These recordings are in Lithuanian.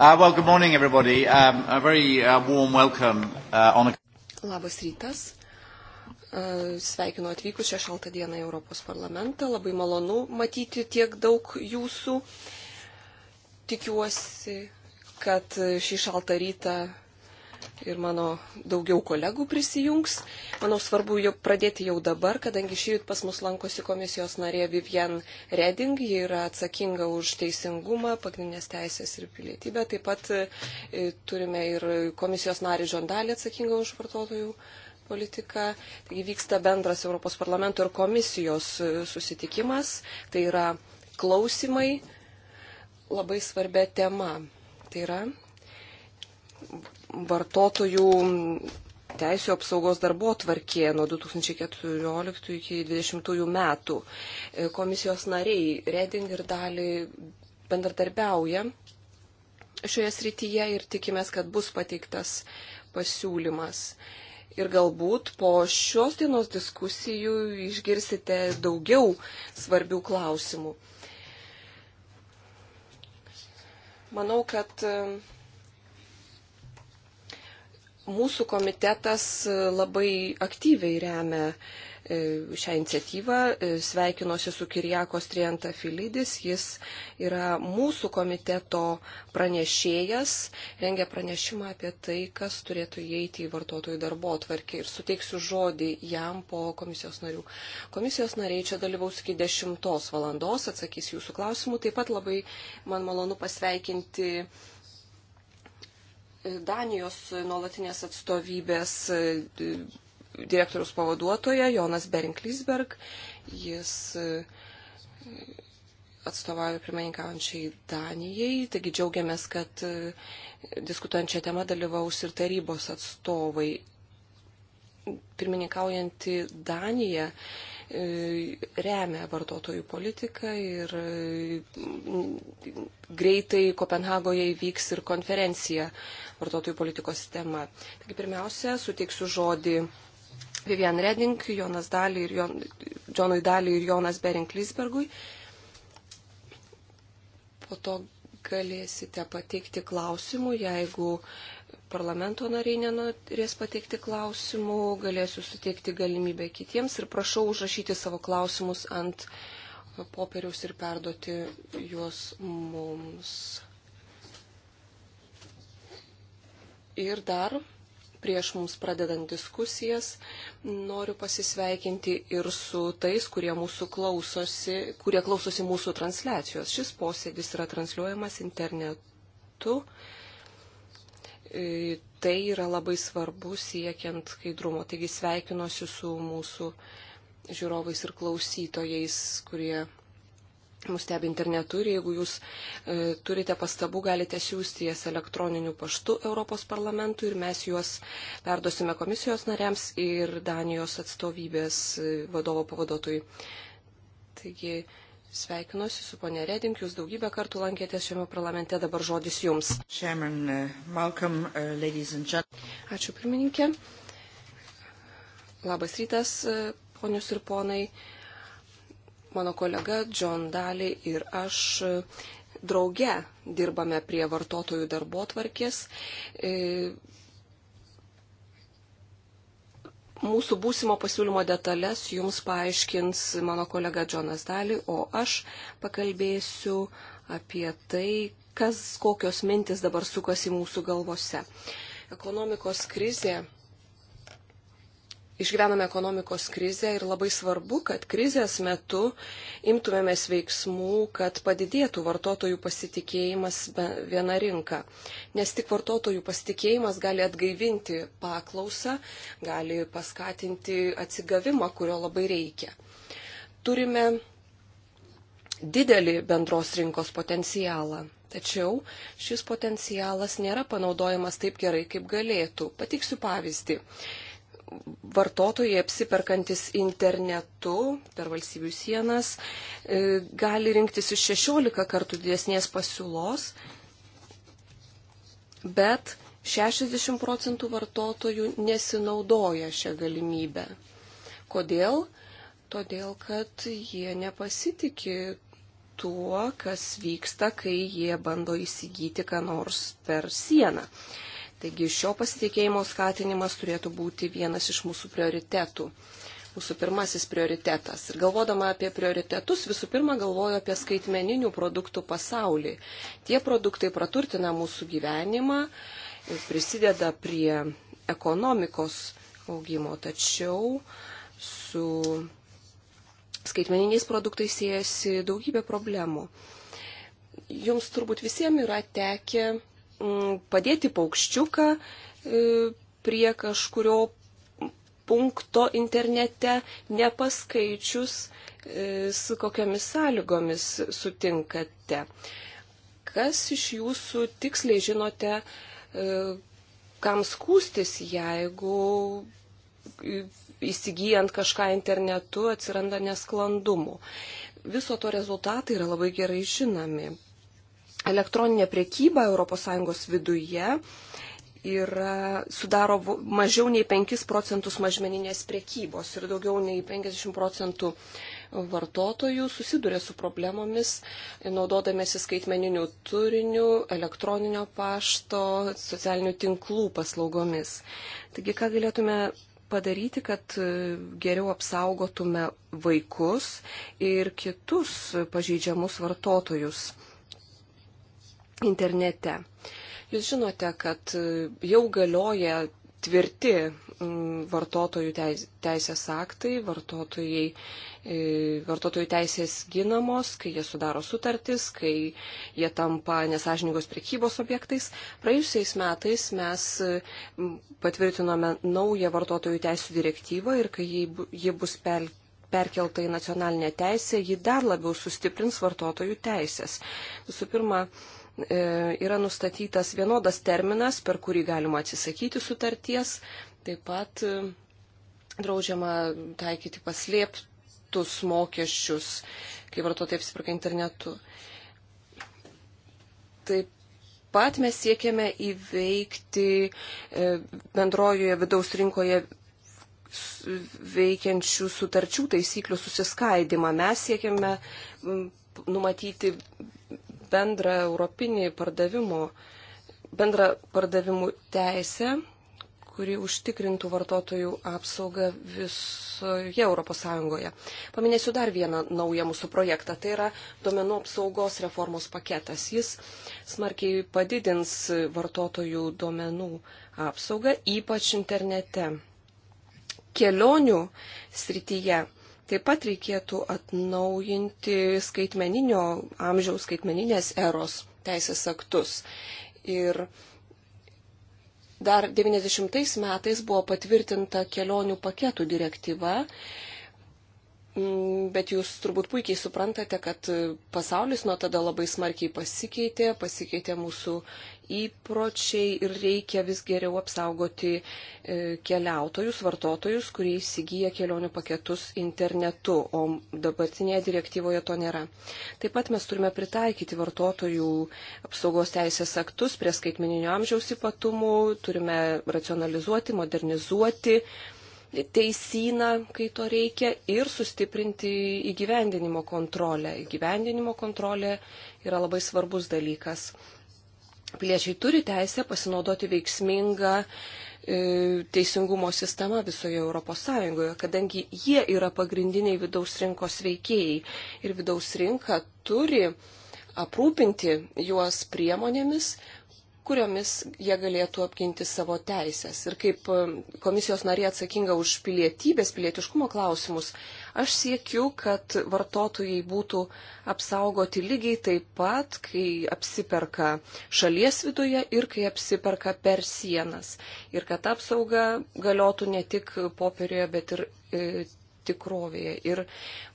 Uh, well, good morning, everybody. Um, a very uh, warm welcome uh, on a... Labas rytas. Uh, sveikinu atvykus šią šaltą dieną į Europos parlamentą. Labai malonu matyti tiek daug jūsų. Tikiuosi, kad uh, šį šaltą rytą ir mano daugiau kolegų prisijungs. Manau, svarbu jau pradėti jau dabar, kadangi šįryt pas mus lankosi komisijos narė Vivian Reding, ji yra atsakinga už teisingumą, pagrindinės teisės ir pilietybę. Taip pat e, turime ir komisijos narį Žondalį atsakingą už vartotojų politiką. Taigi vyksta bendras Europos parlamento ir komisijos e, susitikimas. Tai yra klausimai labai svarbia tema. Tai yra vartotojų teisų apsaugos darbo tvarkė nuo 2014 iki 2020 metų. E, komisijos nariai Reding ir dalį bendradarbiauja šioje srityje ir tikimės, kad bus pateiktas pasiūlymas. Ir galbūt po šios dienos diskusijų išgirsite daugiau svarbių klausimų. Manau, kad e, Mūsų komitetas e, labai aktyviai remia e, šią iniciatyvą, e, sveikinosi su Kirijakos Trienta Filidis, jis yra mūsų komiteto pranešėjas, rengia pranešimą apie tai, kas turėtų įeiti į vartotojų darbo atvarkį ir suteiksiu žodį jam po komisijos narių. Komisijos nariai čia dalyvaus iki 10 valandos, atsakys jūsų klausimų, taip pat labai man malonu pasveikinti Danijos nuolatinės atstovybės e, direktorius pavaduotoja Jonas Berinklisberg. Jis e, atstovauja pirmininkaujančiai Danijai, taigi džiaugiamės, kad e, diskutuojant šią temą dalyvaus ir tarybos atstovai. Pirmininkaujanti Danija E, remia vartotojų politiką ir e, greitai Kopenhagoje įvyks ir konferencija vartotojų politikos tema. Taigi pirmiausia, suteiksiu žodį Vivian Reding, Jonas Dali ir Jon, Jonui Dali ir Jonas Bering Lisbergui. Po to galėsite pateikti klausimų, jeigu parlamento nariai nenorės pateikti klausimų, galėsiu suteikti galimybę kitiems ir prašau užrašyti savo klausimus ant popieriaus ir perduoti juos mums. Ir dar prieš mums pradedant diskusijas, noriu pasisveikinti ir su tais, kurie, klausosi, kurie klausosi mūsų transliacijos. Šis posėdis yra transliuojamas internetu. E, tai yra labai svarbu siekiant skaidrumo. Taigi sveikinuosi su mūsų žiūrovais ir klausytojais, kurie mus stebi internetu ir jeigu jūs e, turite pastabų, galite siūsti jas elektroniniu paštu Europos parlamentui ir mes juos perdosime komisijos nariams ir Danijos atstovybės e, vadovo pavaduotojui. Taigi Sveikinuosi su ponė Redink, jūs daugybę kartų lankėtės šiame parlamente, dabar žodis jums. Chairman, uh, Malcolm, uh, Ačiū pirmininkė. Labas rytas, uh, ponius ir ponai. Mano kolega John Daly ir aš drauge dirbame prie vartotojų darbo tvarkės. E, Mūsų būsimo pasiūlymo detalės jums paaiškins mano kolega Džonas Dali, o aš pakalbėsiu apie tai, kas, kokios mintis dabar sukasi mūsų galvose. Ekonomikos krizė išgyvename ekonomikos krizę ir labai svarbu, kad krizės metu imtumėmės veiksmų, kad padidėtų vartotojų pasitikėjimas viena rinka. Nes tik vartotojų pasitikėjimas gali atgaivinti paklausą, gali paskatinti atsigavimą, kurio labai reikia. Turime didelį bendros rinkos potencialą. Tačiau šis potencialas nėra panaudojamas taip gerai, kaip galėtų. Pateiksiu pavyzdį vartotojai apsiperkantis internetu per valstybių sienas e, gali rinktis iš 16 kartų didesnės pasiūlos, bet 60 procentų vartotojų nesinaudoja šią galimybę. Kodėl? Todėl, kad jie nepasitikė tuo, kas vyksta, kai jie bando įsigyti ką nors per sieną. Taigi šio pasitikėjimo skatinimas turėtų būti vienas iš mūsų prioritetų. Mūsų pirmasis prioritetas. Ir galvodama apie prioritetus, visų pirma galvoju apie skaitmeninių produktų pasaulį. Tie produktai praturtina mūsų gyvenimą, prisideda prie ekonomikos augimo, tačiau su skaitmeniniais produktais siejasi daugybė problemų. Jums turbūt visiems yra tekę Mm, padėti paukščiuką e, prie kažkurio punkto internete, nepaskaičius, e, su kokiamis sąlygomis sutinkate. Kas iš jūsų tiksliai žinote, e, kam skūstis, jeigu įsigijant kažką internetu atsiranda nesklandumų. Viso to rezultatai yra labai gerai žinomi elektroninė priekyba ES viduje yra, sudaro mažiau nei 5 procentus mažmeninės priekybos ir daugiau nei 50 procentų vartotojų susiduria su problemomis, naudodamėsi skaitmeniniu turiniu, elektroninio pašto, socialinių tinklų paslaugomis. Taigi, ką galėtume padaryti, kad geriau apsaugotume vaikus ir kitus pažeidžiamus vartotojus internete. Jūs žinote, kad jau galioja tvirti mm, vartotojų teisės aktai, vartotojai, e, vartotojų teisės ginamos, kai jie sudaro sutartis, kai jie tampa nesažiningos prekybos objektais. Praėjusiais metais mes patvirtinome naują vartotojų teisų direktyvą ir kai ji bus pel, perkelta į nacionalinę teisę, ji dar labiau sustiprins vartotojų teisės. Visų pirma, E, yra nustatytas vienodas terminas, per kurį galima atsisakyti sutarties. Taip pat e, draudžiama taikyti paslėptus mokesčius, kai vartotojai apsiperka internetu. Taip pat mes siekiame įveikti e, bendrojoje vidaus rinkoje veikiančių sutarčių taisyklių susiskaidimą. Mes siekiame numatyti bendrą europinį pardavimų, bendrą pardavimų teisę, kuri užtikrintų vartotojų apsaugą visoje ES. Paminėsiu dar vieną naują mūsų projektą. Tai yra domenų apsaugos reformos paketas. Jis smarkiai padidins vartotojų domenų apsaugą, ypač internete. Kelionių srityje Taip pat reikėtų atnaujinti skaitmeninio amžiaus, skaitmeninės eros teisės aktus. Ir dar 90 metais buvo patvirtinta kelionių paketų direktyva, mm, bet jūs turbūt puikiai suprantate, kad pasaulis nuo tada labai smarkiai pasikeitė, pasikeitė mūsų įpročiai ir reikia vis geriau apsaugoti e, keliautojus, vartotojus, kurie įsigyja kelionių paketus internetu, o dabartinėje direktyvoje to nėra. Taip pat mes turime pritaikyti vartotojų apsaugos teisės aktus prie skaitmeninio amžiaus ypatumų, turime racionalizuoti, modernizuoti teisyną, kai to reikia, ir sustiprinti įgyvendinimo kontrolę. Įgyvendinimo kontrolė yra labai svarbus dalykas. Piliečiai turi teisę pasinaudoti veiksmingą e, teisingumo sistema visoje Europos Sąjungoje, kadangi jie yra pagrindiniai vidaus rinkos veikėjai ir vidaus rinka turi aprūpinti juos priemonėmis, kuriomis jie galėtų apginti savo teisės. Ir kaip um, komisijos narė atsakinga už pilietybės, pilietiškumo klausimus, aš siekiu, kad vartotojai būtų apsaugoti lygiai taip pat, kai apsiperka šalies viduje ir kai apsiperka per sienas. Ir kad apsauga galiotų ne tik popieriuje, bet ir e, tikrovėje. Ir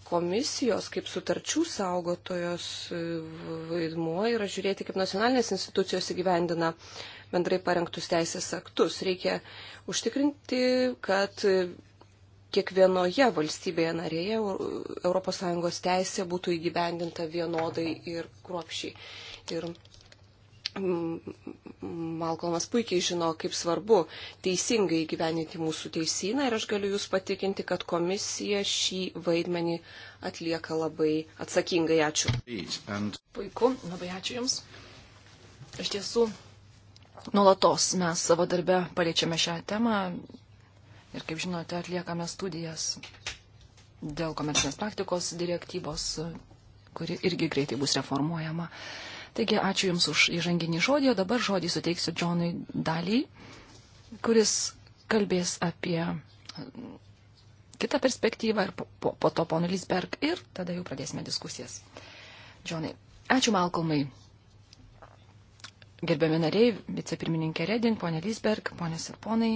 komisijos kaip sutarčių saugotojos vaidmuo yra žiūrėti, kaip nacionalinės institucijos įgyvendina bendrai parengtus teisės aktus. Reikia užtikrinti, kad kiekvienoje valstybėje narėje ES teisė būtų įgyvendinta vienodai ir kruopšiai. Ir Malkolmas puikiai žino, kaip svarbu teisingai gyveninti mūsų teisyną ir aš galiu Jūs patikinti, kad komisija šį vaidmenį atlieka labai atsakingai. Ačiū. Puiku, labai ačiū Jums. Iš tiesų, nuolatos mes savo darbę paliečiame šią temą ir, kaip žinote, atliekame studijas dėl komercinės praktikos direktyvos, kuri irgi greitai bus reformuojama. Taigi ačiū Jums už įžanginį žodį, o dabar žodį suteiksiu Džonui Daliai, kuris kalbės apie e, kitą perspektyvą ir po, po, po to ponu Lisberg ir tada jau pradėsime diskusijas. Džonai, ačiū Malkolmai. Gerbiami nariai, vicepirmininkė Redin, ponė Lisberg, ponės ir ponai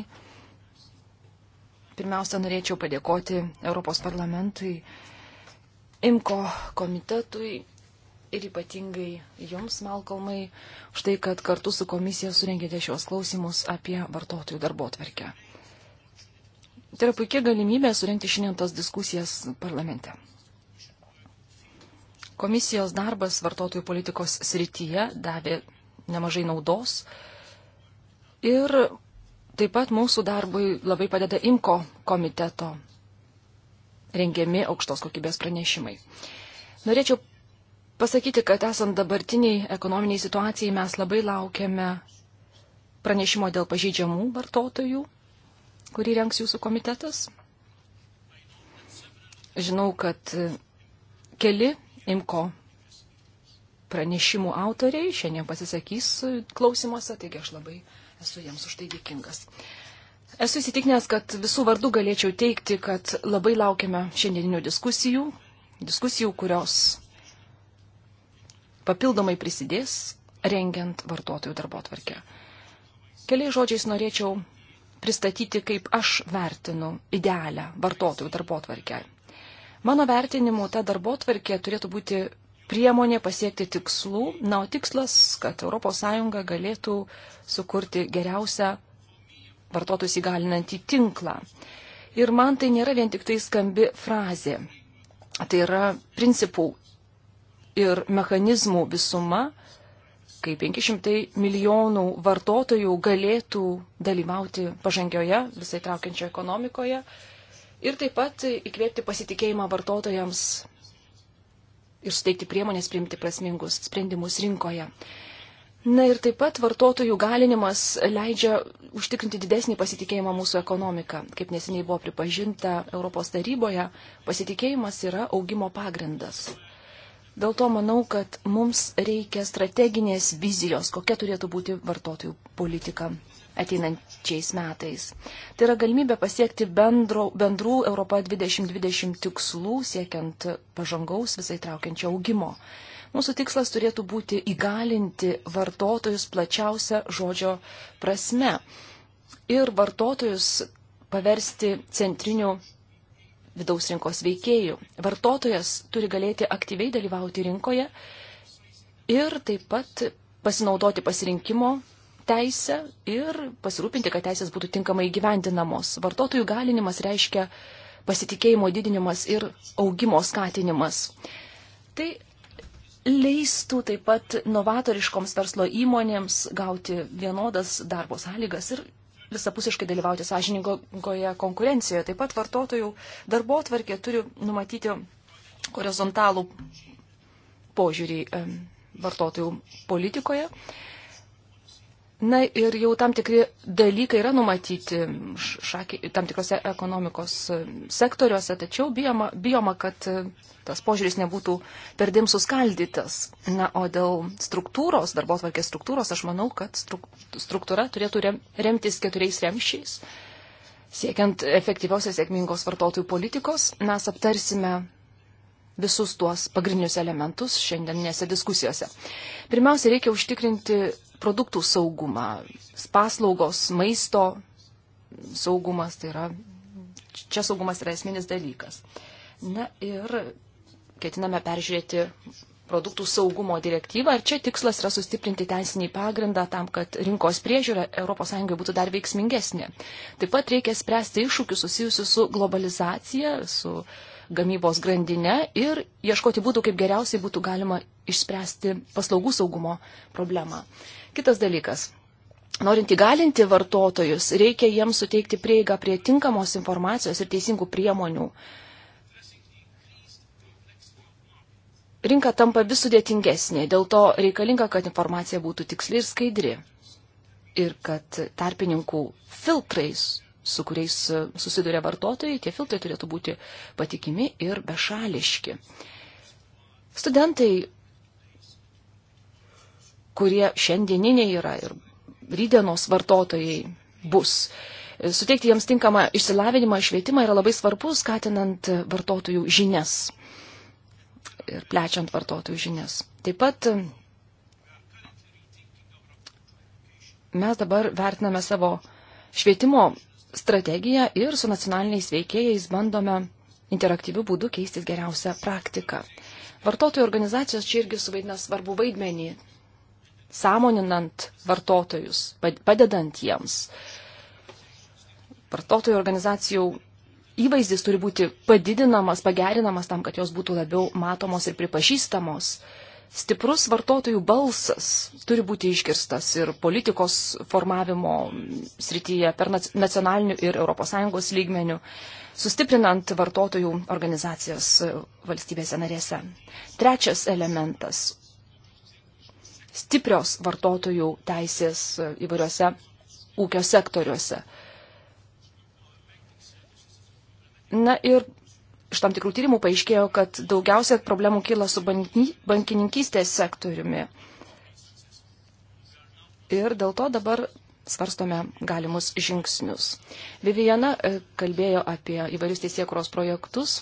pirmiausia, norėčiau padėkoti Europos parlamentui, IMKO komitetui ir ypatingai Jums, Malkolmai, už tai, kad kartu su komisija surengėte šios klausimus apie vartotojų darbo tvarkę. Tai yra puikia galimybė surengti šiandien tas diskusijas parlamente. Komisijos darbas vartotojų politikos srityje davė nemažai naudos ir taip pat mūsų darbui labai padeda IMKO komiteto rengiami aukštos kokybės pranešimai. Norėčiau pasakyti, kad esant dabartiniai ekonominiai situacijai mes labai laukiame pranešimo dėl pažeidžiamų vartotojų, kurį renks jūsų komitetas. Žinau, kad keli imko pranešimų autoriai šiandien pasisakys klausimuose, taigi aš labai esu jiems už tai dėkingas. Esu įsitikinęs, kad visų vardų galėčiau teikti, kad labai laukiame šiandieninių diskusijų, diskusijų, kurios papildomai prisidės rengiant vartotojų darbo tvarkę. Keliais žodžiais norėčiau pristatyti, kaip aš vertinu idealią vartotojų darbo tvarkę. Mano vertinimu, ta darbo tvarkė turėtų būti priemonė pasiekti tikslų, na, o tikslas, kad ES galėtų sukurti geriausią vartotojus įgalinantį tinklą. Ir man tai nėra vien tik tai skambi frazė. Tai yra principų ir mechanizmų visuma, kai 500 milijonų vartotojų galėtų dalyvauti pažangioje, visai traukiančioje ekonomikoje ir taip pat įkvėpti pasitikėjimą vartotojams ir suteikti priemonės priimti prasmingus sprendimus rinkoje. Na ir taip pat vartotojų galinimas leidžia užtikrinti didesnį pasitikėjimą mūsų ekonomiką. Kaip neseniai buvo pripažinta Europos taryboje, pasitikėjimas yra augimo pagrindas. Dėl to manau, kad mums reikia strateginės vizijos, kokia turėtų būti vartotojų politika ateinančiais metais. Tai yra galimybė pasiekti bendro, bendrų Europą 2020 tikslų, siekiant pažangaus visai traukiančio augimo. Mūsų tikslas turėtų būti įgalinti vartotojus plačiausią žodžio prasme ir vartotojus paversti centriniu vidaus rinkos veikėjų. Vartotojas turi galėti aktyviai dalyvauti rinkoje ir taip pat pasinaudoti pasirinkimo teisę ir pasirūpinti, kad teisės būtų tinkamai gyvendinamos. Vartotojų galinimas reiškia pasitikėjimo didinimas ir augimo skatinimas. Tai leistų taip pat novatoriškoms verslo įmonėms gauti vienodas darbo sąlygas ir visapusiškai dalyvauti sąžiningoje konkurencijoje. Taip pat vartotojų darbo atvarkė turi numatyti horizontalų požiūrį vartotojų politikoje. Na ir jau tam tikri dalykai yra numatyti šaki, tam tikrose ekonomikos e, sektoriuose, tačiau bijoma, bijoma, kad e, tas požiūris nebūtų perdim suskaldytas. Na, o dėl struktūros, darbo atvarkės struktūros, aš manau, kad struktūra turėtų remtis keturiais remšiais. Siekiant efektyviausios sėkmingos vartotojų politikos, mes aptarsime visus tuos pagrindinius elementus šiandieninėse diskusijose. Pirmiausia, reikia užtikrinti produktų saugumą, paslaugos, maisto saugumas, tai yra, čia saugumas yra esminis dalykas. Na ir ketiname peržiūrėti produktų saugumo direktyvą ir čia tikslas yra sustiprinti teisinį pagrindą tam, kad rinkos priežiūra ES būtų dar veiksmingesnė. Taip pat reikia spręsti iššūkius susijusius su globalizacija, su uh, gamybos grandinę ir ieškoti būdų, kaip geriausiai būtų galima išspręsti paslaugų saugumo problemą. Kitas dalykas. Norint įgalinti vartotojus, reikia jiems suteikti prieigą prie tinkamos informacijos ir teisingų priemonių. Rinka tampa vis sudėtingesnė, dėl to reikalinga, kad informacija būtų tiksli ir skaidri. Ir kad tarpininkų filtrais su kuriais e, susiduria vartotojai, tie filtrai turėtų būti patikimi ir bešališki. Studentai, kurie šiandieniniai yra ir rydienos vartotojai bus, suteikti jiems tinkamą išsilavinimą, švietimą yra labai svarbu, skatinant vartotojų žinias ir plečiant vartotojų žinias. Taip pat e, mes dabar vertiname savo švietimo strategiją ir su nacionaliniais veikėjais bandome interaktyvių būdų keistis geriausią praktiką. Vartotojų organizacijos čia irgi suvaidina svarbu vaidmenį, sąmoninant vartotojus, padedant jiems. Vartotojų organizacijų įvaizdis turi būti padidinamas, pagerinamas tam, kad jos būtų labiau matomos ir pripažįstamos stiprus vartotojų balsas turi būti iškirstas ir politikos formavimo srityje per nacionalinių ir ES lygmenių, sustiprinant vartotojų organizacijas e, valstybėse narėse. Trečias elementas - stiprios vartotojų teisės e, įvairiuose ūkio sektoriuose. Na ir iš tam tikrų tyrimų paaiškėjo, kad daugiausia problemų kyla su bankininkystės sektoriumi. Ir dėl to dabar svarstome galimus žingsnius. Viviana e, kalbėjo apie įvairius teisėkuros projektus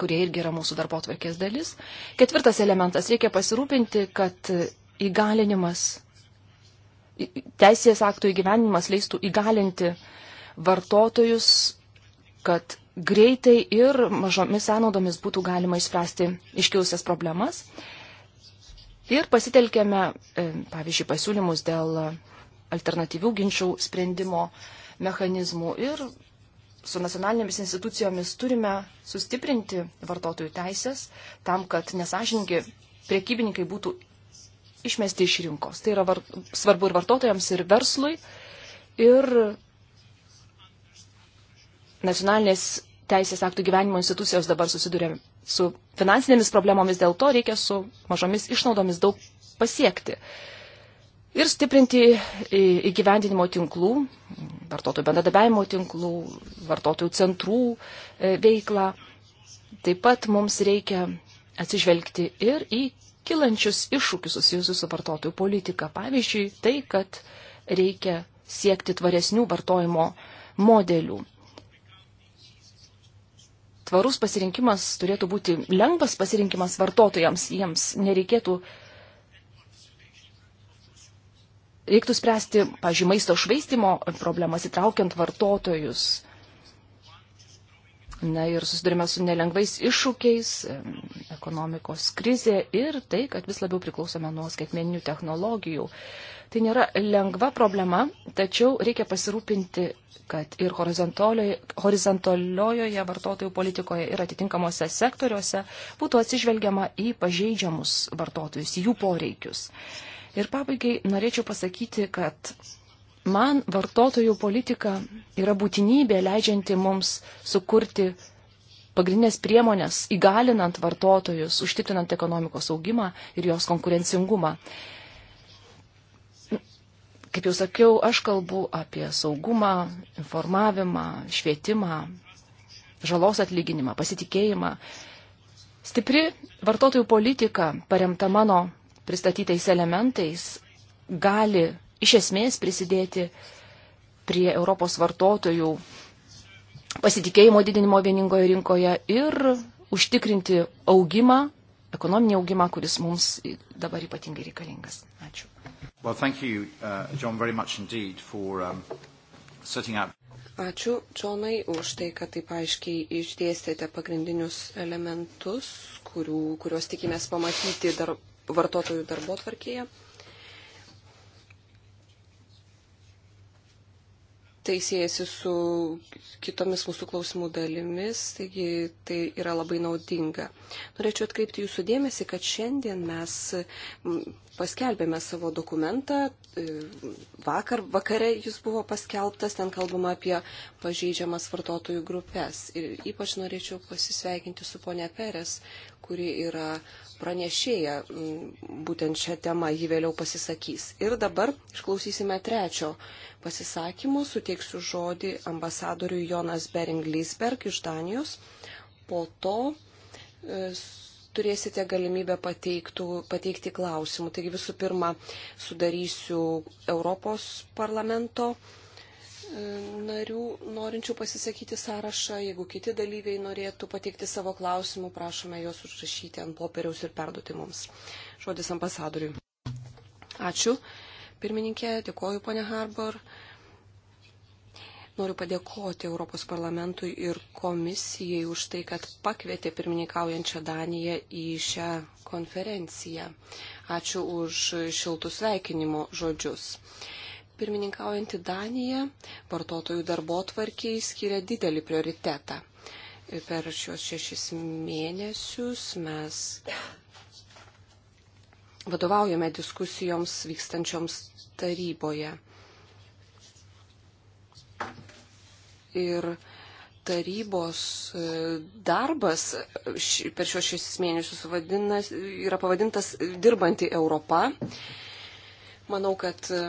kurie irgi yra mūsų darbo atvarkės dalis. Ketvirtas elementas - reikia pasirūpinti, kad įgalinimas, teisės aktų įgyvenimas leistų įgalinti vartotojus, kad greitai ir mažomis sąnaudomis būtų galima išspręsti iškilusias problemas. Ir pasitelkėme, e, pavyzdžiui, pasiūlymus dėl alternatyvių ginčių sprendimo mechanizmų ir su nacionalinėmis institucijomis turime sustiprinti vartotojų teisės tam, kad nesažininkai priekybininkai būtų išmesti iš rinkos. Tai yra var, svarbu ir vartotojams, ir verslui. Ir nacionalinės teisės aktų gyvenimo institucijos dabar susiduria su finansinėmis problemomis, dėl to reikia su mažomis išnaudomis daug pasiekti. Ir stiprinti įgyvendinimo tinklų, vartotojų bendradabiavimo tinklų, vartotojų centrų e, veiklą. Taip pat mums reikia atsižvelgti ir į kilančius iššūkius susijusius su vartotojų politika. Pavyzdžiui, tai, kad reikia siekti tvaresnių vartojimo modelių tvarus pasirinkimas turėtų būti lengvas pasirinkimas vartotojams, jiems nereikėtų. Reiktų spręsti, pažiūrėjau, maisto švaistimo problemas įtraukiant vartotojus. Na ir susidurime su nelengvais iššūkiais, ekonomikos krizė ir tai, kad vis labiau priklausome nuo skaitmeninių technologijų. Tai nėra lengva problema, tačiau reikia pasirūpinti, kad ir horizontaliojoje vartotojų politikoje ir atitinkamuose sektoriuose būtų atsižvelgiama į pažeidžiamus vartotojus, jų poreikius. Ir pabaigai norėčiau pasakyti, kad Man vartotojų politika yra būtinybė leidžianti mums sukurti pagrindinės priemonės, įgalinant vartotojus, užtikrinant ekonomikos augimą ir jos konkurencingumą. Kaip jau sakiau, aš kalbu apie saugumą, informavimą, švietimą, žalos atlyginimą, pasitikėjimą. Stipri vartotojų politika, paremta mano pristatytais elementais, gali iš esmės prisidėti prie Europos vartotojų pasitikėjimo didinimo vieningoje rinkoje ir užtikrinti augimą, ekonominį augimą, kuris mums dabar ypatingai reikalingas. Ačiū. Well, thank you, uh, John, very much indeed for um, setting out. Ačiū, Džonai, už tai, kad taip aiškiai išdėstėte pagrindinius elementus, kurių, kuriuos tikimės pamatyti dar, vartotojų darbo tvarkėje. tai siejasi su kitomis mūsų klausimų dalimis, taigi tai yra labai naudinga. Norėčiau atkreipti jūsų dėmesį, kad šiandien mes paskelbėme savo dokumentą, e, vakar, vakare jis buvo paskelbtas, ten kalbama apie pažeidžiamas vartotojų grupės. Ir ypač norėčiau pasisveikinti su ponia Peres, kuri yra pranešėja mm, būtent šią temą, ji vėliau pasisakys. Ir dabar išklausysime trečio pasisakymų, suteiksiu žodį ambasadoriui Jonas Bering Lisberg iš Danijos. Po to e, turėsite galimybę pateiktų, pateikti klausimų. Taigi visų pirma, sudarysiu Europos parlamento narių norinčių pasisakyti sąrašą. Jeigu kiti dalyviai norėtų pateikti savo klausimų, prašome juos užrašyti ant popieriaus ir perduoti mums. Žodis ambasadoriui. Ačiū. Pirmininkė, dėkoju, ponė Harbor. Noriu padėkoti Europos parlamentui ir komisijai už tai, kad pakvietė pirmininkaujančią Daniją į šią konferenciją. Ačiū už šiltus sveikinimo žodžius pirmininkaujantį Daniją vartotojų darbo tvarkiai skiria didelį prioritetą. Ir per šios šešis mėnesius mes vadovaujame diskusijoms vykstančioms taryboje. Ir tarybos e, darbas e, per šios šešis mėnesius vadinas, yra pavadintas Dirbanti Europa. Manau, kad e,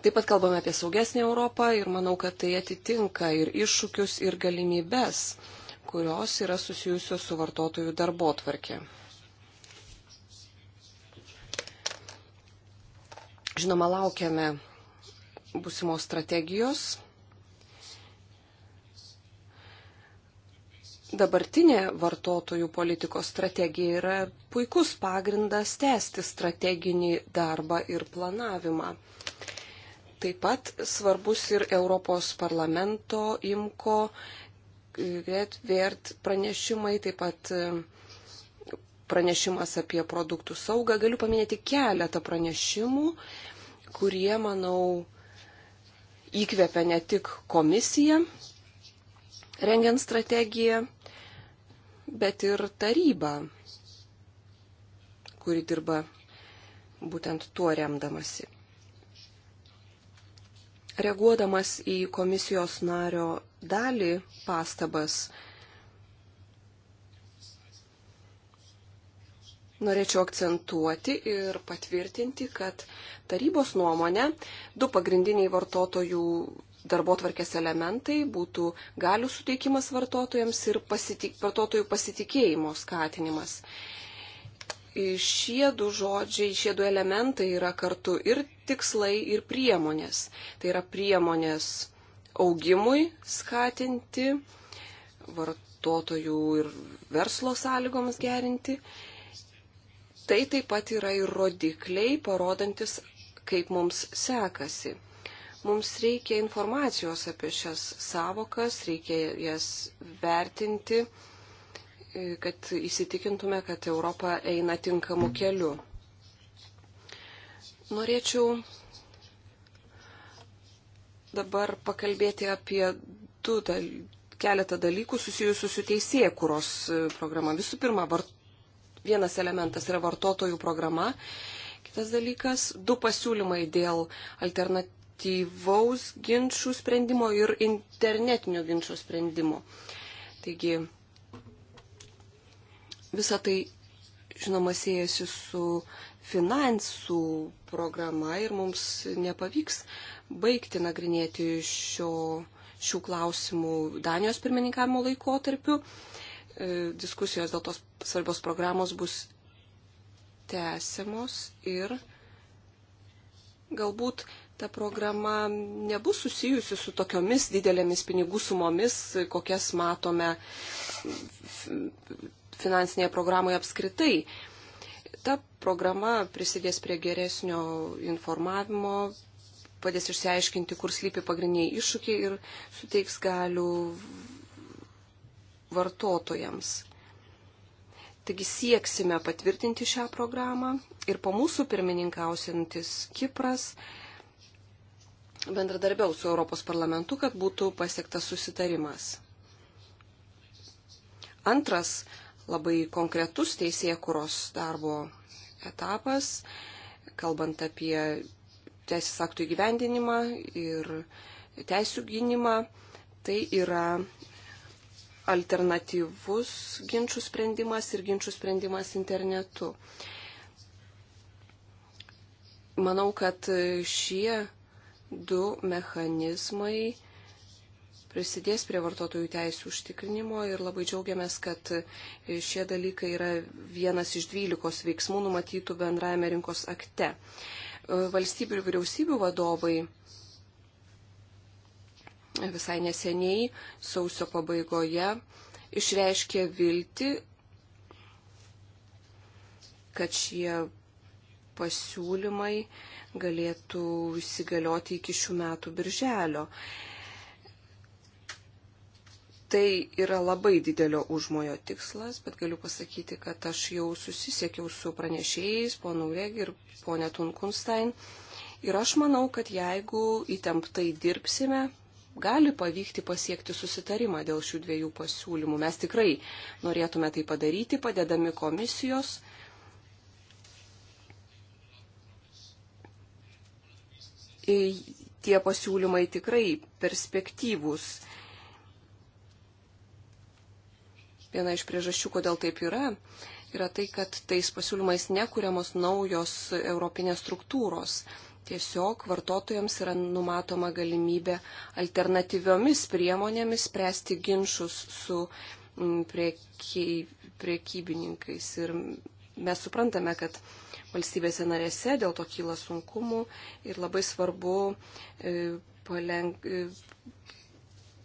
Taip pat kalbame apie saugesnį Europą ir manau, kad tai atitinka ir iššūkius, ir galimybės, kurios yra susijusios su vartotojų darbo tvarkė. Žinoma, laukiame būsimos strategijos. Dabartinė vartotojų politikos strategija yra puikus pagrindas tęsti strateginį darbą ir planavimą. Taip pat svarbus ir Europos parlamento imko vert pranešimai, taip pat e, pranešimas apie produktų saugą. Galiu paminėti keletą pranešimų, kurie, manau, įkvepia ne tik komisiją, rengiant strategiją, bet ir tarybą, kuri dirba būtent tuo remdamasi. Reaguodamas į komisijos nario dalį pastabas, norėčiau akcentuoti ir patvirtinti, kad tarybos nuomonė du pagrindiniai vartotojų darbo tvarkės elementai būtų galių suteikimas vartotojams ir pasitik, vartotojų pasitikėjimo skatinimas šie du žodžiai, šie du elementai yra kartu ir tikslai, ir priemonės. Tai yra priemonės augimui skatinti, vartotojų ir verslo sąlygoms gerinti. Tai taip pat yra ir rodikliai, parodantis, kaip mums sekasi. Mums reikia informacijos apie šias savokas, reikia jas vertinti E, kad įsitikintume, kad Europa eina tinkamu keliu. Norėčiau dabar pakalbėti apie du dal, keletą dalykų susijusių su teisėkuros e, programa. Visų pirma, vart, vienas elementas yra vartotojų programa, kitas dalykas - du pasiūlymai dėl alternatyvaus ginčių sprendimo ir internetinio ginčio sprendimo. Taigi, Visą tai, žinoma, siejasi su finansų programa ir mums nepavyks baigti nagrinėti šio, šių klausimų Danijos pirmininkavimo laikotarpiu. E, diskusijos dėl tos svarbios programos bus tęsiamos ir galbūt ta programa nebus susijusi su tokiomis didelėmis pinigų sumomis, kokias matome finansinėje programoje apskritai. Ta programa prisidės prie geresnio informavimo, padės išsiaiškinti, kur slypi pagrindiniai iššūkiai ir suteiks galių vartotojams. Taigi sieksime patvirtinti šią programą ir po mūsų pirmininkausiantis Kipras bendradarbiau su Europos parlamentu, kad būtų pasiektas susitarimas. Antras labai konkretus teisėkuros darbo etapas, kalbant apie teisės aktų įgyvendinimą ir teisų gynimą. Tai yra alternatyvus ginčių sprendimas ir ginčių sprendimas internetu. Manau, kad šie du mechanizmai prisidės prie vartotojų teisų užtikrinimo ir labai džiaugiamės, kad šie dalykai yra vienas iš dvylikos veiksmų numatytų bendrajame rinkos akte. E, valstybių ir vyriausybių vadovai visai neseniai, sausio pabaigoje, išreiškė viltį, kad šie pasiūlymai galėtų įsigalioti iki šių metų birželio tai yra labai didelio užmojo tikslas, bet galiu pasakyti, kad aš jau susisiekiau su pranešėjais, ponu Reg ir ponė Tunkunstein. Ir aš manau, kad jeigu įtemptai dirbsime, gali pavykti pasiekti susitarimą dėl šių dviejų pasiūlymų. Mes tikrai norėtume tai padaryti, padedami komisijos. Tie pasiūlymai tikrai perspektyvūs Viena iš priežasčių, kodėl taip yra, yra tai, kad tais pasiūlymais nekūriamos naujos europinės struktūros. Tiesiog vartotojams yra numatoma galimybė alternatyviomis priemonėmis spręsti ginčius su mm, prieky, priekybininkais. Ir mes suprantame, kad valstybėse narėse dėl to kyla sunkumų ir labai svarbu e, palenk, e,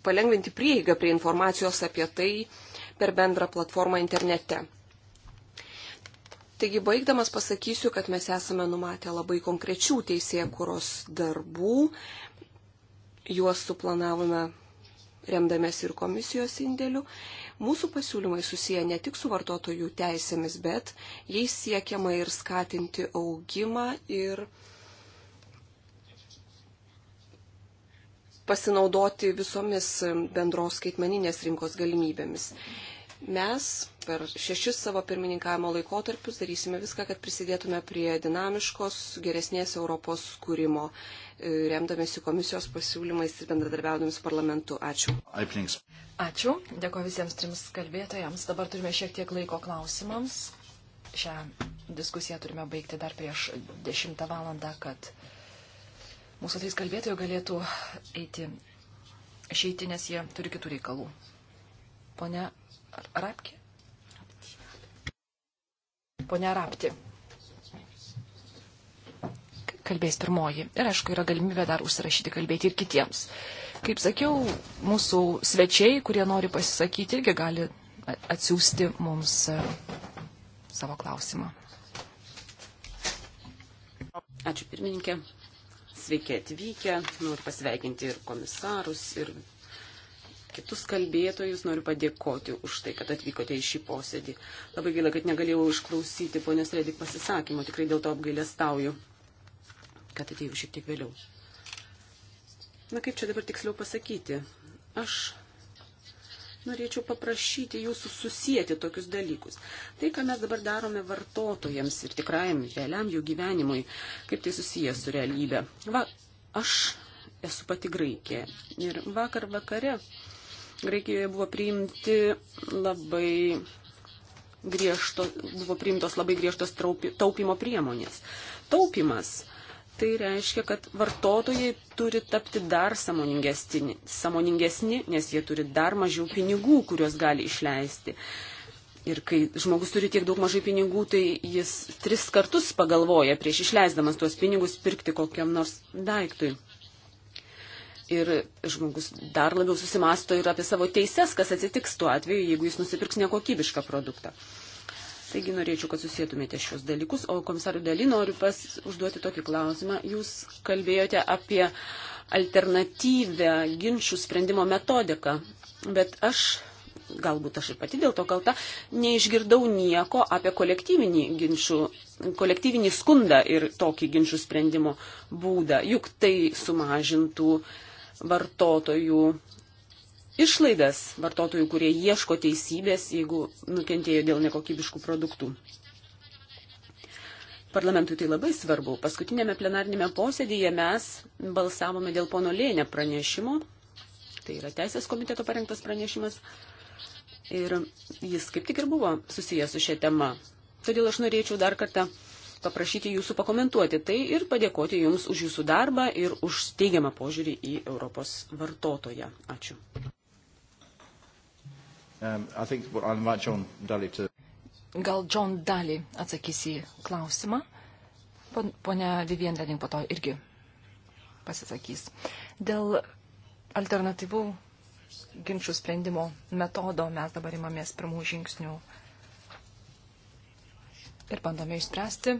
palengventi prieigą prie informacijos apie tai per bendrą platformą internete. Taigi baigdamas pasakysiu, kad mes esame numatę labai konkrečių teisėkuros darbų. Juos suplanavome remdamėsi ir komisijos indėliu. Mūsų pasiūlymai susiję ne tik su vartotojų teisėmis, bet jais siekiama ir skatinti augimą ir pasinaudoti visomis bendros skaitmeninės rinkos galimybėmis. Mes per šešis savo pirmininkavimo laikotarpius darysime viską, kad prisidėtume prie dinamiškos, geresnės Europos kūrimo, e, remdamėsi komisijos pasiūlymais ir bendradarbiaudami su parlamentu. Ačiū. Ačiū. Dėkuoju visiems trims kalbėtojams. Dabar turime šiek tiek laiko klausimams. Šią diskusiją turime baigti dar prieš 10 valandą, kad mūsų trys kalbėtojai galėtų eiti, išeiti, nes jie turi kitų reikalų. Pone Rapki? Pone Rapti. Kalbės pirmoji. Ir aišku, yra galimybė dar užsirašyti kalbėti ir kitiems. Kaip sakiau, mūsų svečiai, kurie nori pasisakyti, irgi gali atsiųsti mums e, savo klausimą. Ačiū pirmininkė sveiki atvykę. Noriu pasveikinti ir komisarus, ir kitus kalbėtojus. Noriu padėkoti už tai, kad atvykote į šį posėdį. Labai gaila, kad negalėjau išklausyti ponios Redik pasisakymo. Tikrai dėl to apgailestauju, kad atėjau šiek tiek vėliau. Na kaip čia dabar tiksliau pasakyti? Aš norėčiau paprašyti jūsų susijęti tokius dalykus. Tai, ką mes dabar darome vartotojams ir tikrajam, realiam jų gyvenimui, kaip tai susijęs su realybė. Va, aš esu pati Graikija ir vakar vakare Graikijoje buvo priimti labai griežto, buvo priimtos labai griežtos taupimo priemonės. Taupimas Tai reiškia, kad vartotojai turi tapti dar samoningesni, samoningesni, nes jie turi dar mažiau pinigų, kuriuos gali išleisti. Ir kai žmogus turi tiek daug mažai pinigų, tai jis tris kartus pagalvoja prieš išleisdamas tuos pinigus pirkti kokiam nors daiktui. Ir žmogus dar labiau susimasto ir apie savo teises, kas atsitiks tuo atveju, jeigu jis nusipirks nekokybišką produktą. Taigi norėčiau, kad susėtumėte šios dalykus. O komisarų daly noriu pas užduoti tokį klausimą. Jūs kalbėjote apie alternatyvę ginčių sprendimo metodiką, bet aš, galbūt aš ir pati dėl to kalta, neišgirdau nieko apie kolektyvinį, ginčių, kolektyvinį skundą ir tokį ginčių sprendimo būdą. Juk tai sumažintų vartotojų išlaidas vartotojų, kurie ieško teisybės, jeigu nukentėjo dėl nekokybiškų produktų. Parlamentui tai labai svarbu. Paskutinėme plenarnėme posėdėje mes balsavome dėl pono Lėnė pranešimo. Tai yra Teisės komiteto parengtas pranešimas. Ir jis kaip tik ir buvo susijęs su šia tema. Todėl aš norėčiau dar kartą paprašyti jūsų pakomentuoti tai ir padėkoti jums už jūsų darbą ir už teigiamą požiūrį į Europos vartotoją. Ačiū. Um, John to... Gal John Daly atsakys į klausimą. Pone Vivien Reding po to irgi pasisakys. Dėl alternatyvų ginčių sprendimo metodo mes dabar imamės pirmų žingsnių ir bandome išspręsti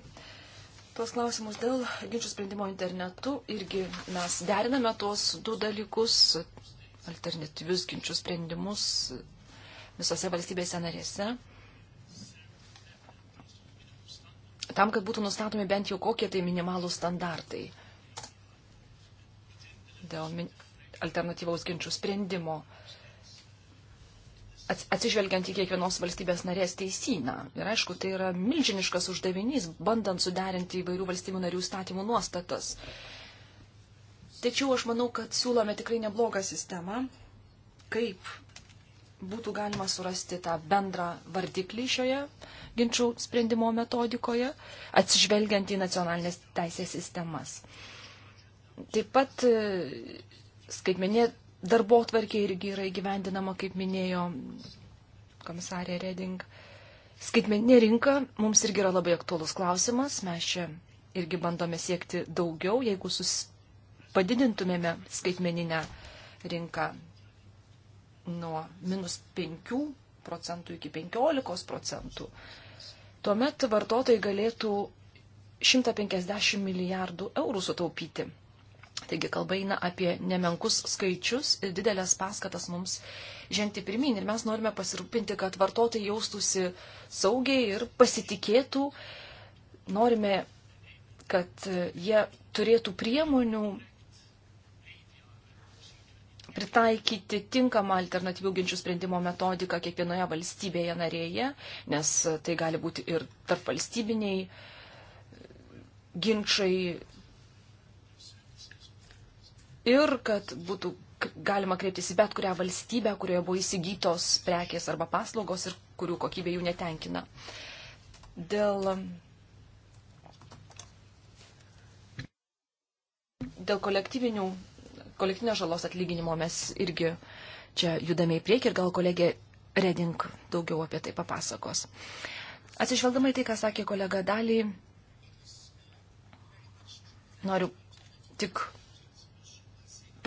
tuos klausimus dėl ginčių sprendimo internetu. Irgi mes deriname tuos du dalykus - alternatyvius ginčių sprendimus visose valstybėse narėse, tam, kad būtų nustatomi bent jau kokie tai minimalų standartai dėl alternatyvaus ginčių sprendimo, atsižvelgiant į kiekvienos valstybės narės teisyną. Ir aišku, tai yra milžiniškas uždavinys, bandant suderinti įvairių valstybių narių statymų nuostatas. Tačiau aš manau, kad siūlome tikrai neblogą sistemą, kaip būtų galima surasti tą bendrą vardiklį šioje ginčių sprendimo metodikoje, atsižvelgiant į nacionalinės teisės sistemas. Taip pat e, skaitmenė darbo tvarkė irgi yra įgyvendinama, kaip minėjo komisarė Reding. Skaitmeninė rinka mums irgi yra labai aktuolus klausimas. Mes čia irgi bandome siekti daugiau, jeigu sus... padidintumėme skaitmeninę rinką nuo minus 5 procentų iki 15 procentų, tuomet vartotojai galėtų 150 milijardų eurų sutaupyti. Taigi kalba eina apie nemenkus skaičius ir didelės paskatas mums žengti pirmin. Ir mes norime pasirūpinti, kad vartotojai jaustųsi saugiai ir pasitikėtų. Norime, kad jie turėtų priemonių pritaikyti tinkamą alternatyvių ginčių sprendimo metodiką kiekvienoje valstybėje narėje, nes tai gali būti ir tarp valstybiniai ginčiai. Ir kad būtų galima kreiptis į bet kurią valstybę, kurioje buvo įsigytos prekės arba paslaugos ir kurių kokybė jų netenkina. Dėl dėl kolektyvinių kolektyvinio žalos atlyginimo mes irgi čia judame į priekį ir gal kolegė Reding daugiau apie tai papasakos. Atsižvelgdama į tai, ką sakė kolega Dalį, noriu tik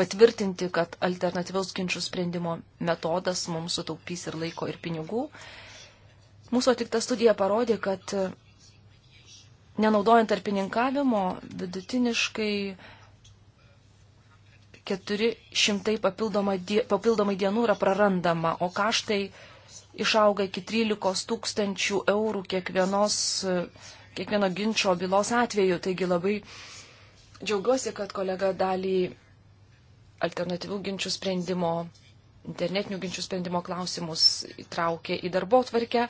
patvirtinti, kad alternatyvaus ginčių sprendimo metodas mums sutaupys ir laiko, ir pinigų. Mūsų atlikta studija parodė, kad nenaudojant tarpininkavimo vidutiniškai 400 papildomai dienų yra prarandama, o kaštai išauga iki 13 tūkstančių eurų kiekvienos, kiekvieno ginčio bylos atveju. Taigi labai džiaugiuosi, kad kolega dalį alternatyvių ginčių sprendimo, internetinių ginčių sprendimo klausimus įtraukė į darbo tvarkę.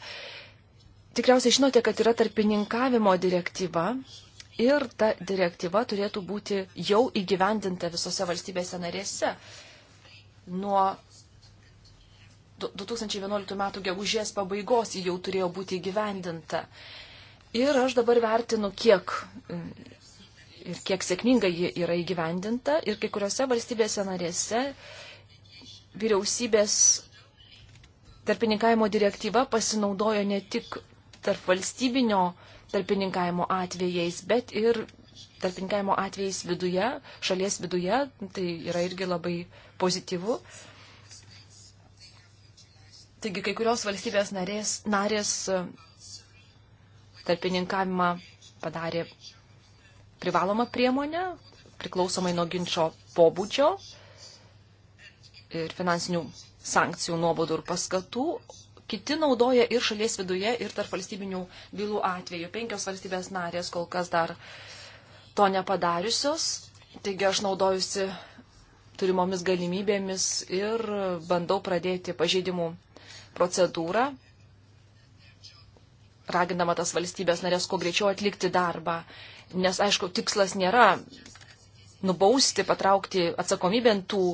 Tikriausiai žinote, kad yra tarpininkavimo direktyva ir ta direktyva turėtų būti jau įgyvendinta visose valstybėse narėse. Nuo 2011 m. gegužės pabaigos ji jau turėjo būti įgyvendinta. Ir aš dabar vertinu, kiek ir kiek sėkmingai ji yra įgyvendinta. Ir kai kuriuose valstybėse narėse vyriausybės tarpininkavimo direktyva pasinaudojo ne tik tarp valstybinio uh, tarpininkavimo atvejais, bet ir tarpininkavimo atvejais viduje, šalies viduje, tai yra irgi labai pozityvu. Taigi kai kurios valstybės narės, narės e, tarpininkavimą padarė privalomą priemonę, priklausomai nuo ginčio pobūdžio ir finansinių sankcijų nuobodų ir paskatų, kiti naudoja ir šalies viduje, ir tarp valstybinių bylų atveju. Penkios valstybės narės kol kas dar to nepadariusios, taigi aš naudojusi turimomis galimybėmis ir bandau pradėti pažeidimų procedūrą, raginama tas valstybės narės kuo greičiau atlikti darbą, nes aišku, tikslas nėra nubausti, patraukti atsakomybę tų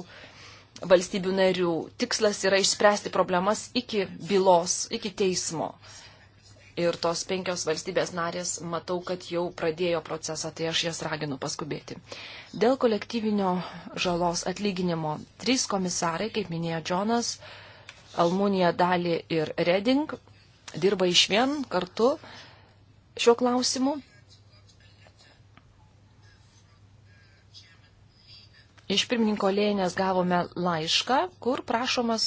valstybių narių. Tikslas yra išspręsti problemas iki bylos, iki teismo. Ir tos penkios valstybės narės, matau, kad jau pradėjo procesą, tai aš jas raginu paskubėti. Dėl kolektyvinio žalos atlyginimo trys komisarai, kaip minėjo Džonas, Almunija Dali ir Reding, dirba iš vien kartu šiuo klausimu. Iš pirmininko Lėnės gavome laišką, kur prašomas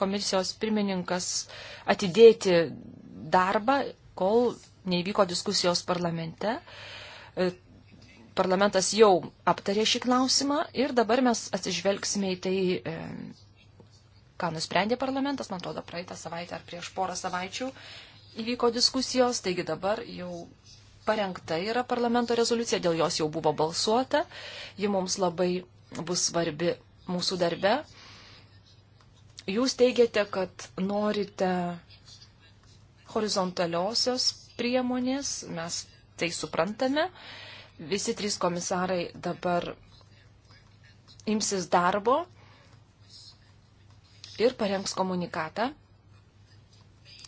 komisijos pirmininkas atidėti darbą, kol neįvyko diskusijos parlamente. E, parlamentas jau aptarė šį klausimą ir dabar mes atsižvelgsime į tai, e, ką nusprendė parlamentas, man atrodo, praeitą savaitę ar prieš porą savaičių įvyko diskusijos, taigi dabar jau parengta yra parlamento rezoliucija, dėl jos jau buvo balsuota, ji mums labai bus svarbi mūsų darbe. Jūs teigiate, kad norite horizontaliosios priemonės, mes tai suprantame. Visi trys komisarai dabar imsis darbo ir parengs komunikatą,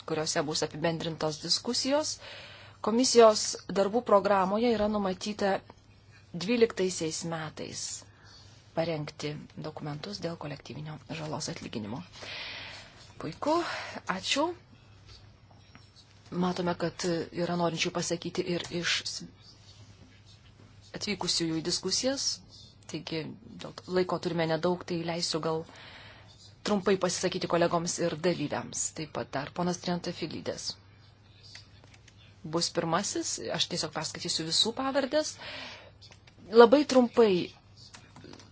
kuriuose bus apibendrintos diskusijos. Komisijos darbų programoje yra numatyta 12 metais parengti dokumentus dėl kolektyvinio žalos atlyginimo. Puiku, ačiū. Matome, kad yra norinčių pasakyti ir iš atvykusiųjų į diskusijas. Taigi laiko turime nedaug, tai leisiu gal trumpai pasisakyti kolegoms ir dalyviams. Taip pat dar ponas Trienta Filydės bus pirmasis, aš tiesiog paskaitysiu visų pavardės. Labai trumpai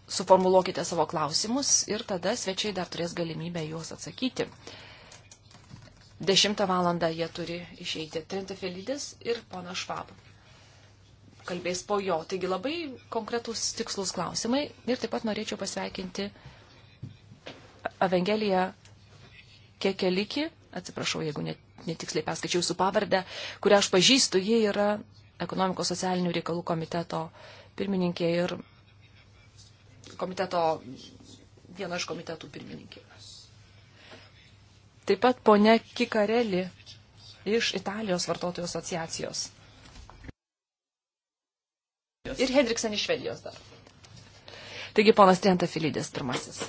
suformuluokite savo klausimus ir tada svečiai dar turės galimybę juos atsakyti. 10 valandą jie turi išeiti Trentafilidis ir pana Švab. Kalbės po jo. Taigi labai konkretūs tikslus klausimai. Ir taip pat norėčiau pasveikinti Evangeliją Kekeliki, atsiprašau, jeigu netiksliai perskaičiau jūsų pavardę, kurią aš pažįstu, ji yra ekonomikos socialinių reikalų komiteto pirmininkė ir komiteto, vieno iš komitetų pirmininkė. Taip pat ponia Kikareli iš Italijos vartotojų asociacijos. Ir Hedriksen iš Švedijos dar. Taigi ponas Trienta Filidės pirmasis.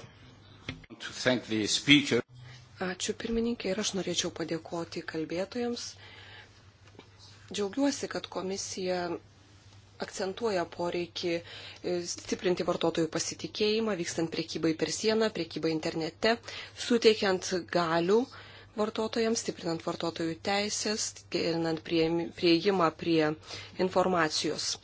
Ačiū pirmininkė ir aš norėčiau padėkoti kalbėtojams. Džiaugiuosi, kad komisija akcentuoja poreikį e, stiprinti vartotojų pasitikėjimą, vykstant priekybai per sieną, priekybai internete, suteikiant galių vartotojams, stiprinant vartotojų teisės, gerinant prieigimą prie informacijos.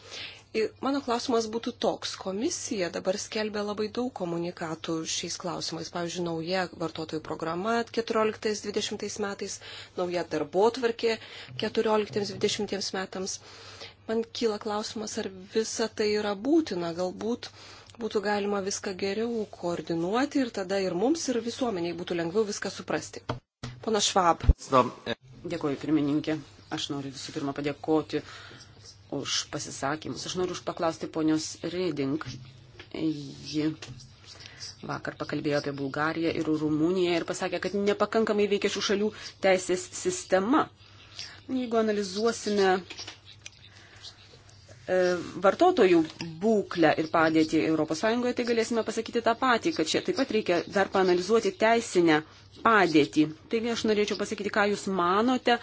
Ir mano klausimas būtų toks. Komisija dabar skelbia labai daug komunikatų šiais klausimais. Pavyzdžiui, nauja vartotojų programa 14-20 metais, nauja darbo tvarkė 14-20 metams man kyla klausimas, ar visa tai yra būtina. Galbūt būtų galima viską geriau koordinuoti ir tada ir mums, ir visuomeniai būtų lengviau viską suprasti. Pana Švab. Dėkuoju, pirmininkė. Aš noriu visų pirma padėkoti už pasisakymus. Aš noriu paklausti ponios Reding. Ji vakar pakalbėjo apie Bulgariją ir Rumuniją ir pasakė, kad nepakankamai veikia šių šalių teisės sistema. Jeigu analizuosime E, vartotojų būklę ir padėtį ES, tai galėsime pasakyti tą patį, kad čia taip pat reikia dar panalizuoti teisinę padėtį. Taigi aš norėčiau pasakyti, ką Jūs manote,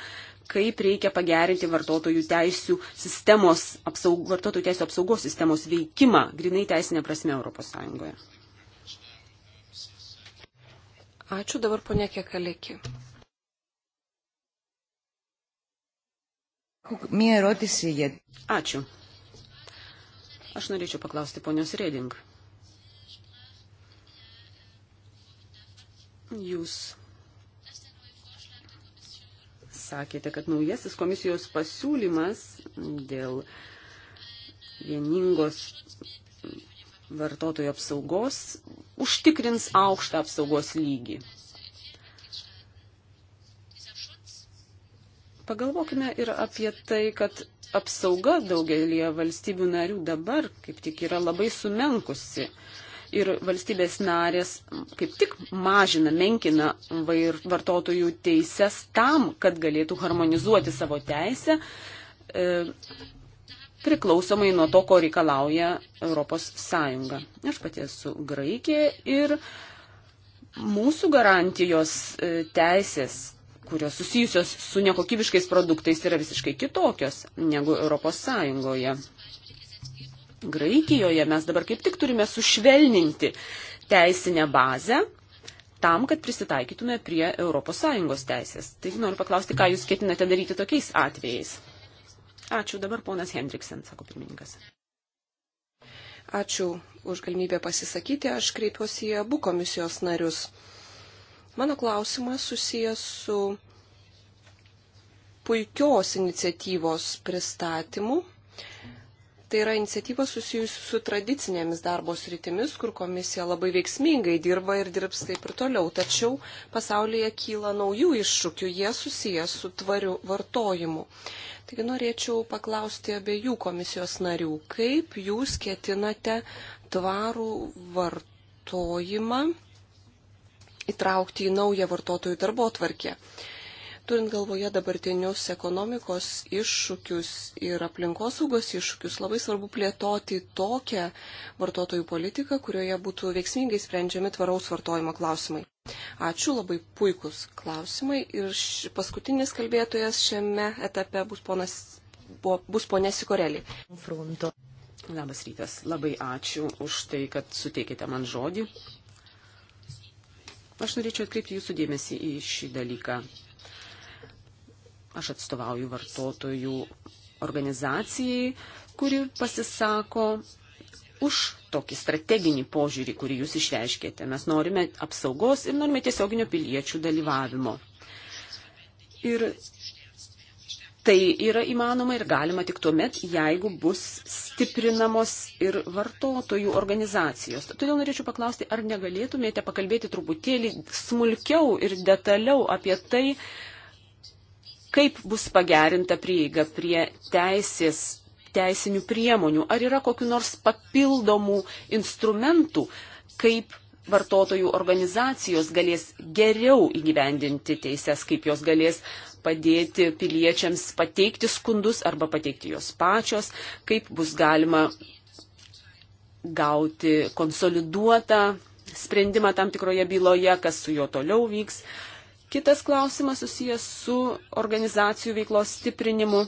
kaip reikia pagerinti vartotojų teisų sistemos, apsaug, vartotojų teisų apsaugos sistemos veikimą grinai teisinė prasme ES. Ačiū dabar ponė Kekalėki. Ačiū. Aš norėčiau paklausti ponios Reding. Jūs sakėte, kad naujasis komisijos pasiūlymas dėl vieningos vartotojų apsaugos užtikrins aukštą apsaugos lygį. Pagalvokime ir apie tai, kad apsauga daugelie valstybių narių dabar kaip tik yra labai sumenkusi. Ir valstybės narės kaip tik mažina, menkina vartotojų teises tam, kad galėtų harmonizuoti savo teisę e, priklausomai nuo to, ko reikalauja Europos Sąjunga. Aš pati esu Graikija ir mūsų garantijos e, teisės kurios susijusios su nekokybiškais produktais, yra visiškai kitokios negu Europos Sąjungoje. Graikijoje mes dabar kaip tik turime sušvelninti teisinę bazę tam, kad prisitaikytume prie ES teisės. Taigi noriu paklausti, ką jūs ketinate daryti tokiais atvejais. Ačiū dabar ponas Hendriksen, sako pirmininkas. Ačiū už galimybę pasisakyti. Aš kreipiuosi į abu komisijos narius. Mano klausimas susijęs su puikios iniciatyvos pristatymu. Tai yra iniciatyva susijusi su tradicinėmis darbo sritimis, kur komisija labai veiksmingai dirba ir dirbs taip ir toliau. Tačiau pasaulyje kyla naujų iššūkių, jie susijęs su tvariu vartojimu. Taigi norėčiau paklausti abiejų komisijos narių, kaip jūs ketinate tvarų vartojimą įtraukti į naują vartotojų darbo tvarkę. Turint galvoje dabartinius ekonomikos iššūkius ir aplinkosaugos iššūkius, labai svarbu plėtoti tokią vartotojų politiką, kurioje būtų veiksmingai sprendžiami tvaraus vartojimo klausimai. Ačiū, labai puikus klausimai. Ir paskutinis kalbėtojas šiame etape bus ponas buvo, bus ponė Sikorelį. Fronto. Labas rytas, labai ačiū už tai, kad suteikėte man žodį. Aš norėčiau atkreipti jūsų dėmesį į šį dalyką. Aš atstovauju vartotojų organizacijai, kuri pasisako už tokį strateginį požiūrį, kurį jūs išreiškėte. Mes norime apsaugos ir norime tiesioginio piliečių dalyvavimo. Ir Tai yra įmanoma ir galima tik tuo met, jeigu bus stiprinamos ir vartotojų organizacijos. Todėl norėčiau paklausti, ar negalėtumėte pakalbėti truputėlį smulkiau ir detaliau apie tai, kaip bus pagerinta prieiga prie teisės, teisinių priemonių, ar yra kokiu nors papildomų instrumentų, kaip vartotojų organizacijos galės geriau įgyvendinti teises, kaip jos galės uh, padėti piliečiams pateikti skundus arba pateikti juos pačios, kaip bus galima gauti konsoliduotą sprendimą tam tikroje byloje, kas su juo toliau vyks. Kitas klausimas susijęs su organizacijų veiklos stiprinimu.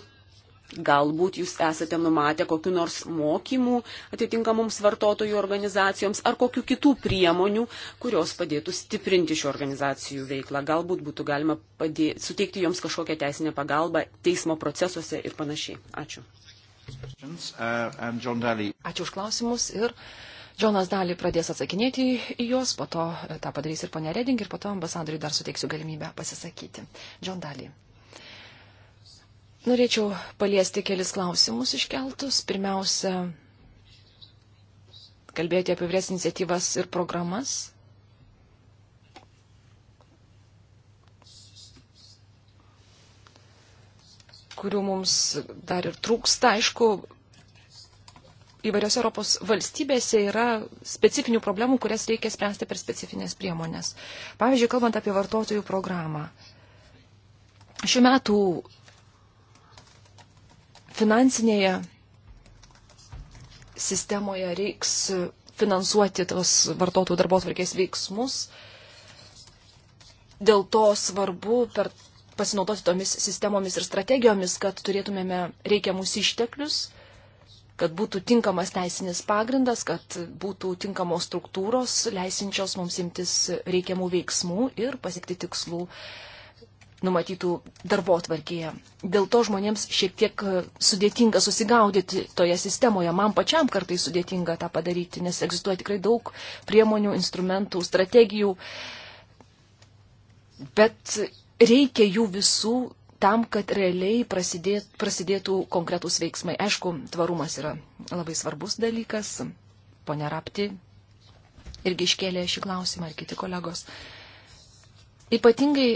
Galbūt jūs esate numatę kokiu nors mokymu atitinkamoms vartotojų organizacijoms ar kokiu kitų priemonių, kurios padėtų stiprinti šių organizacijų veiklą. Galbūt būtų galima padė... suteikti joms kažkokią teisinę pagalbą teismo procesuose ir panašiai. Ačiū. Ačiū už klausimus ir Džonas Dalį pradės atsakinėti į juos, po to tą padarys ir ponė Reding ir po to ambasadoriui dar suteiksiu galimybę pasisakyti. Džon Dalį. Norėčiau paliesti kelis klausimus iškeltus. Pirmiausia, kalbėti apie vyres iniciatyvas ir programas. kurių mums dar ir trūksta. Aišku, įvairiose Europos valstybėse yra specifinių problemų, kurias reikia spręsti per specifines priemonės. Pavyzdžiui, kalbant apie vartotojų programą. Šiuo metu finansinėje sistemoje reiks finansuoti tos vartotojų darbotvarkės veiksmus. Dėl to svarbu per pasinaudoti tomis sistemomis ir strategijomis, kad turėtumėme reikiamus išteklius, kad būtų tinkamas teisinis pagrindas, kad būtų tinkamos struktūros, leisinčios mums imtis reikiamų veiksmų ir pasiekti tikslų numatytų darbo tvarkėje. Dėl to žmonėms šiek tiek e, sudėtinga susigaudyti toje sistemoje. Man pačiam kartai sudėtinga tą padaryti, nes egzistuoja tikrai daug priemonių, instrumentų, strategijų. Bet reikia jų visų tam, kad realiai prasidėtų, prasidėtų konkretūs veiksmai. Aišku, tvarumas yra labai svarbus dalykas. Pone Rapti irgi iškėlė šį klausimą ir kiti kolegos. Ypatingai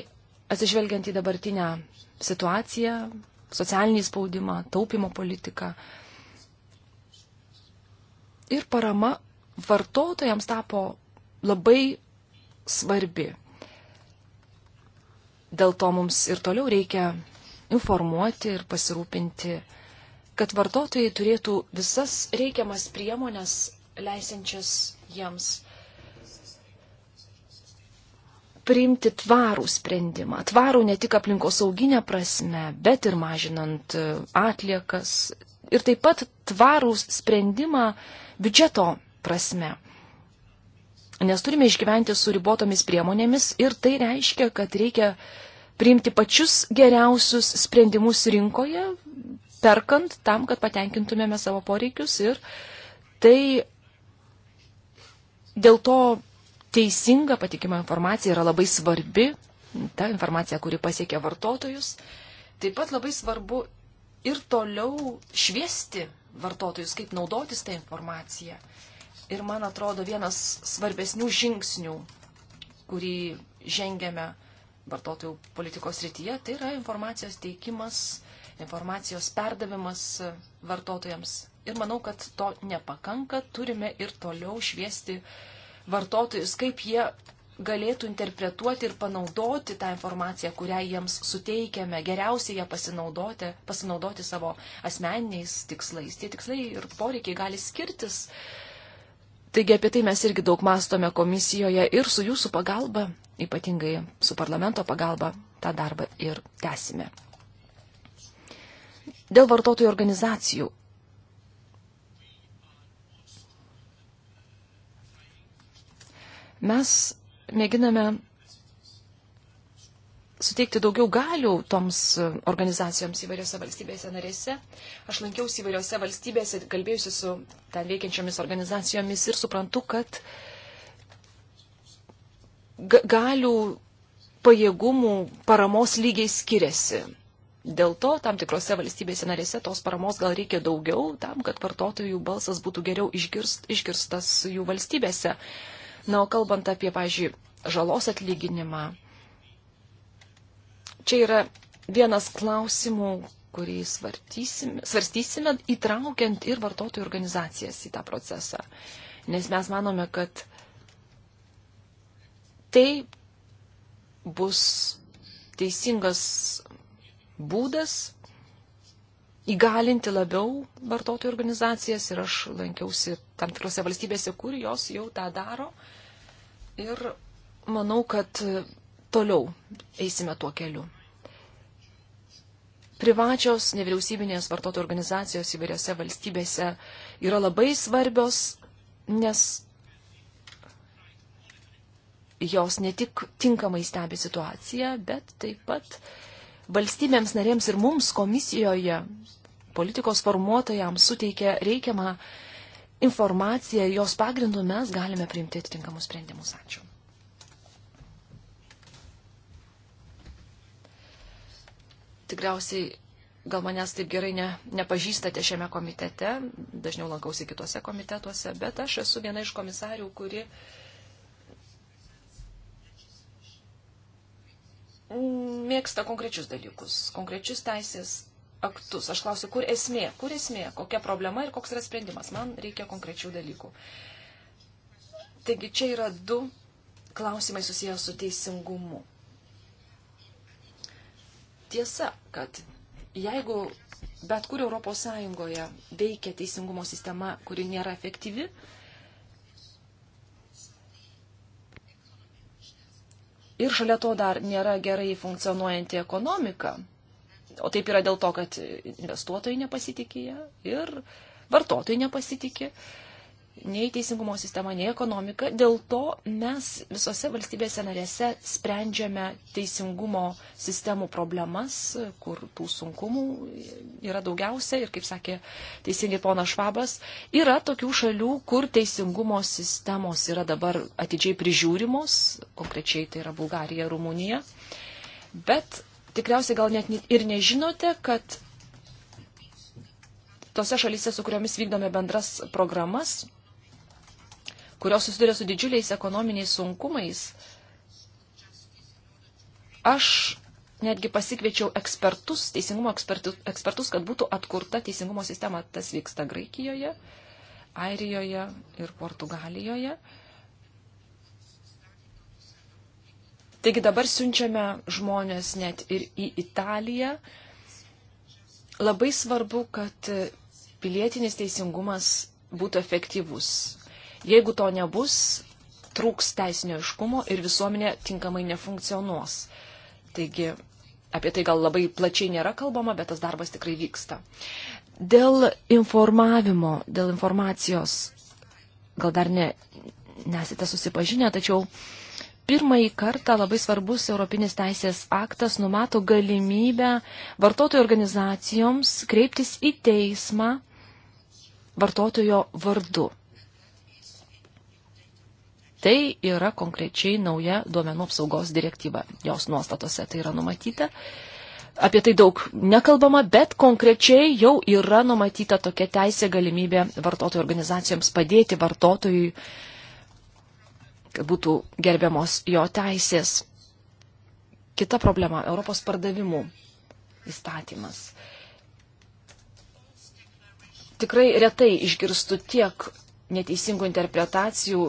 atsižvelgiant į dabartinę situaciją, socialinį spaudimą, taupimo politiką. Ir parama vartotojams tapo labai svarbi. Dėl to mums ir toliau reikia informuoti ir pasirūpinti, kad vartotojai turėtų visas reikiamas priemonės leisinčias jiems priimti tvarų sprendimą. Tvarų ne tik aplinkosauginę prasme, bet ir mažinant e, atliekas. Ir taip pat tvarų sprendimą biudžeto prasme. Nes turime išgyventi su ribotomis priemonėmis ir tai reiškia, kad reikia priimti pačius geriausius sprendimus rinkoje, perkant tam, kad patenkintumėme savo poreikius ir tai dėl to teisinga patikima informacija yra labai svarbi, ta informacija, kuri pasiekia vartotojus. Taip pat labai svarbu ir toliau šviesti vartotojus, kaip naudotis tą informaciją. Ir man atrodo, vienas svarbesnių žingsnių, kurį žengėme vartotojų politikos rytyje, tai yra informacijos teikimas, informacijos perdavimas vartotojams. Ir manau, kad to nepakanka, turime ir toliau šviesti uh, vartotojus, kaip jie galėtų interpretuoti ir panaudoti tą informaciją, kurią jiems suteikiame, geriausiai ją pasinaudoti, pasinaudoti savo asmeniniais tikslais. Tie tikslai ir poreikiai gali skirtis. Taigi apie tai mes irgi daug mastome komisijoje ir su jūsų pagalba, ypatingai su parlamento pagalba, tą darbą ir tęsime. Dėl vartotojų organizacijų Mes mėginame suteikti daugiau galių toms organizacijoms įvairiose valstybėse narėse. Aš lankiausi įvairiose valstybėse, kalbėjusi su ten veikiančiomis organizacijomis ir suprantu, kad galių pajėgumų paramos lygiai skiriasi. Dėl to tam tikrose valstybėse narėse tos paramos gal reikia daugiau tam, kad vartotojų balsas būtų geriau išgirst, išgirstas jų valstybėse. Uh, Na, o kalbant apie, pažiūrėjau, žalos atlyginimą, čia yra vienas klausimų, kurį svarstysime, įtraukiant ir vartotojų organizacijas į tą procesą. Nes mes manome, kad tai bus teisingas būdas įgalinti labiau vartotojų organizacijas ir aš lankiausi tam tikrose valstybėse, kur jos jau tą daro. Uh, Ir manau, kad toliau eisime tuo keliu. Privačios nevyriausybinės vartotojų organizacijos įvairiose valstybėse yra labai svarbios, nes jos ne tik tinkamai stebi situaciją, bet taip pat valstybėms narėms ir mums komisijoje politikos formuotojams suteikia reikiamą informaciją, jos pagrindų mes galime priimti atitinkamus sprendimus. Ačiū. Tikriausiai gal manęs taip gerai ne, nepažįstate šiame komitete, dažniau lankausi kitose komitetuose, bet aš esu viena iš komisarių, kuri mėgsta konkrečius dalykus, konkrečius teisės aktus. Aš klausiu, kur esmė, kur esmė, kokia problema ir koks yra sprendimas. Man reikia konkrečių dalykų. Taigi čia yra du klausimai susijęs su teisingumu. Tiesa, kad jeigu bet kur Europos Sąjungoje veikia teisingumo sistema, kuri nėra efektyvi, ir šalia to dar nėra gerai funkcionuojanti ekonomika, O taip yra dėl to, kad investuotojai nepasitikė ir vartotojai nepasitikė nei teisingumo sistema, nei ekonomika. Dėl to mes visose valstybėse narėse sprendžiame teisingumo sistemų problemas, kur tų sunkumų yra daugiausia. Ir kaip sakė teisingai pona Švabas, yra tokių šalių, kur teisingumo sistemos yra dabar atidžiai prižiūrimos, konkrečiai tai yra Bulgarija, Rumunija. Bet tikriausiai gal net ir nežinote, kad tose šalyse, su kuriomis vykdome bendras programas, kurios susiduria su didžiuliais ekonominiais sunkumais, aš netgi pasikviečiau ekspertus, teisingumo ekspertus, ekspertus, kad būtų atkurta teisingumo sistema. Tas vyksta Graikijoje, Airijoje ir Portugalijoje. Uh, Taigi dabar siunčiame žmonės net ir į Italiją. Labai svarbu, kad pilietinis teisingumas būtų efektyvus. Jeigu to nebus, trūks teisinio iškumo ir visuomenė tinkamai nefunkcionuos. Taigi apie tai gal labai plačiai nėra kalbama, bet tas darbas tikrai vyksta. Dėl informavimo, dėl informacijos, gal dar ne, nesite susipažinę, tačiau pirmąjį kartą labai svarbus Europinis teisės aktas numato galimybę vartotojų organizacijoms kreiptis į teismą vartotojo vardu. Tai yra konkrečiai nauja duomenų apsaugos direktyva. Jos nuostatose tai yra numatyta. Apie tai daug nekalbama, bet konkrečiai jau yra numatyta tokia teisė galimybė vartotojų organizacijoms padėti vartotojui uh, kad būtų gerbiamos jo teisės. Kita problema - Europos pardavimų įstatymas. Tikrai retai išgirstu tiek neteisingų interpretacijų,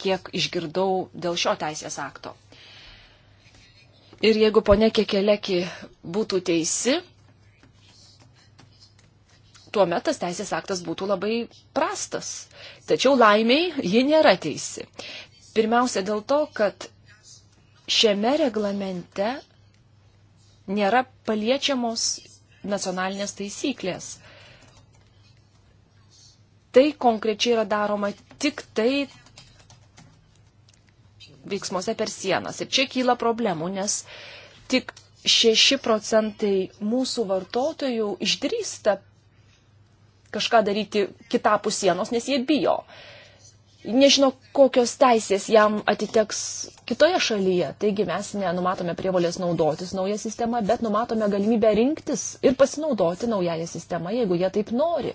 kiek išgirdau dėl šio teisės akto. Ir jeigu ponė Kekeleki būtų teisi, tuomet tas teisės aktas būtų labai prastas. Tačiau laimiai ji nėra teisi. Pirmiausia dėl to, kad šiame reglamente nėra paliečiamos nacionalinės taisyklės. Tai konkrečiai yra daroma tik tai veiksmuose per sienas. Ir čia kyla problemų, nes tik 6 procentai mūsų vartotojų išdrįsta kažką daryti kitapus sienos, nes jie bijo. Nežino, kokios teisės jam atiteks kitoje šalyje. Taigi mes nenumatome prievolės naudotis naują sistemą, bet numatome galimybę rinktis ir pasinaudoti naująją sistemą, jeigu jie taip nori.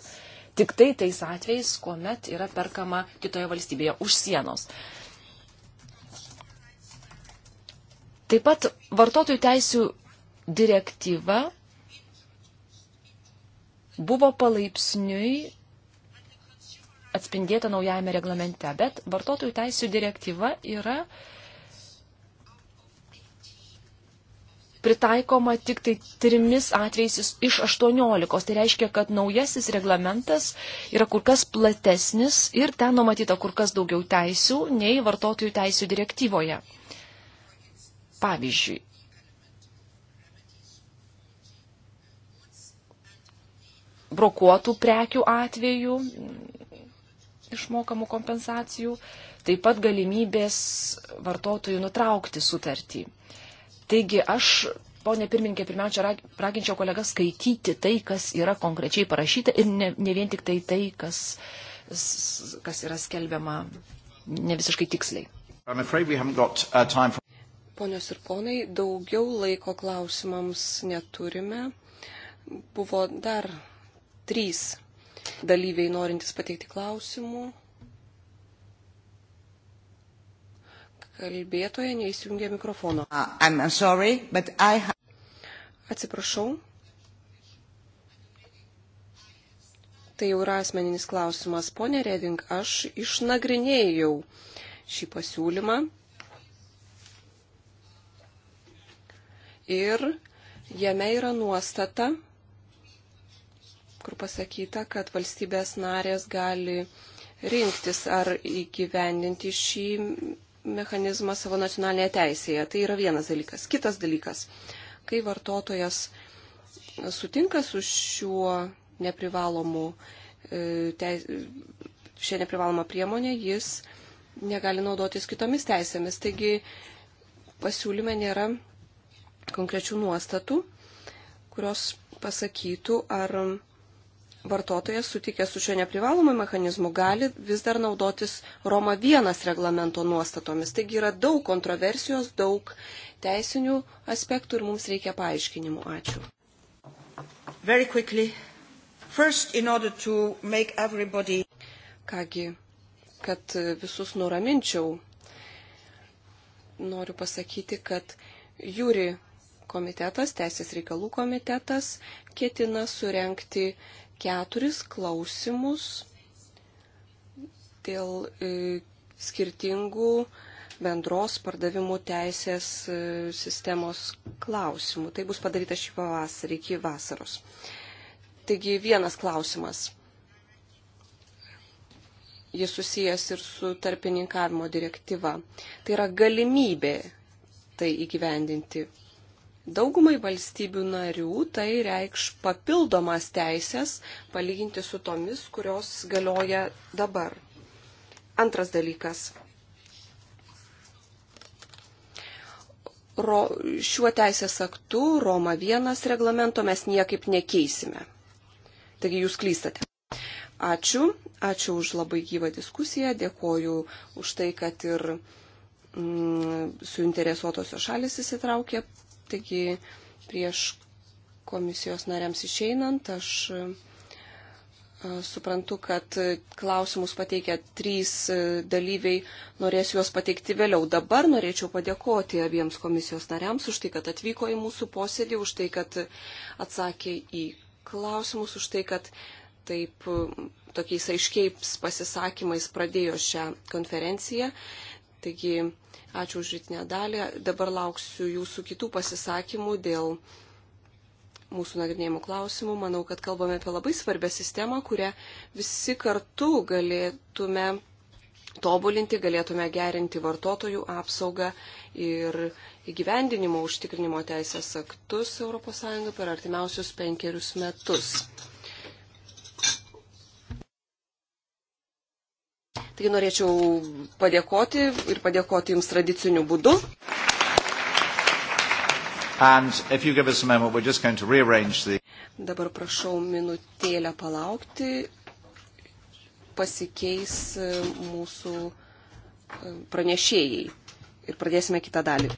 Tik tai tais atvejais, kuomet yra perkama kitoje valstybėje už sienos. Taip pat vartotojų teisų direktyva buvo palaipsniui atspindėta naujajame reglamente, bet vartotojų teisų direktyva yra pritaikoma tik tai trimis atvejais iš 18. Tai reiškia, kad naujasis reglamentas yra kur kas platesnis ir ten numatyta kur kas daugiau teisių nei vartotojų teisių direktyvoje. Pavyzdžiui, brokuotų prekių atveju išmokamų kompensacijų, taip pat galimybės vartotojų nutraukti sutartį. Taigi aš, ponė pirmininkė, pirmiausia, raginčiau kolegas skaityti tai, kas yra konkrečiai parašyta ir ne, ne vien tik tai tai, kas, kas yra skelbiama ne visiškai tiksliai. Uh, for... Ponios ir ponai, daugiau laiko klausimams neturime. Buvo dar Trys dalyviai norintys pateikti klausimų. Kalbėtoje neįsijungia mikrofono. Uh, sorry, have... Atsiprašau. Tai jau yra asmeninis klausimas. Pone Reding, aš išnagrinėjau šį pasiūlymą. Ir jame yra nuostata, kur pasakyta, kad valstybės narės gali rinktis ar įgyvendinti šį mechanizmą savo nacionalinėje teisėje. Tai yra vienas dalykas. Kitas dalykas, kai vartotojas sutinka su šiuo neprivalomu, e, teis, šia neprivaloma priemonė, jis negali naudotis kitomis teisėmis. Taigi pasiūlyme nėra konkrečių nuostatų, kurios pasakytų, ar vartotojas sutikęs su šio neprivalomu mechanizmu gali vis dar naudotis Roma 1 reglamento nuostatomis. Taigi yra daug kontroversijos, daug teisinių aspektų ir mums reikia paaiškinimų. Ačiū. First, everybody... Kągi, kad visus nuraminčiau, noriu pasakyti, kad jūri komitetas, teisės reikalų komitetas ketina surenkti keturis klausimus dėl e, skirtingų bendros pardavimų teisės e, sistemos klausimų. Tai bus padaryta šį pavasarį iki vasaros. Taigi vienas klausimas. Jis susijęs ir su tarpininkavimo direktyva. Tai yra galimybė tai įgyvendinti Daugumai valstybių narių tai reikš papildomas teisės palyginti su tomis, kurios galioja dabar. Antras dalykas. Ro, šiuo teisės aktu Roma 1 reglamento mes niekaip nekeisime. Taigi jūs klystate. Ačiū, ačiū už labai gyvą diskusiją, dėkoju už tai, kad ir mm, suinteresuotosios šalis įsitraukė Taigi prieš komisijos nariams išeinant aš e, suprantu, kad klausimus pateikia trys e, dalyviai, norėsiu juos pateikti vėliau. Dabar norėčiau padėkoti abiems komisijos nariams už tai, kad atvyko į mūsų posėdį, už tai, kad atsakė į klausimus, už tai, kad taip tokiais aiškiais pasisakymais pradėjo šią konferenciją. Taigi Ačiū už rytinę dalį. Dabar lauksiu jūsų kitų pasisakymų dėl mūsų nagrinėjimų klausimų. Manau, kad kalbame apie labai svarbę sistemą, kurią visi kartu galėtume tobulinti, galėtume gerinti vartotojų apsaugą ir įgyvendinimo užtikrinimo teisės aktus ES per artimiausius penkerius metus. Taigi norėčiau padėkoti ir padėkoti Jums tradiciniu būdu. Moment, the... Dabar prašau minutėlę palaukti, pasikeis e, mūsų e, pranešėjai ir pradėsime kitą dalį.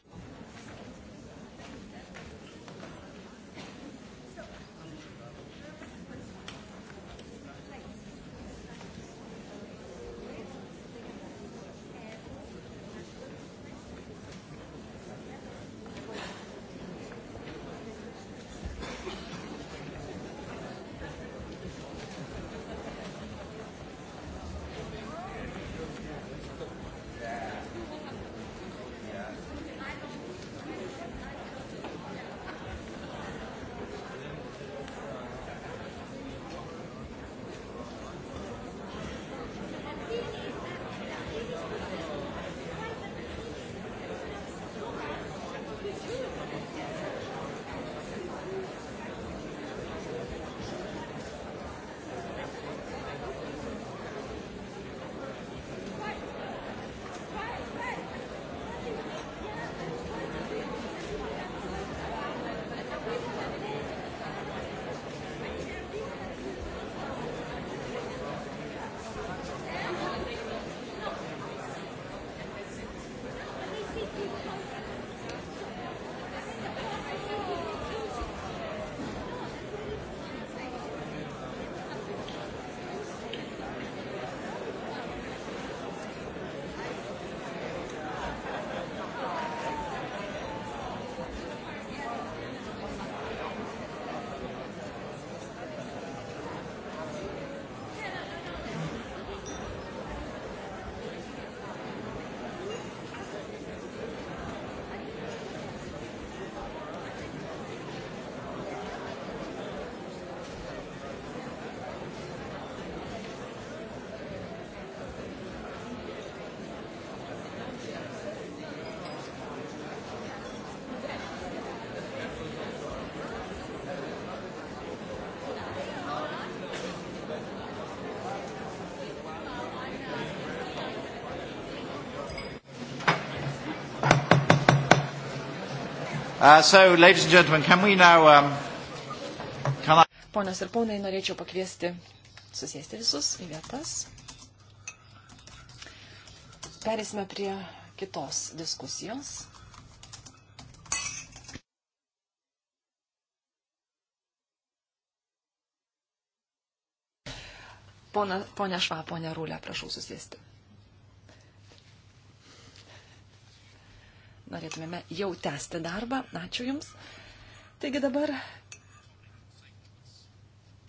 Uh, so, ladies and gentlemen, can we now... Um, can I... Ponas ir ponai, norėčiau pakviesti susėsti visus į vietas. Perėsime prie kitos diskusijos. Pone Šva, pone Rūlė, prašau susėsti. norėtumėme jau tęsti darbą. Ačiū Jums. Taigi dabar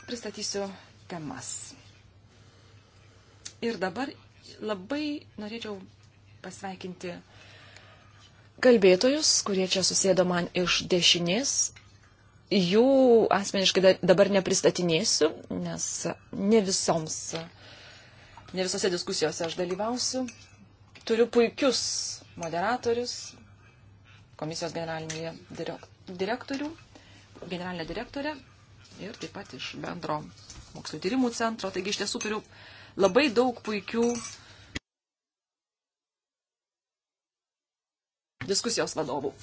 pristatysiu temas. Ir dabar labai norėčiau pasveikinti kalbėtojus, kurie čia susėdo man iš dešinės. Jų asmeniškai dabar nepristatinėsiu, nes ne visoms, ne visose diskusijose aš dalyvausiu. Turiu puikius moderatorius, komisijos generalinį direktorių, generalinę direktorę ir taip pat iš bendro mokslo tyrimų centro. Taigi iš tiesų turiu labai daug puikių diskusijos vadovų.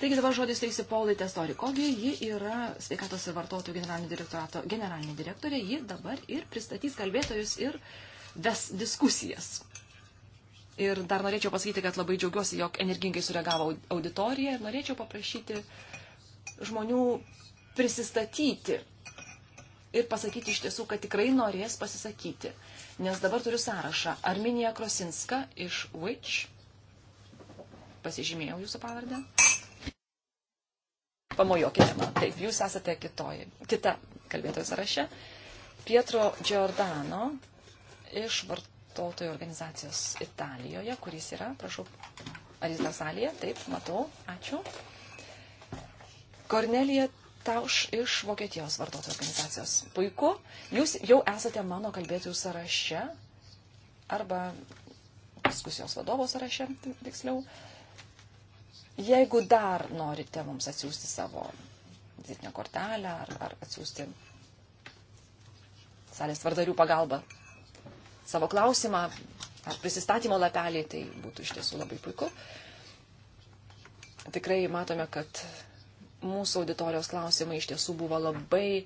Taigi dabar žodis teisi Paulai Testori. Kogi ji yra sveikatos ir vartotojų generalinio direktorato generalinė direktorė, ji dabar ir pristatys kalbėtojus ir ves diskusijas. Ir dar norėčiau pasakyti, kad labai džiaugiuosi, jog energingai sureagavo auditorija ir norėčiau paprašyti žmonių prisistatyti ir pasakyti iš tiesų, kad tikrai norės pasisakyti. Nes dabar turiu sąrašą. Arminija Krosinska iš Which. Pasižymėjau jūsų pavardę. Pamojokite man. Taip, jūs esate kitoji, kita kalbėtojų sąraše. Pietro Giordano iš Vart vartotojų organizacijos Italijoje, kuris yra, prašau, ar jis dar salėje? Taip, matau, ačiū. Kornelija Tauš iš Vokietijos vartotojų organizacijos. Puiku, jūs jau esate mano kalbėtojų sąraše arba diskusijos vadovo sąraše, tiksliau. Jeigu dar norite mums atsiųsti savo vizitinę kortelę ar, ar atsiųsti salės vardarių pagalbą savo klausimą ar prisistatymo lapelį, tai būtų iš tiesų labai puiku. Tikrai matome, kad mūsų auditorijos klausimai iš tiesų buvo labai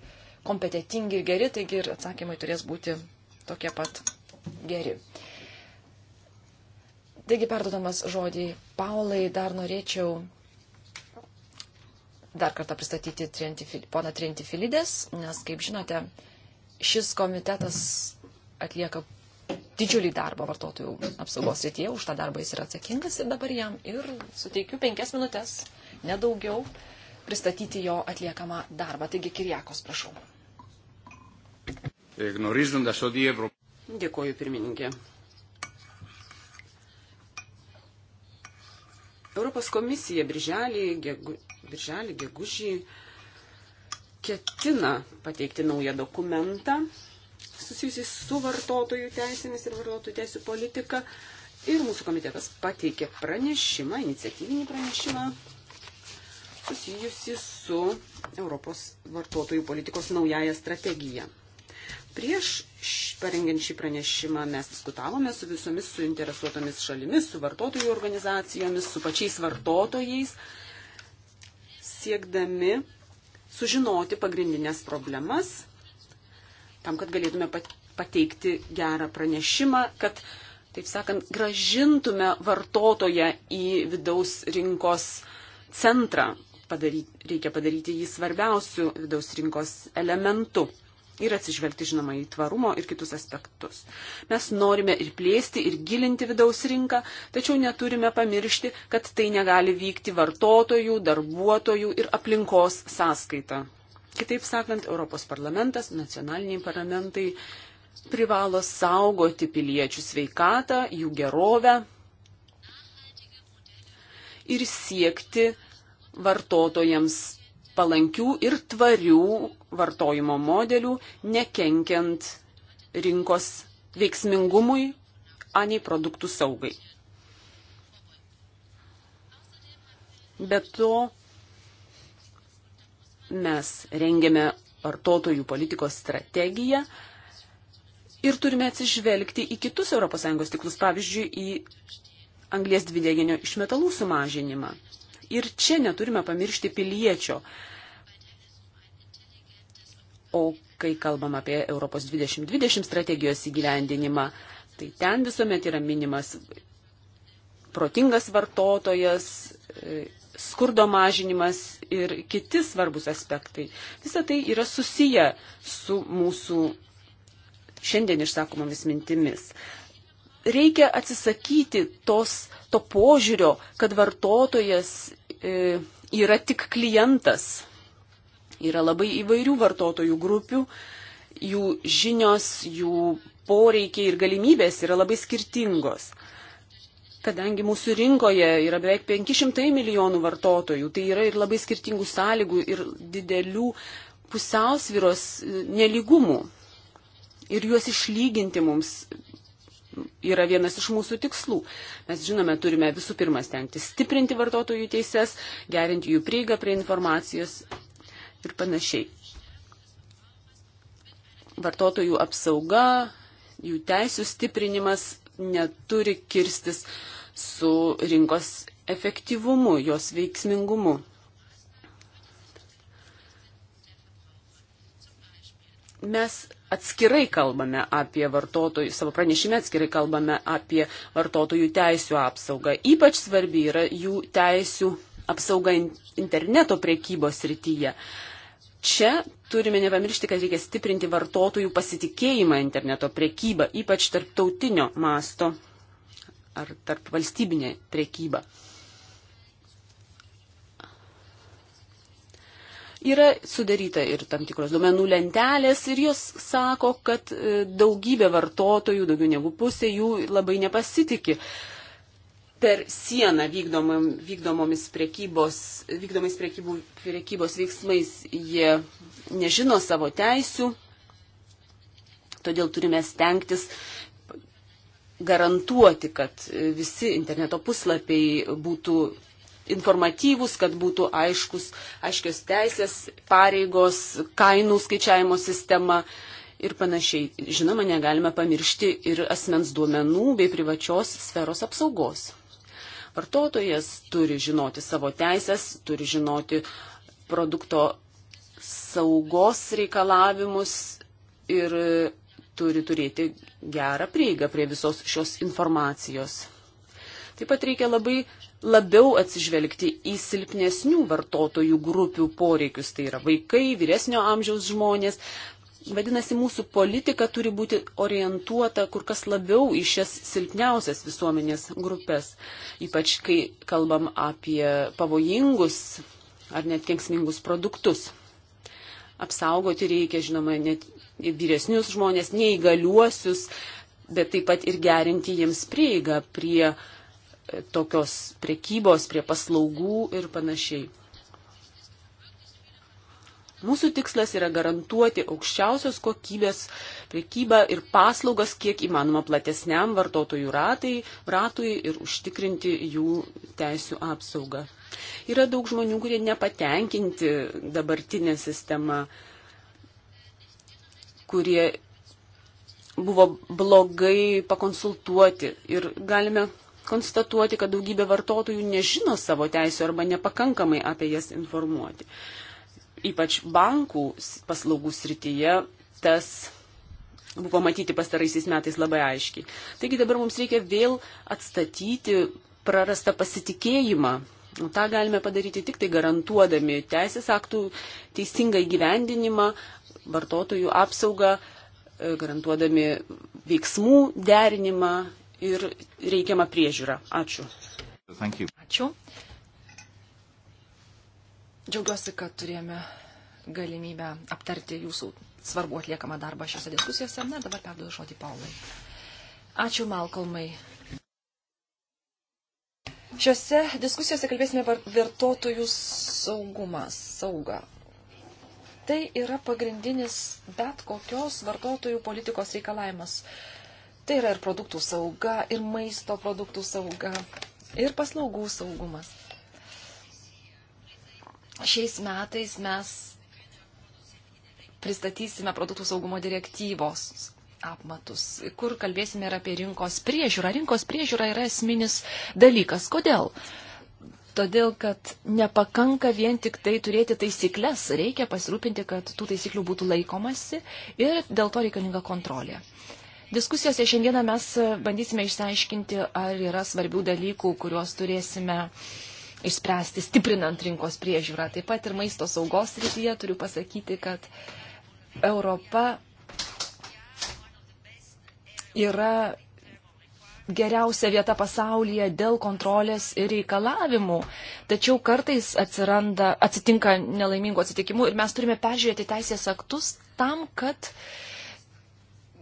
kompetitingi ir geri, taigi ir atsakymai turės būti tokie pat geri. Taigi, perdodamas žodį Paulai, dar norėčiau dar kartą pristatyti Trientifil, poną Trientifilidės, nes, kaip žinote, šis komitetas atlieka didžiulį darbą vartotojų apsaugos srityje, už tą darbą jis yra atsakingas ir dabar jam ir suteikiu penkias minutės, nedaugiau, pristatyti jo atliekamą darbą. Taigi, Kirjakos, prašau. Eh, Dėkoju, pirmininkė. Europos komisija birželį, gegu, birželį gegužį ketina pateikti naują dokumentą susijusiais su vartotojų teisėmis ir vartotojų teisų politika. Ir mūsų komitetas pateikė pranešimą, iniciatyvinį pranešimą susijusi su Europos vartotojų politikos naujaja strategija. Prieš parengiant šį pranešimą mes diskutavome su visomis suinteresuotomis šalimis, su vartotojų organizacijomis, su pačiais vartotojais, siekdami sužinoti pagrindinės problemas tam, kad galėtume pateikti gerą pranešimą, kad, taip sakant, gražintume vartotoją į vidaus rinkos centrą. Padaryti, reikia padaryti jį svarbiausių vidaus rinkos elementų ir atsižvelgti, žinoma, į tvarumo ir kitus aspektus. Mes norime ir plėsti, ir gilinti vidaus rinką, tačiau neturime pamiršti, kad tai negali vykti vartotojų, darbuotojų ir aplinkos sąskaita. Kitaip sakant, Europos parlamentas, nacionaliniai parlamentai privalo saugoti piliečių sveikatą, jų gerovę ir siekti vartotojams palankių ir tvarių vartojimo modelių, nekenkiant rinkos veiksmingumui, anei produktų saugai. Be to, Mes rengiame vartotojų politikos strategiją ir turime atsižvelgti į kitus ES tiklus, pavyzdžiui, į anglės dvideginio išmetalų sumažinimą. Ir čia neturime pamiršti piliečio. O kai kalbam apie Europos 2020 strategijos įgyvendinimą, tai ten visuomet yra minimas protingas vartotojas, skurdo mažinimas ir kiti svarbus aspektai. Visa tai yra susiję su mūsų šiandien išsakomomis mintimis. Reikia atsisakyti tos, to požiūrio, kad vartotojas e, yra tik klientas. Yra labai įvairių vartotojų grupių, jų žinios, jų poreikiai ir galimybės yra labai skirtingos. E, Kadangi mūsų rinkoje yra beveik 500 milijonų vartotojų, tai yra ir labai skirtingų sąlygų ir didelių pusiausviros e, neligumų. Ir juos išlyginti mums yra vienas iš mūsų tikslų. Mes žinome, turime visų pirma stengti stiprinti vartotojų teises, gerinti jų prieigą prie informacijos ir panašiai. Vartotojų apsauga, jų teisų stiprinimas neturi kirstis su rinkos efektyvumu, jos veiksmingumu. Mes atskirai kalbame apie vartotojų, savo pranešime atskirai kalbame apie vartotojų teisų apsaugą. Ypač svarbi yra jų teisų apsauga interneto priekybos rytyje. Uh, čia turime nepamiršti, kad reikia stiprinti vartotojų pasitikėjimą interneto prekybą, ypač tarptautinio masto ar tarp valstybinė prekyba. Yra sudaryta ir tam tikros duomenų lentelės ir jos sako, kad e, daugybė vartotojų, daugiau negu pusė jų labai nepasitikė per sieną vykdomom, vykdomomis prekybos, vykdomais prekybų, prekybos veiksmais jie nežino savo teisių, todėl turime stengtis garantuoti, kad visi interneto puslapiai būtų informatyvūs, kad būtų aiškus, aiškios teisės, pareigos, kainų skaičiavimo sistema ir panašiai. Žinoma, negalime pamiršti ir asmens duomenų bei privačios sferos apsaugos. Vartotojas turi žinoti savo teisės, turi žinoti produkto saugos reikalavimus ir turi turėti gerą prieigą prie visos šios informacijos. Taip pat reikia labai labiau atsižvelgti į silpnesnių vartotojų grupių poreikius, tai yra vaikai, vyresnio amžiaus žmonės, Vadinasi, mūsų politika turi būti orientuota kur kas labiau į šias silpniausias visuomenės grupės, ypač kai kalbam apie pavojingus ar net kenksmingus produktus. Apsaugoti reikia, žinoma, net vyresnius žmonės, neįgaliuosius, bet taip pat ir gerinti jiems prieigą prie tokios prekybos, prie paslaugų ir panašiai. Mūsų tikslas yra garantuoti aukščiausios kokybės priekybą ir paslaugas kiek įmanoma platesniam vartotojų ratai, ratui ir užtikrinti jų teisų apsaugą. Yra daug žmonių, kurie nepatenkinti dabartinę sistemą, kurie buvo blogai pakonsultuoti ir galime konstatuoti, kad daugybė vartotojų nežino savo teisų arba nepakankamai apie jas informuoti ypač bankų paslaugų srityje, tas buvo matyti pastaraisiais metais labai aiškiai. Taigi dabar mums reikia vėl atstatyti prarastą pasitikėjimą. O nu, tą galime padaryti tik tai garantuodami teisės aktų teisingą įgyvendinimą, vartotojų apsaugą, e, garantuodami veiksmų derinimą ir reikiamą priežiūrą. Ačiū. Ačiū. Džiaugiuosi, kad turėjome galimybę aptarti jūsų svarbu atliekamą darbą šiuose diskusijose. Na, dabar perduodu žodį Paulai. Ačiū, Malkolmai. Šiuose diskusijose kalbėsime vartotojų saugumą, saugą. Tai yra pagrindinis bet kokios vartotojų politikos reikalavimas. Tai yra ir produktų sauga, ir maisto produktų sauga, ir paslaugų saugumas. Šiais metais mes pristatysime produktų saugumo direktyvos apmatus, kur kalbėsime ir apie rinkos priežiūrą. Rinkos priežiūra yra esminis dalykas. Kodėl? Todėl, kad nepakanka vien tik tai turėti taisyklės, reikia pasirūpinti, kad tų taisyklių būtų laikomasi ir dėl to reikalinga kontrolė. Diskusijose šiandieną mes bandysime išsiaiškinti, ar yra svarbių dalykų, kuriuos turėsime uh, išspręsti, stiprinant rinkos priežiūrą. Taip pat ir maisto saugos rytyje turiu pasakyti, kad Europa yra geriausia vieta pasaulyje dėl kontrolės ir reikalavimų. Tačiau kartais atsiranda, atsitinka nelaimingų atsitikimų ir mes turime peržiūrėti teisės aktus tam, kad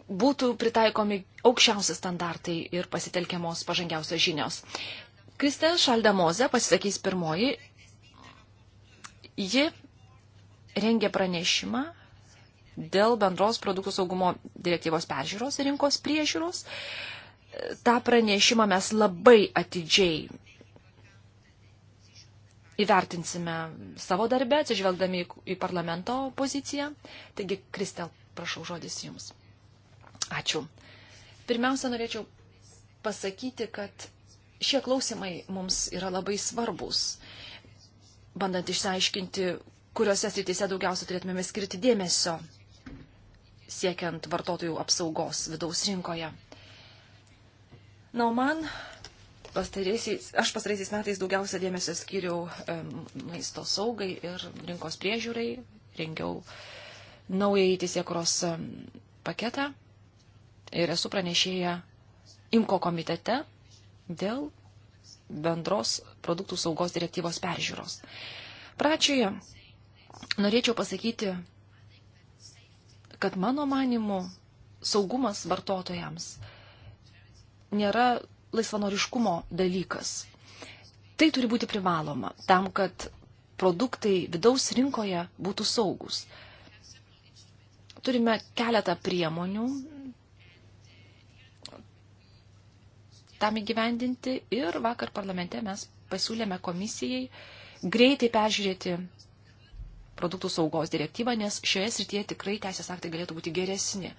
būtų pritaikomi aukščiausi standartai ir pasitelkiamos pažangiausios žinios. Kristel Šaldemoze pasisakys pirmoji. Ji rengė pranešimą dėl bendros produktų saugumo direktyvos peržiūros ir rinkos priežiūros. Ta pranešimą mes labai atidžiai įvertinsime savo darbę, atsižvelgdami į parlamento poziciją. Taigi, Kristel, prašau žodis Jums. Ačiū. Pirmiausia, norėčiau pasakyti, kad Šie klausimai mums yra labai svarbus, bandant išsiaiškinti, kuriuose srityse daugiausia turėtumėme skirti dėmesio, siekiant vartotojų apsaugos vidaus rinkoje. Na, o man aš pastaraisiais metais daugiausia dėmesio skiriau maisto saugai ir rinkos priežiūrai, rengiau naująjį teisėkuros paketą ir esu pranešėję IMKO komitete dėl bendros produktų saugos direktyvos peržiūros. Pradžioje norėčiau pasakyti, kad mano manimu saugumas vartotojams nėra laisvanoriškumo dalykas. Tai turi būti privaloma tam, kad produktai vidaus rinkoje būtų saugus. Turime keletą priemonių, tam įgyvendinti ir vakar parlamente mes pasiūlėme komisijai greitai peržiūrėti produktų saugos direktyvą, nes šioje srityje tikrai teisės aktai galėtų būti geresni.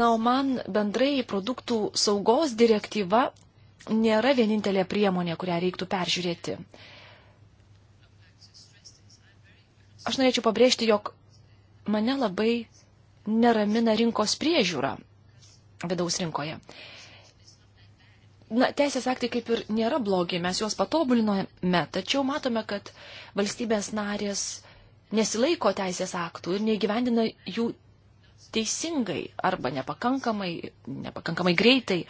Na, o man bendrai produktų saugos direktyva nėra vienintelė priemonė, kurią reiktų peržiūrėti. Aš norėčiau pabrėžti, jog mane labai neramina rinkos priežiūra vidaus rinkoje na, teisės aktai kaip ir nėra blogi, mes juos patobulinome, tačiau matome, kad valstybės narės nesilaiko teisės aktų ir neįgyvendina jų teisingai arba nepakankamai, nepakankamai greitai.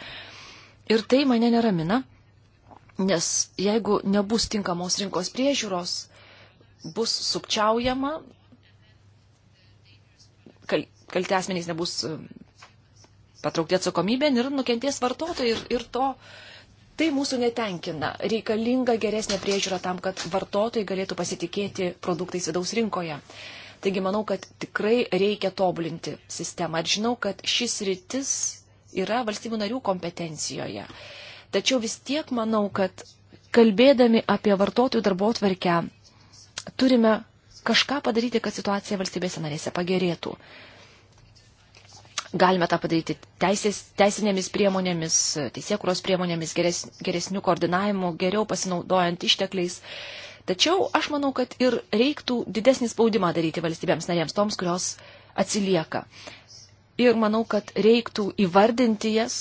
Ir tai mane neramina, nes jeigu nebus tinkamos rinkos priežiūros, bus sukčiaujama, kal, kalti asmenys nebus patraukti atsakomybę ir nukentės vartotojai ir, ir to. Tai mūsų netenkina. Reikalinga geresnė priežiūra tam, kad vartotojai galėtų pasitikėti produktais vidaus rinkoje. Taigi manau, kad tikrai reikia tobulinti sistemą. Ir žinau, kad šis rytis yra valstybių narių kompetencijoje. Tačiau vis tiek manau, kad kalbėdami apie vartotojų darbo tvarkę, turime kažką padaryti, kad situacija valstybėse narėse pagerėtų. Galime tą padaryti teisės, teisinėmis priemonėmis, teisėkuros priemonėmis, geres, geresnių koordinavimų, geriau pasinaudojant ištekliais. Tačiau aš manau, kad ir reiktų didesnį spaudimą daryti valstybėms narėms, toms, kurios atsilieka. Ir manau, kad reiktų įvardinti jas,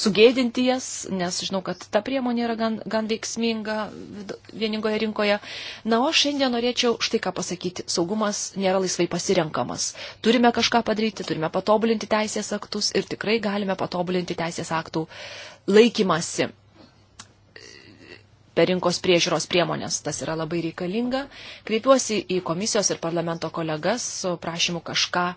sugėdinti jas, nes žinau, kad ta priemonė yra gan, gan veiksminga vieningoje rinkoje. Na, o šiandien norėčiau štai ką pasakyti. Saugumas nėra laisvai pasirenkamas. Turime kažką padaryti, turime patobulinti teisės aktus ir tikrai galime patobulinti teisės aktų laikymasi per rinkos priežiūros priemonės. Tas yra labai reikalinga. Kreipiuosi į komisijos ir parlamento kolegas su prašymu kažką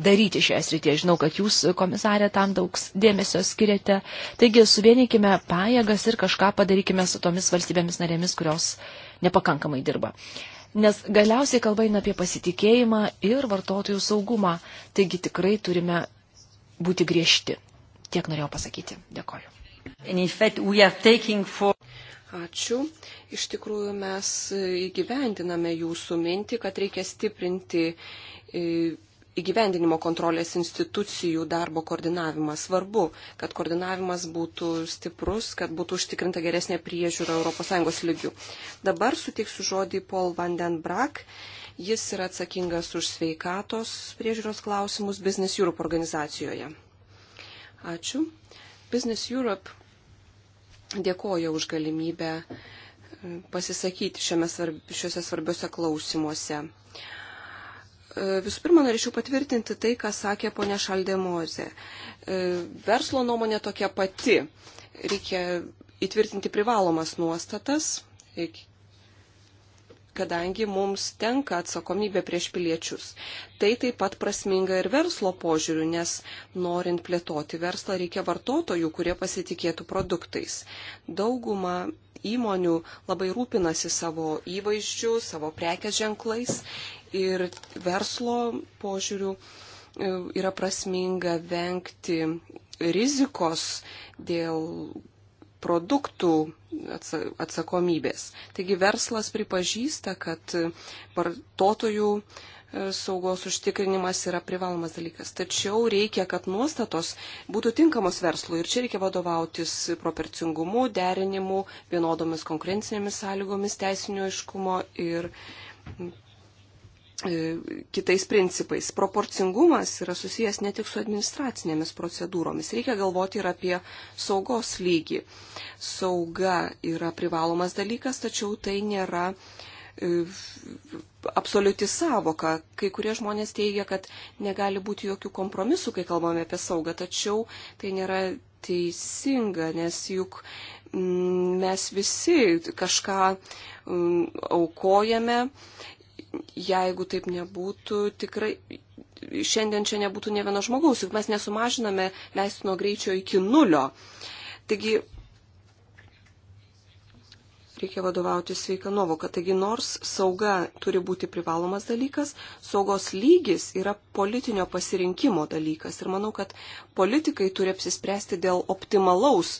daryti šioje srityje. Žinau, kad jūs, komisarė, tam daug dėmesio skiriate. Taigi, suvienykime pajėgas ir kažką padarykime su tomis valstybėmis narėmis, kurios nepakankamai dirba. Nes galiausiai kalba eina apie pasitikėjimą ir vartotojų saugumą. Taigi, tikrai turime būti griežti. Tiek norėjau pasakyti. Dėkoju. Ačiū. Iš tikrųjų mes e, įgyvendiname jūsų mintį, kad reikia stiprinti e, įgyvendinimo kontrolės institucijų darbo koordinavimą. Svarbu, kad koordinavimas būtų stiprus, kad būtų užtikrinta geresnė priežiūra ES lygių. Dabar sutiksiu žodį Paul Vandenbrak. Jis yra atsakingas už sveikatos priežiūros klausimus Business Europe organizacijoje. Ačiū. Business Europe dėkoja už galimybę e, pasisakyti šiame, svarb... šiuose svarbiuose klausimuose. E, visų pirma, norėčiau patvirtinti tai, ką sakė ponia Šaldemozė. E, verslo nuomonė tokia pati. Reikia įtvirtinti privalomas nuostatas, kadangi mums tenka atsakomybė prieš piliečius. Tai taip pat prasminga ir verslo požiūriu, nes norint plėtoti verslą reikia vartotojų, kurie pasitikėtų produktais. Dauguma įmonių labai rūpinasi savo įvaizdžiu, savo prekės ženklais ir verslo požiūrių e, yra prasminga vengti rizikos dėl produktų atsakomybės. Taigi verslas pripažįsta, kad vartotojų saugos užtikrinimas yra privalomas dalykas. Tačiau reikia, kad nuostatos būtų tinkamos verslui ir čia reikia vadovautis proporcingumu, derinimu, vienodomis konkurencinėmis sąlygomis, teisinio iškumo ir e, kitais principais. Proporcingumas yra susijęs ne tik su administracinėmis procedūromis. Reikia galvoti ir apie saugos lygį. Sauga yra privalomas dalykas, tačiau tai nėra e, absoliuti savoka. Kai kurie žmonės teigia, kad negali būti jokių kompromisų, kai kalbame apie saugą, tačiau tai nėra teisinga, nes juk mm, mes visi kažką mm, aukojame. Jeigu taip nebūtų, tikrai šiandien čia nebūtų ne vieno žmogaus, juk mes nesumažiname leistino greičio iki nulio. Taigi reikia vadovauti sveika nuovoka. Taigi nors sauga turi būti privalomas dalykas, saugos lygis yra politinio pasirinkimo dalykas. Ir manau, kad politikai turi apsispręsti dėl optimalaus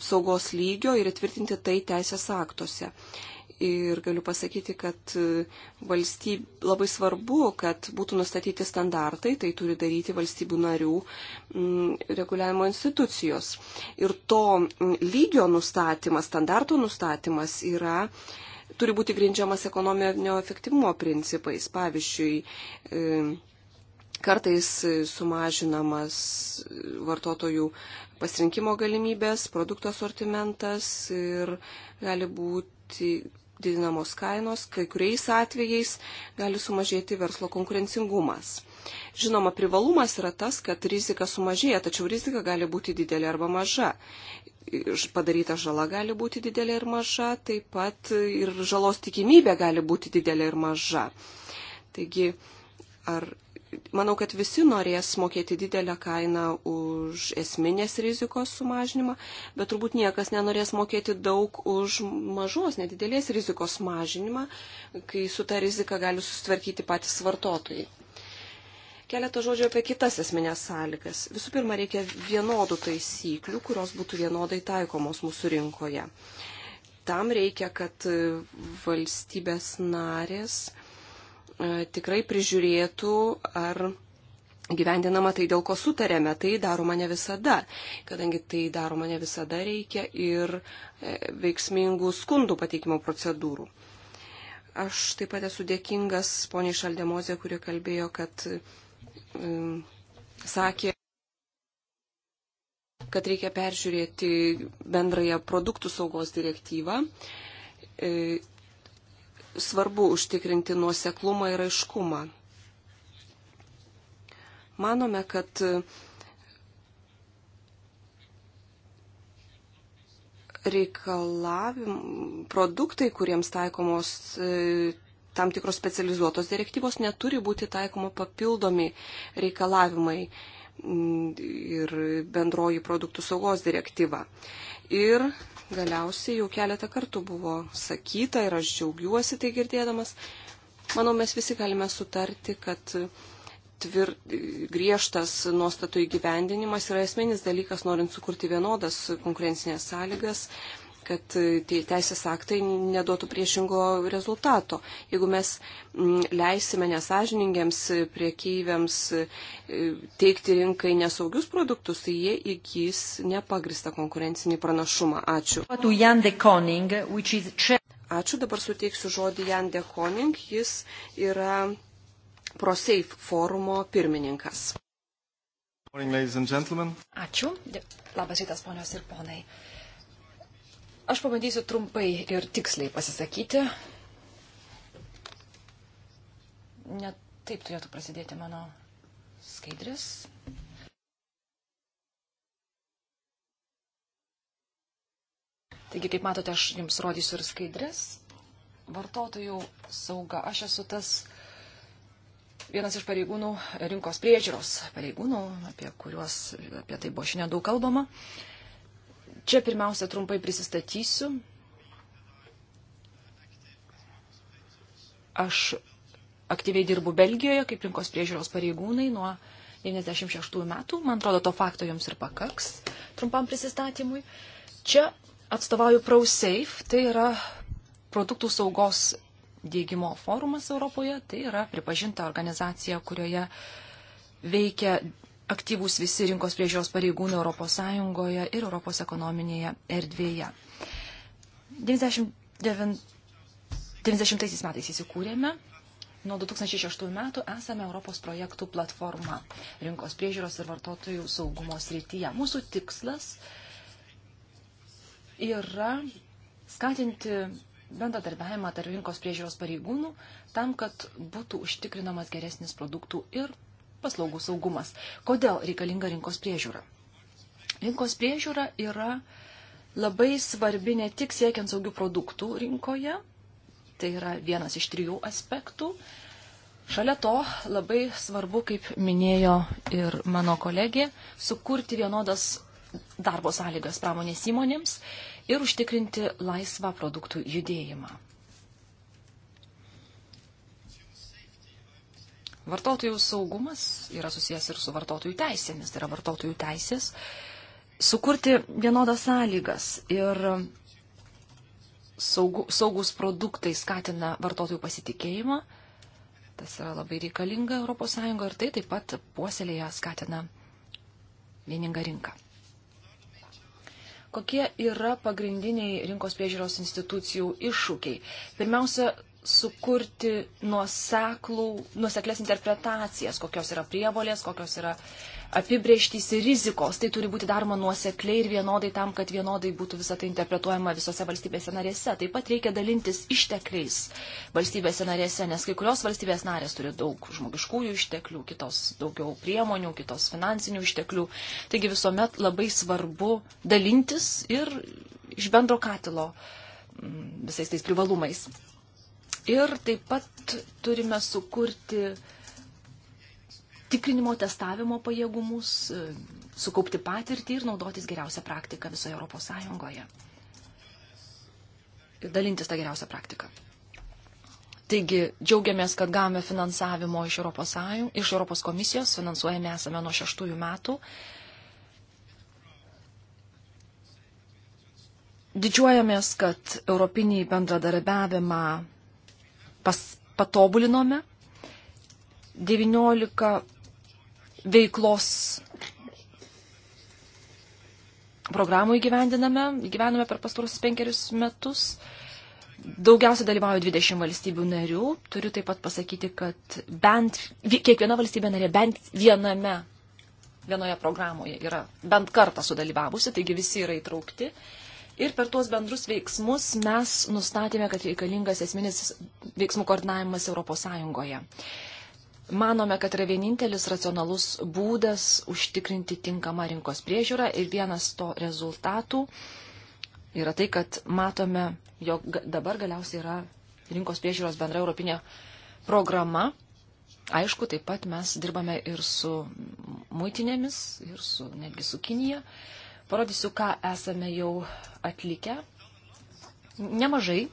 apsaugos lygio ir įtvirtinti tai teisės aktuose. Ir galiu pasakyti, kad e, valstyb... labai svarbu, kad būtų nustatyti standartai, tai turi daryti valstybių narių m, reguliavimo institucijos. Ir to lygio nustatymas, standarto nustatymas yra turi būti grindžiamas ekonominio efektyvumo principais. Pavyzdžiui, e, kartais sumažinamas vartotojų pasirinkimo galimybės, produkto sortimentas ir gali būti didinamos kainos, kai kuriais atvejais gali sumažėti verslo konkurencingumas. Žinoma, privalumas yra tas, kad rizika sumažėja, tačiau rizika gali būti didelė arba maža. Padaryta žala gali būti didelė ir maža, taip pat ir žalos tikimybė gali būti didelė ir maža. Taigi, ar manau, kad visi norės mokėti didelę kainą už esminės rizikos sumažinimą, bet turbūt niekas nenorės mokėti daug už mažos, nedidelės rizikos mažinimą, kai su ta rizika gali susitvarkyti patys vartotojai. Keletą žodžių apie kitas esminės sąlygas. Visų pirma, reikia vienodų taisyklių, kurios būtų vienodai taikomos mūsų rinkoje. Tam reikia, kad valstybės narės E, tikrai prižiūrėtų, ar gyvendinama tai, dėl ko sutarėme. Tai daroma ne visada, kadangi tai daroma ne visada reikia ir e, veiksmingų skundų pateikimo procedūrų. Aš taip pat esu dėkingas poniai Šaldemozė, kuri kalbėjo, kad um, sakė, kad reikia peržiūrėti bendrąją produktų saugos direktyvą. E, svarbu užtikrinti nuoseklumą ir aiškumą. Manome, kad reikalavim, produktai, kuriems taikomos e, tam tikros specializuotos direktyvos, neturi būti taikoma papildomi reikalavimai ir bendroji produktų saugos direktyva. Ir galiausiai jau keletą kartų buvo sakyta ir aš džiaugiuosi tai girdėdamas. Manau, mes visi galime sutarti, kad tvir, griežtas nuostatų įgyvendinimas yra esminis dalykas, norint sukurti vienodas konkurencinės sąlygas kad e, teisės aktai neduotų priešingo rezultato. Jeigu mes leisime nesažiningiams priekyviams e, teikti rinkai nesaugius produktus, tai jie įgys nepagristą konkurencinį pranašumą. Ačiū. Ačiū, dabar suteiksiu žodį Jan de Koning, jis yra ProSafe forumo pirmininkas. Ačiū. Labas rytas, ponios ir ponai. Uh, Aš pabandysiu trumpai ir tiksliai pasisakyti. Net taip turėtų prasidėti mano skaidrės. Taigi, kaip matote, aš jums rodysiu ir skaidrės. Vartotojų sauga. Aš esu tas vienas iš pareigūnų, rinkos priežiūros pareigūnų, apie kuriuos, apie tai buvo šiandien daug kalbama. Uh, Čia pirmiausia trumpai prisistatysiu. Aš aktyviai dirbu Belgijoje kaip rinkos priežiūros pareigūnai nuo 96 metų. Man atrodo, to fakto jums ir pakaks trumpam prisistatymui. Čia atstovauju ProSafe, tai yra produktų saugos dėgymo forumas Europoje, tai yra pripažinta organizacija, kurioje veikia aktyvūs visi rinkos priežiūros pareigūnai ES ir Europos ekonominėje erdvėje. 99, 90 metais įsikūrėme, nuo 2006 metų esame Europos projektų platforma rinkos priežiūros ir vartotojų saugumo srityje. Mūsų tikslas yra skatinti bendradarbiavimą tarp rinkos priežiūros pareigūnų tam, kad būtų užtikrinamas geresnis produktų ir paslaugų saugumas. Kodėl reikalinga rinkos priežiūra? Rinkos priežiūra yra labai svarbi ne tik siekiant saugių produktų rinkoje, tai yra vienas iš trijų aspektų. Šalia to labai svarbu, kaip minėjo ir mano kolegė, sukurti vienodas darbo sąlygas pramonės įmonėms ir užtikrinti laisvą produktų judėjimą. Vartotojų saugumas yra susijęs ir su vartotojų teisėmis, tai yra vartotojų teisės sukurti vienodas sąlygas ir saugu, saugus produktai skatina vartotojų pasitikėjimą, tas yra labai reikalinga ES ir tai taip pat puoselėje skatina vieningą rinką. Kokie yra pagrindiniai rinkos priežiūros institucijų iššūkiai? Pirmiausia, sukurti nuoseklų, nuoseklės interpretacijas, kokios yra prievolės, kokios yra apibrieštys ir rizikos. Tai turi būti daroma nuosekliai ir vienodai tam, kad vienodai būtų visą tai interpretuojama visose valstybėse narėse. Taip pat reikia dalintis ištekliais valstybėse narėse, nes kai kurios valstybės narės turi daug žmogiškųjų išteklių, kitos daugiau priemonių, kitos finansinių išteklių. Taigi visuomet labai svarbu dalintis ir iš bendro katilo mm, visais tais privalumais. Ir taip pat turime sukurti tikrinimo testavimo pajėgumus, sukaupti patirtį ir naudotis geriausią praktiką visoje Europos Sąjungoje. Ir dalintis tą geriausią praktiką. Taigi džiaugiamės, kad gavome finansavimo iš Europos, Sąjung, iš Europos komisijos, finansuojame esame nuo šeštųjų metų. Didžiuojamės, kad europinį bendradarbiavimą pas, patobulinome. 19 veiklos programų įgyvendiname, gyvename per pastarosius penkerius metus. Daugiausia dalyvauja 20 valstybių narių. Turiu taip pat pasakyti, kad bent kiekviena valstybė narė bent viename, vienoje programoje yra bent kartą sudalyvavusi, taigi visi yra įtraukti. Uh, Ir per tuos bendrus veiksmus mes nustatėme, kad reikalingas esminis veiksmų koordinavimas ES. Manome, kad yra vienintelis racionalus būdas užtikrinti tinkamą rinkos priežiūrą ir vienas to rezultatų yra tai, kad matome, jog dabar galiausiai yra rinkos priežiūros bendra europinė programa. Aišku, taip pat mes dirbame ir su muitinėmis, ir su, netgi su Kinija. Uh, Parodysiu, ką esame jau atlikę. Nemažai.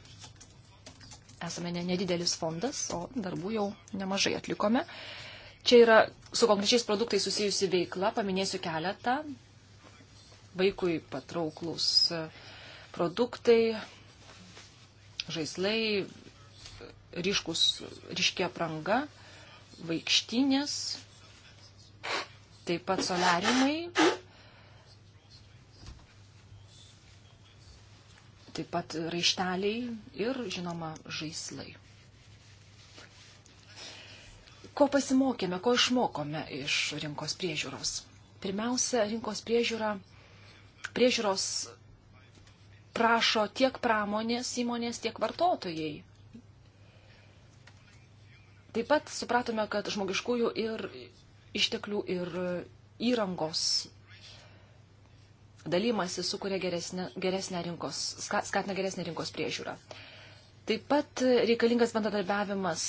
Esame ne, nedidelis fondas, o darbų jau nemažai atlikome. Čia yra su konkrečiais produktais susijusi veikla, paminėsiu keletą. Vaikui patrauklus produktai, žaislai, ryškus, ryškia pranga, vaikštinės, taip pat solariumai, taip pat raišteliai ir, žinoma, žaislai. Ko pasimokėme, ko išmokome iš rinkos priežiūros? Pirmiausia, rinkos priežiūra, priežiūros prašo tiek pramonės įmonės, tiek vartotojai. Taip pat supratome, kad žmogiškųjų ir išteklių ir įrangos dalymasi sukuria geresnę, geresnę rinkos, skatina geresnę rinkos priežiūrą. Taip pat reikalingas bendradarbiavimas,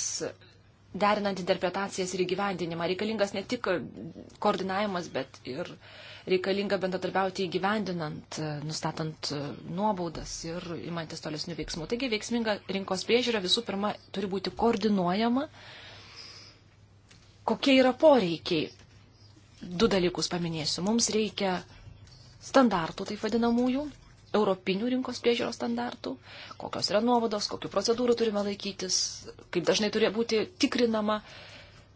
derinant interpretacijas ir įgyvendinimą. Reikalingas ne tik koordinavimas, bet ir reikalinga bendradarbiauti įgyvendinant, nustatant nuobaudas ir imantis tolesnių veiksmų. Taigi veiksminga rinkos priežiūra visų pirma turi būti koordinuojama, kokie yra poreikiai. Du dalykus paminėsiu. Mums reikia standartų, taip vadinamųjų, europinių rinkos priežiūros standartų, kokios yra nuovados, kokiu procedūrų turime laikytis, kaip dažnai turi būti tikrinama.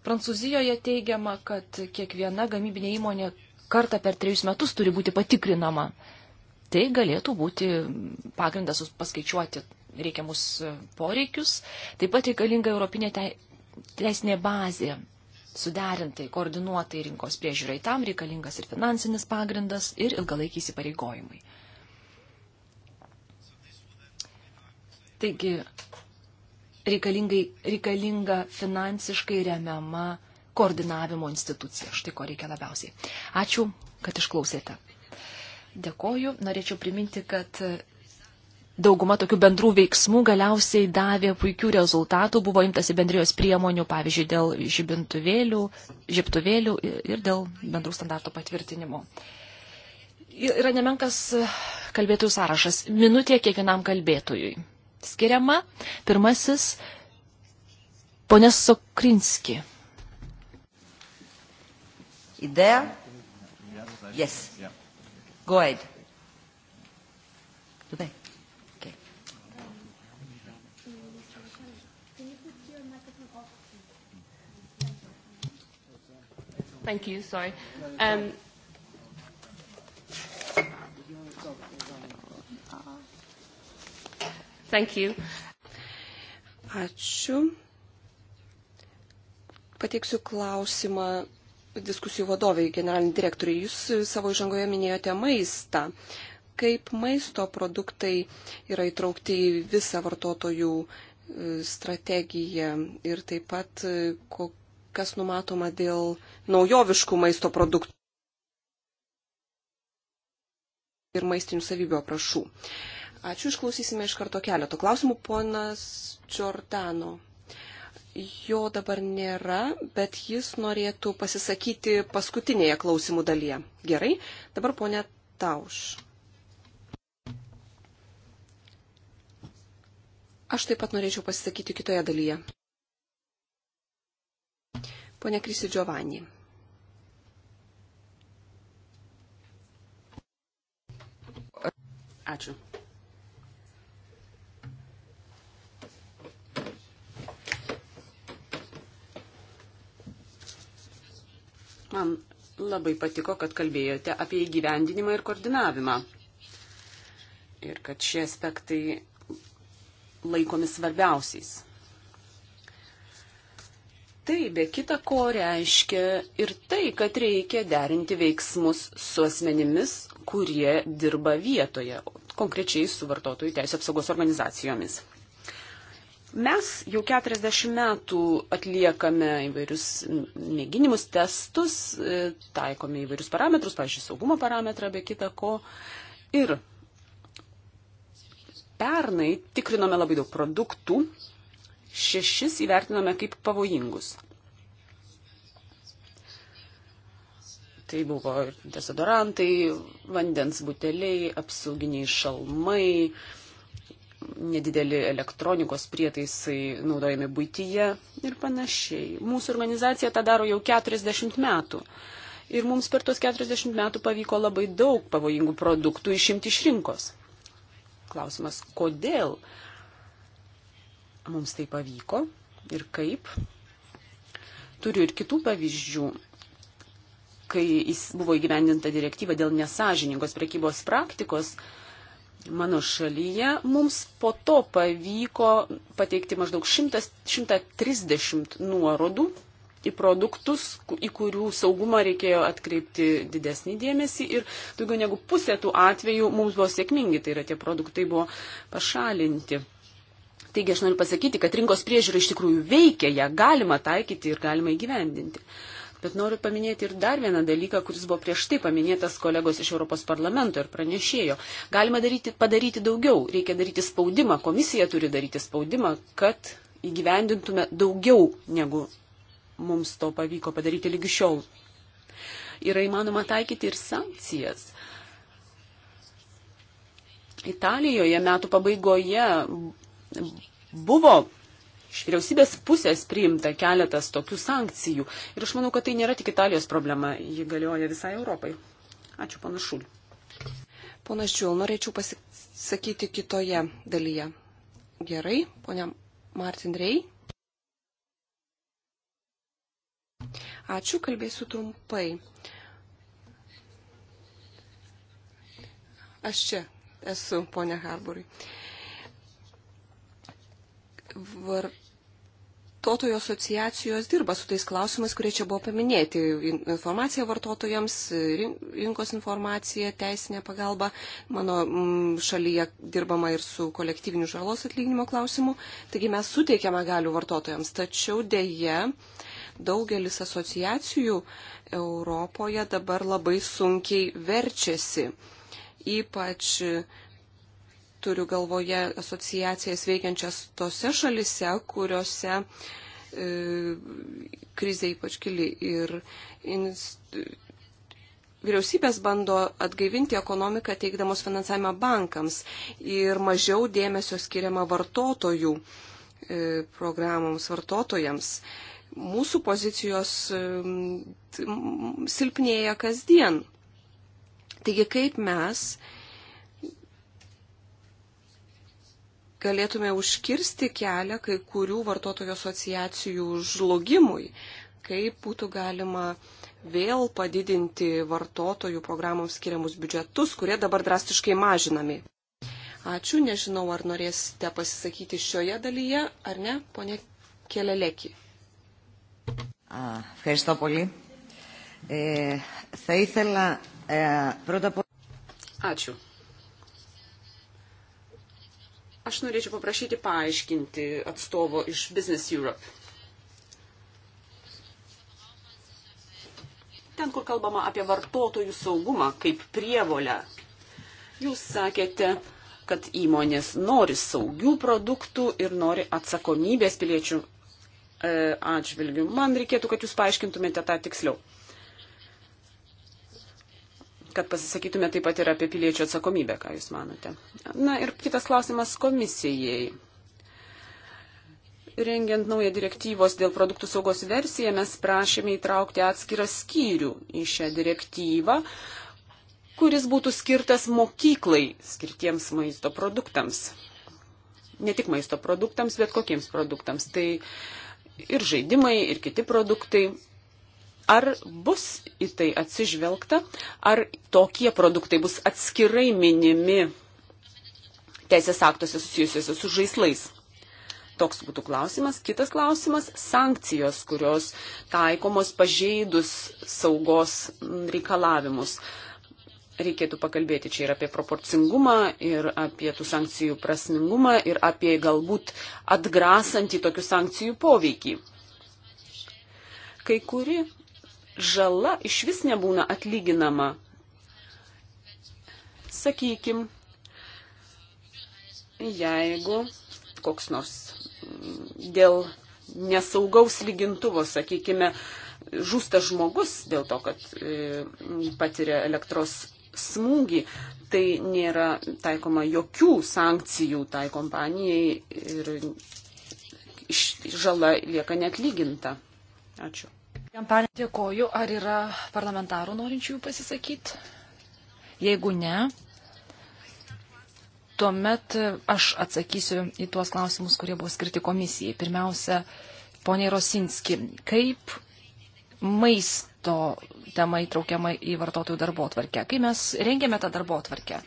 Prancūzijoje teigiama, kad kiekviena gamybinė įmonė kartą per trejus metus turi būti patikrinama. Tai galėtų būti pagrindas paskaičiuoti reikiamus poreikius. Taip pat reikalinga europinė teisinė bazė suderintai, koordinuotai rinkos priežiūrai. Tam reikalingas ir finansinis pagrindas, ir ilgalaikiai įsipareigojimai. Taigi, reikalinga finansiškai remiama koordinavimo institucija. Štai ko reikia labiausiai. Ačiū, kad išklausėte. Dėkoju. Norėčiau priminti, kad Dauguma tokių bendrų veiksmų galiausiai davė puikių rezultatų, buvo imtasi bendrijos priemonių, pavyzdžiui, dėl žibintuvėlių, žibtuvėlių ir dėl bendrų standartų patvirtinimo. Yra nemenkas e, kalbėtojų sąrašas. Minutė kiekvienam kalbėtojui. Skiriama pirmasis ponė Sokrinski. Idėja? Yes. Go ahead. Dubai. Thank you, sorry. Um, Thank you. Ačiū. Pateiksiu klausimą diskusijų vadoviai, generaliniai direktoriai. Jūs savo įžangoje minėjote maistą. Kaip maisto produktai yra įtraukti į visą vartotojų e, strategiją ir taip pat e, kas numatoma dėl naujoviškų maisto produktų ir maistinių savybių aprašų. Ačiū, išklausysime iš karto keletų klausimų. Ponas Čordano. Jo dabar nėra, bet jis norėtų pasisakyti paskutinėje klausimų dalyje. Gerai, dabar ponė Tauš. Aš taip pat norėčiau pasisakyti kitoje dalyje. Pone Krisi Giovanni. Ačiū. Man labai patiko, kad kalbėjote apie įgyvendinimą ir koordinavimą. Ir kad šie aspektai laikomi svarbiausiais. Tai be kita ko reiškia ir tai, kad reikia derinti veiksmus su asmenimis, kurie dirba vietoje, konkrečiai su vartotojų teisų apsaugos organizacijomis. Mes jau 40 metų atliekame įvairius mėginimus, testus, e, taikome įvairius parametrus, pavyzdžiui, saugumo parametrą be kita ko. Ir pernai tikrinome labai daug produktų, šešis įvertinome kaip pavojingus. Tai buvo ir desodorantai, vandens buteliai, apsauginiai šalmai, nedideli elektronikos prietaisai naudojami būtyje ir panašiai. Mūsų organizacija tą daro jau 40 metų. Ir mums per tos 40 metų pavyko labai daug pavojingų produktų išimti iš rinkos. Klausimas, kodėl mums tai pavyko ir kaip? Turiu ir kitų pavyzdžių kai buvo įgyvendinta direktyva dėl nesažiningos prekybos praktikos, mano šalyje mums po to pavyko pateikti maždaug 100, 130 nuorodų į produktus, į kurių saugumą reikėjo atkreipti didesnį dėmesį ir daugiau negu pusė tų atvejų mums buvo sėkmingi, tai yra tie produktai buvo pašalinti. Taigi aš noriu pasakyti, kad rinkos priežiūra iš tikrųjų veikia, ją galima taikyti ir galima įgyvendinti. Uh, Bet noriu paminėti ir dar vieną dalyką, kuris buvo prieš tai paminėtas kolegos iš Europos parlamento ir pranešėjo. Galima daryti, padaryti daugiau, reikia daryti spaudimą, komisija turi daryti spaudimą, kad įgyvendintume daugiau negu mums to pavyko padaryti lygi šiol. Yra įmanoma taikyti ir sankcijas. Italijoje metų pabaigoje buvo iš vyriausybės pusės priimta keletas tokių sankcijų. Ir aš manau, kad tai nėra tik Italijos problema, ji galioja visai Europai. Ačiū, panas Šul. Ponas Čiul, norėčiau pasisakyti kitoje dalyje. Gerai, ponia Martin Rei. Ačiū, kalbėsiu trumpai. Aš čia esu, ponia Harburui. Uh, vartotojų asociacijos dirba su tais klausimais, kurie čia buvo paminėti. Informacija vartotojams, rinkos informacija, teisinė pagalba. Mano mm, šalyje dirbama ir su kolektyviniu žalos atlyginimo klausimu. Taigi mes suteikiame galių vartotojams. Tačiau dėje daugelis asociacijų Europoje dabar labai sunkiai verčiasi. Ypač turiu galvoje asociacijas veikiančias tose šalise, kuriuose e, krizė ypač kili. Ir inst... vyriausybės bando atgaivinti ekonomiką teikdamos finansavimą bankams ir mažiau dėmesio skiriama vartotojų e, programams, vartotojams. Mūsų pozicijos e, silpnėja kasdien. Taigi kaip mes galėtume užkirsti kelią kai kurių vartotojų asociacijų žlugimui, kaip būtų galima vėl padidinti vartotojų programoms skiriamus biudžetus, kurie dabar drastiškai mažinami. Ačiū, nežinau, ar norėsite pasisakyti šioje dalyje, ar ne, ponė Keleleki. Ευχαριστώ πολύ. Ε, θα ήθελα ε, πρώτα απ' όλα... Άτσου. Aš norėčiau paprašyti paaiškinti atstovo iš Business Europe. Ten, kur kalbama apie vartotojų saugumą kaip prievolę, jūs sakėte, kad įmonės nori saugių produktų ir nori atsakomybės piliečių e, atžvilgių. Man reikėtų, kad jūs paaiškintumėte tą tiksliau kad pasisakytume taip pat ir apie piliečių atsakomybę, ką Jūs manote. Na ir kitas klausimas komisijai. Rengiant naują direktyvos dėl produktų saugos versiją, mes prašėme įtraukti atskirą skyrių į šią direktyvą, kuris būtų skirtas mokyklai skirtiems maisto produktams. Ne tik maisto produktams, bet kokiems produktams. Tai ir žaidimai, ir kiti produktai. Ar bus į tai atsižvelgta, ar tokie produktai bus atskirai minimi teisės aktuose susijusiuose su žaislais? Toks būtų klausimas. Kitas klausimas - sankcijos, kurios taikomos pažeidus saugos reikalavimus. Reikėtų pakalbėti čia ir apie proporcingumą, ir apie tų sankcijų prasmingumą, ir apie galbūt atgrasantį tokių sankcijų poveikį. Kai kuri žala iš vis nebūna atlyginama. Sakykim, jeigu koks nors mm, dėl nesaugaus lygintuvo, sakykime, žūsta žmogus dėl to, kad e, patiria elektros smūgį, tai nėra taikoma jokių sankcijų tai kompanijai ir žala lieka netlyginta. Ačiū. Kampanija dėkoju. Ar yra parlamentarų norinčių pasisakyti? Jeigu ne, tuomet aš atsakysiu į tuos klausimus, kurie buvo skirti komisijai. Pirmiausia, poniai Rosinski, kaip maisto tema įtraukiama į vartotojų darbo atvarkę? Kai mes rengėme tą darbo atvarkę,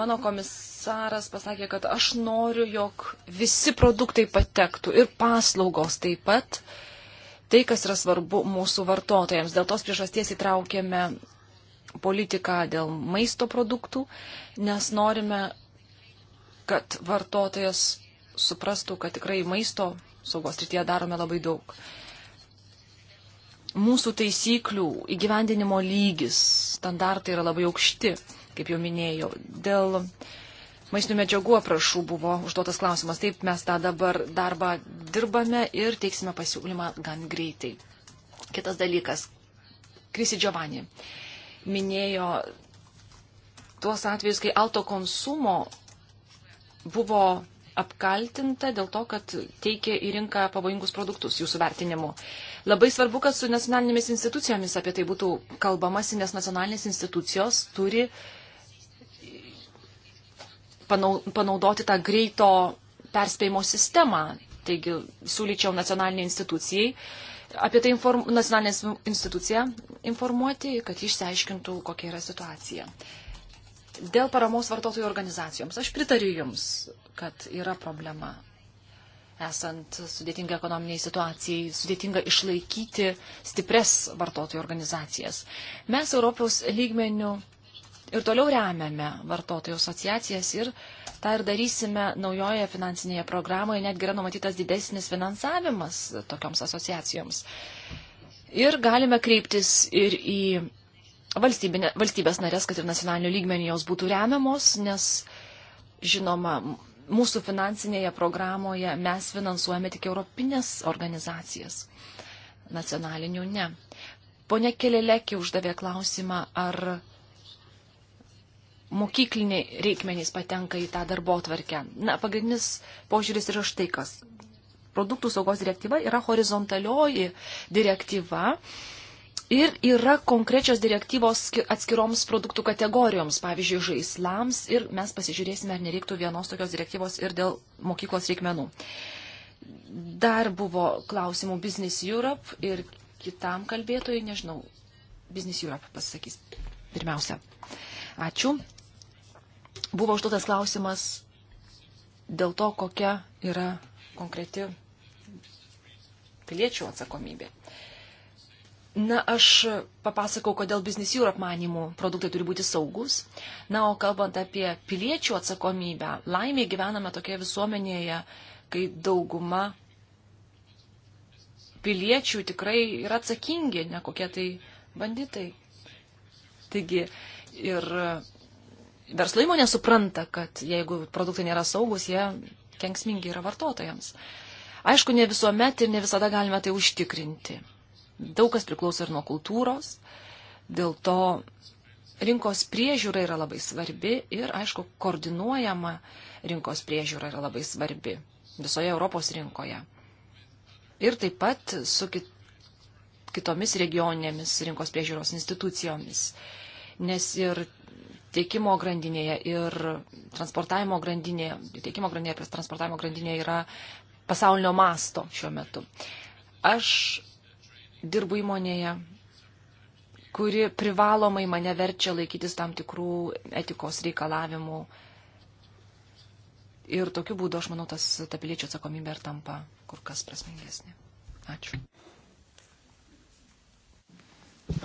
mano komisaras pasakė, kad aš noriu, jog visi produktai patektų ir paslaugos taip pat. Uh, tai, kas yra svarbu mūsų vartotojams. Dėl tos priežasties įtraukėme politiką dėl maisto produktų, nes norime, kad vartotojas suprastų, kad tikrai maisto saugos rytyje darome labai daug. Mūsų taisyklių įgyvendinimo lygis, standartai yra labai aukšti, kaip jau minėjau. Dėl uh, maistinių medžiagų aprašų buvo užduotas klausimas. Taip, mes tą dabar darbą dirbame ir teiksime pasiūlymą gan greitai. Kitas dalykas. Krisi Giovanni minėjo tuos atvejus, kai alto konsumo buvo apkaltinta dėl to, kad teikė į rinką pavojingus produktus jūsų vertinimu. Labai svarbu, kad su nacionalinėmis institucijomis apie tai būtų kalbamasi, nes nacionalinės institucijos turi uh, panaudoti tą greito perspėjimo sistemą. Taigi siūlyčiau nacionaliniai institucijai apie tai inform, nacionalinės instituciją informuoti, kad išsiaiškintų, kokia yra situacija. Dėl paramos vartotojų organizacijoms. Aš pritariu Jums, kad yra problema. Esant sudėtinga ekonominiai situacijai, sudėtinga išlaikyti stipres vartotojų organizacijas. Mes Europos lygmenių ir toliau remiame vartotojų asociacijas ir tą ir darysime naujoje finansinėje programoje, netgi yra numatytas didesnis finansavimas tokioms asociacijoms. Ir galime kreiptis ir į valstybės narės, kad ir nacionalinių lygmenį jos būtų remiamos, nes, žinoma, mūsų finansinėje programoje mes finansuojame tik europinės organizacijas, nacionalinių ne. Pone Kelelekė uždavė klausimą, ar mokykliniai reikmenys patenka į tą darbo tvarkę. Na, pagrindinis požiūris yra štai kas. Produktų saugos direktyva yra horizontalioji direktyva ir yra konkrečios direktyvos atskiroms produktų kategorijoms, pavyzdžiui, žaislams ir mes pasižiūrėsime, ar nereiktų vienos tokios direktyvos ir dėl mokyklos reikmenų. Dar buvo klausimų Business Europe ir kitam kalbėtojui, nežinau, Business Europe pasakys pirmiausia. Ačiū. Buvo užduotas klausimas dėl to, kokia yra konkreti piliečių atsakomybė. Na, aš papasakau, kodėl Business Europe manimų produktai turi būti saugus. Na, o kalbant apie piliečių atsakomybę, laimė gyvename tokioje visuomenėje, kai dauguma piliečių tikrai yra atsakingi, ne kokie tai banditai. Taigi, ir verslo įmonė supranta, kad jeigu produktai nėra saugus, jie kenksmingi yra vartotojams. Aišku, ne visuomet ir ne visada galime tai užtikrinti. Daug kas priklauso ir nuo kultūros, dėl to rinkos priežiūra yra labai svarbi ir, aišku, koordinuojama rinkos priežiūra yra labai svarbi visoje Europos rinkoje. Ir taip pat su kit kitomis regioninėmis rinkos priežiūros institucijomis. Nes ir tiekimo grandinėje ir transportavimo grandinėje, tiekimo grandinėje, transportavimo grandinėje yra pasaulinio masto šiuo metu. Aš dirbu įmonėje, kuri privalomai mane verčia laikytis tam tikrų etikos reikalavimų. Ir tokiu būdu, aš manau, tas ta piliečio atsakomybė ir tampa kur kas prasmingesnė. Ačiū.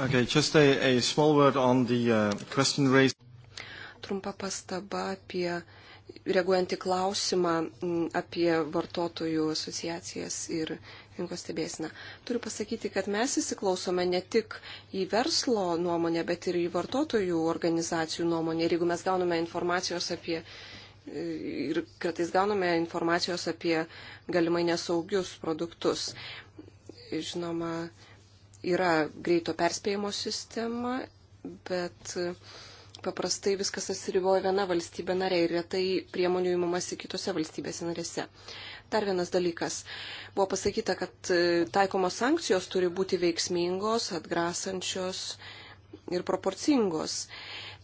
Okay, just a, a small word on the uh, question raised trumpa pastaba apie, reaguojant į klausimą apie vartotojų asociacijas ir rinkos stebėsiną. Turiu pasakyti, kad mes įsiklausome ne tik į verslo nuomonę, bet ir į vartotojų organizacijų nuomonę. Ir jeigu mes gauname informacijos apie e, ir kartais gauname informacijos apie galimai nesaugius produktus. Žinoma, yra greito perspėjimo sistema, bet paprastai viskas atsiriboja viena valstybė narė ir retai priemonių įmamasi kitose valstybėse narėse. Dar vienas dalykas. Buvo pasakyta, kad e, taikomos sankcijos turi būti veiksmingos, atgrasančios ir proporcingos.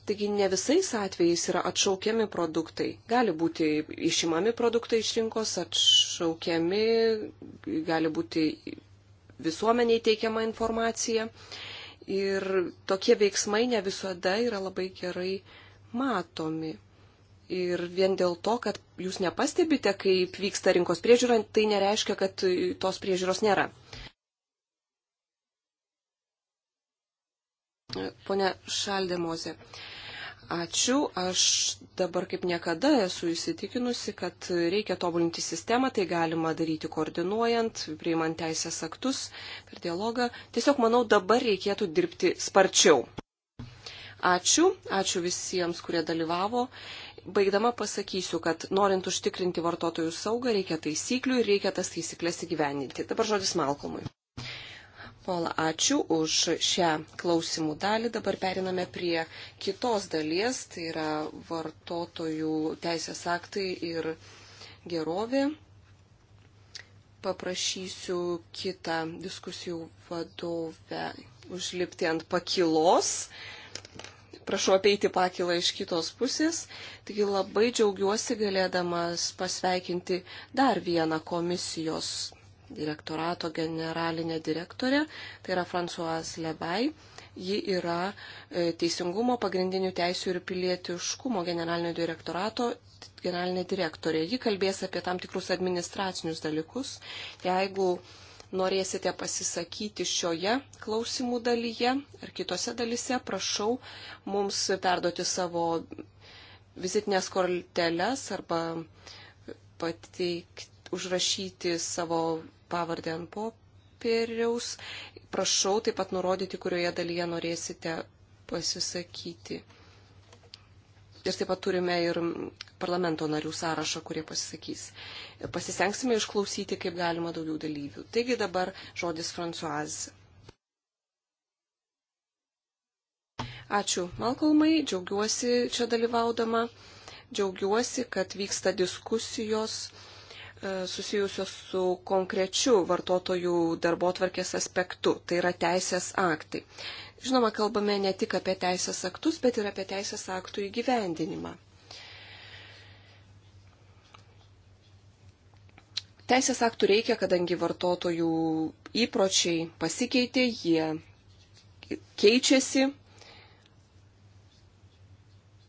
Taigi ne visais atvejais yra atšaukiami produktai. Gali būti išimami produktai iš rinkos, atšaukiami, gali būti visuomeniai teikiama informacija. Uh, ir tokie veiksmai ne visada yra labai gerai matomi. Ir vien dėl to, kad jūs nepastebite, kaip vyksta rinkos priežiūra, tai nereiškia, kad tos priežiūros nėra. Pone Šaldemozė, Ačiū. Aš dabar kaip niekada esu įsitikinusi, kad reikia tobulinti sistemą, tai galima daryti koordinuojant, priimant teisės aktus per dialogą. Tiesiog manau, dabar reikėtų dirbti sparčiau. Ačiū. Ačiū visiems, kurie dalyvavo. Baigdama pasakysiu, kad norint užtikrinti vartotojų saugą, reikia taisyklių ir reikia tas taisyklės įgyveninti. Dabar žodis Malkomui. Pola, ačiū už šią klausimų dalį. Dabar periname prie kitos dalies, tai yra vartotojų teisės aktai ir gerovė. Paprašysiu kitą diskusijų vadovę užlipti ant pakilos. Prašau apeiti pakilą iš kitos pusės. Taigi labai džiaugiuosi galėdamas pasveikinti dar vieną komisijos direktorato generalinė direktorė, tai yra Fransuas Lebai. Ji yra e, Teisingumo pagrindinių teisų ir pilietiškumo generalinio direktorato generalinė direktorė. Ji kalbės apie tam tikrus administracinius dalykus. Jeigu norėsite pasisakyti šioje klausimų dalyje ar kitose dalyse, prašau mums perduoti savo vizitinės korteles arba pateikti, užrašyti savo pavardę ant popieriaus. Prašau taip pat nurodyti, kurioje dalyje norėsite pasisakyti. Ir taip pat turime ir parlamento narių sąrašą, kurie pasisakys. Pasisengsime išklausyti, kaip galima daugiau dalyvių. Taigi dabar žodis Fransuaz. Ačiū Malkolmai, džiaugiuosi čia dalyvaudama, džiaugiuosi, kad vyksta diskusijos E, susijusios su konkrečiu vartotojų darbo tvarkės aspektu, tai yra teisės aktai. Žinoma, kalbame ne tik apie teisės aktus, bet ir apie teisės aktų įgyvendinimą. Teisės aktų reikia, kadangi vartotojų įpročiai pasikeitė, jie keičiasi.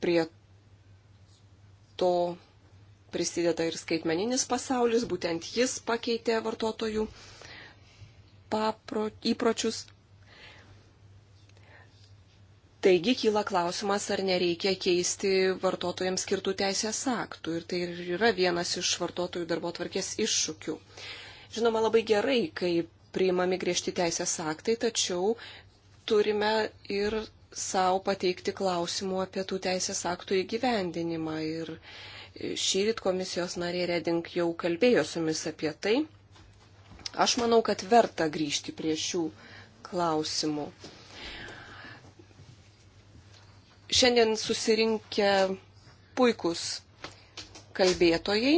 Prie to prisideda ir skaitmeninis pasaulis, būtent jis pakeitė vartotojų papro, įpročius. Taigi kyla klausimas, ar nereikia keisti vartotojams skirtų teisės aktų. Ir tai yra vienas iš vartotojų darbo tvarkės iššūkių. Žinoma, labai gerai, kai priimami griežti teisės aktai, tačiau turime ir savo pateikti klausimų apie tų teisės aktų įgyvendinimą. Ir Šyrit komisijos narė Reding jau kalbėjo su jumis apie tai. Aš manau, kad verta grįžti prie šių klausimų. Šiandien susirinkę puikus kalbėtojai.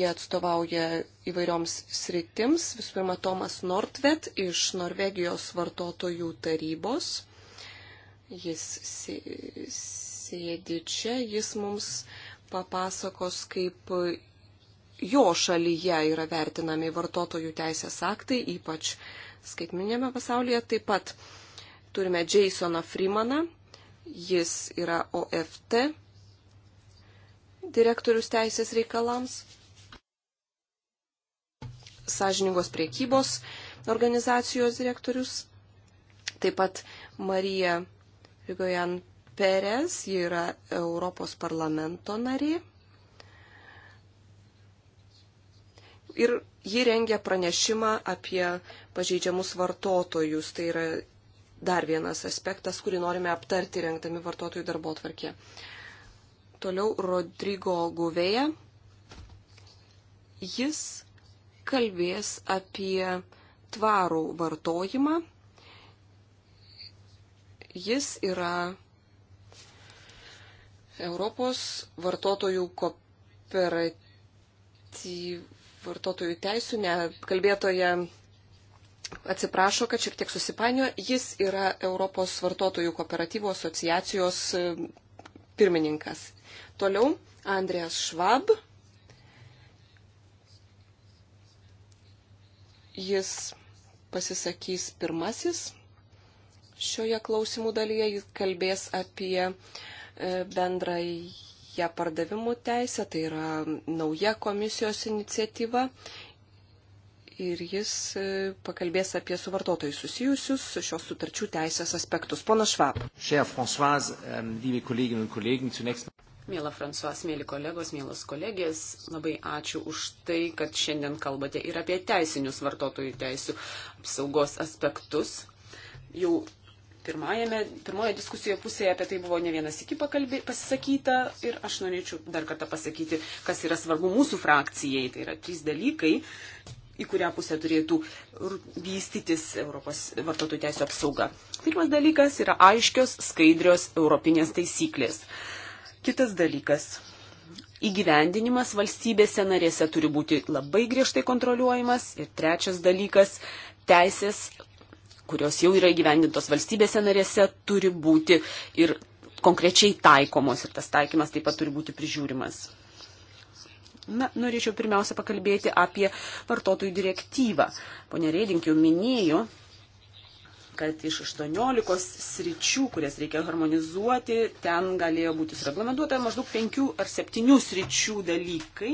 Jie atstovauja įvairioms sritims. Visų pirma, Tomas Nortvet iš Norvegijos vartotojų tarybos. Jis sėdi čia, jis mums papasakos, kaip jo šalyje yra vertinami vartotojų teisės aktai, ypač skaitminėme pasaulyje. Taip pat turime Jasoną Freemaną, jis yra OFT direktorius teisės reikalams, sąžiningos priekybos organizacijos direktorius, taip pat Marija Rigojan Perez, ji yra Europos parlamento narė. Ir ji rengia pranešimą apie pažeidžiamus vartotojus. Tai yra dar vienas aspektas, kurį norime aptarti rengdami vartotojų darbo tvarkė. Toliau Rodrygo Guvėja. Jis kalbės apie tvarų vartojimą. Jis yra Europos vartotojų kooperatyv... vartotojų teisų, ne, kalbėtoja atsiprašo, kad šiek tiek susipainio, jis yra Europos vartotojų kooperatyvų asociacijos e, pirmininkas. Toliau Andrijas Švab. Jis pasisakys pirmasis šioje klausimų dalyje, jis kalbės apie uh, E, bendrąją pardavimų teisę, tai yra nauja komisijos iniciatyva. Ir jis e, pakalbės apie su vartotojai susijusius šios sutarčių teisės aspektus. Pona Švab. Euh, Mėla Fransuas, mėly kolegos, mėlos kolegės, labai ačiū už tai, kad šiandien kalbate ir apie teisinius vartotojų teisų apsaugos aspektus. Jau Pirmajame, pirmoje diskusijoje pusėje apie tai buvo ne vienas iki pakalbė, pasisakyta ir aš norėčiau dar kartą pasakyti, kas yra svarbu mūsų frakcijai. Tai yra trys dalykai, į kurią pusę turėtų vystytis Europos vartotojų teisų apsauga. Pirmas dalykas yra aiškios, skaidrios europinės taisyklės. Kitas dalykas įgyvendinimas valstybėse narėse turi būti labai griežtai kontroliuojamas. Ir trečias dalykas - teisės kurios jau yra įgyvendintos valstybėse narėse, turi būti ir konkrečiai taikomos ir tas taikymas taip pat turi būti prižiūrimas. Na, norėčiau pirmiausia pakalbėti apie vartotojų direktyvą. Pone Reidink jau minėjo, kad iš 18 sričių, kurias reikia harmonizuoti, ten galėjo būti sureglamentuota maždaug 5 ar 7 sričių dalykai.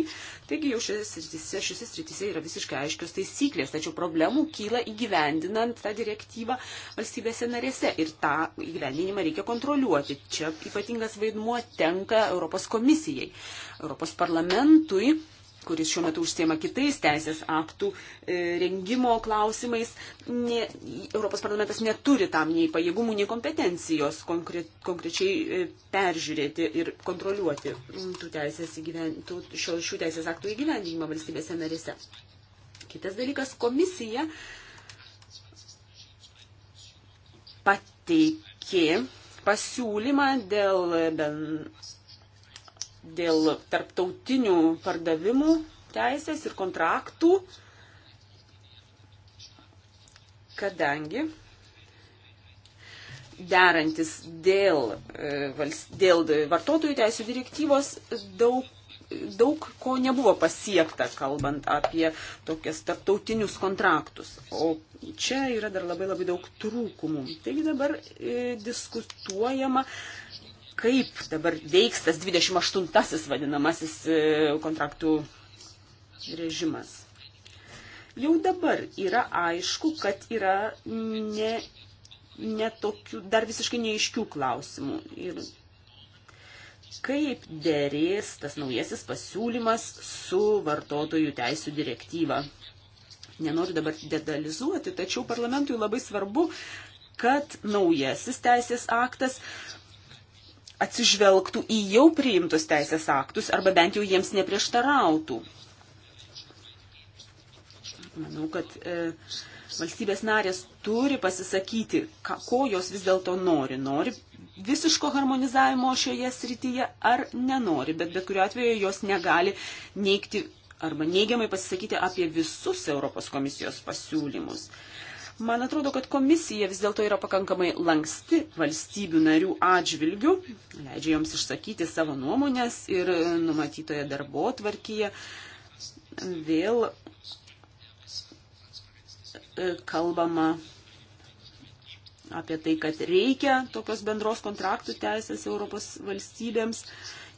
Taigi jau šiose srityse yra visiškai aiškios taisyklės, tačiau problemų kyla įgyvendinant tą direktyvą valstybėse narėse ir tą įgyvendinimą reikia kontroliuoti. Čia ypatingas vaidmuo tenka Europos komisijai, Europos parlamentui kuris šiuo metu užsiema kitais teisės aktų e, rengimo klausimais, ne, Europos parlamentas neturi tam nei pajėgumų, nei kompetencijos konkre, konkrečiai e, peržiūrėti ir kontroliuoti tų teisės įgyven, tų, šio, šių teisės aktų įgyvendinimą valstybėse narėse. Kitas dalykas, komisija pateikė pasiūlymą dėl ben, dėl tarptautinių pardavimų teisės ir kontraktų, kadangi derantis dėl, e, dėl vartotojų teisų direktyvos daug, daug ko nebuvo pasiekta, kalbant apie tokias tarptautinius kontraktus. O čia yra dar labai labai daug trūkumų. Taigi dabar e, diskutuojama kaip dabar veiks tas 28-asis vadinamasis e, kontraktų režimas. Jau dabar yra aišku, kad yra ne, ne tokių, dar visiškai neaiškių klausimų. Ir kaip dėrės tas naujasis pasiūlymas su vartotojų teisų direktyva. Nenoriu dabar detalizuoti, tačiau parlamentui labai svarbu, kad naujasis teisės aktas atsižvelgtų į jau priimtus teisės aktus arba bent jau jiems neprieštarautų. Manau, kad e, valstybės narės turi pasisakyti, ka, ko jos vis dėlto nori. Nori visiško harmonizavimo šioje srityje ar nenori, bet bet kuriuo atveju jos negali neikti arba neigiamai pasisakyti apie visus Europos komisijos pasiūlymus. E, Man atrodo, kad komisija vis dėlto yra pakankamai lanksti valstybių narių atžvilgių, leidžia joms išsakyti savo nuomonės ir numatytoje darbo tvarkyje vėl e, kalbama apie tai, kad reikia tokios bendros kontraktų teisės Europos valstybėms,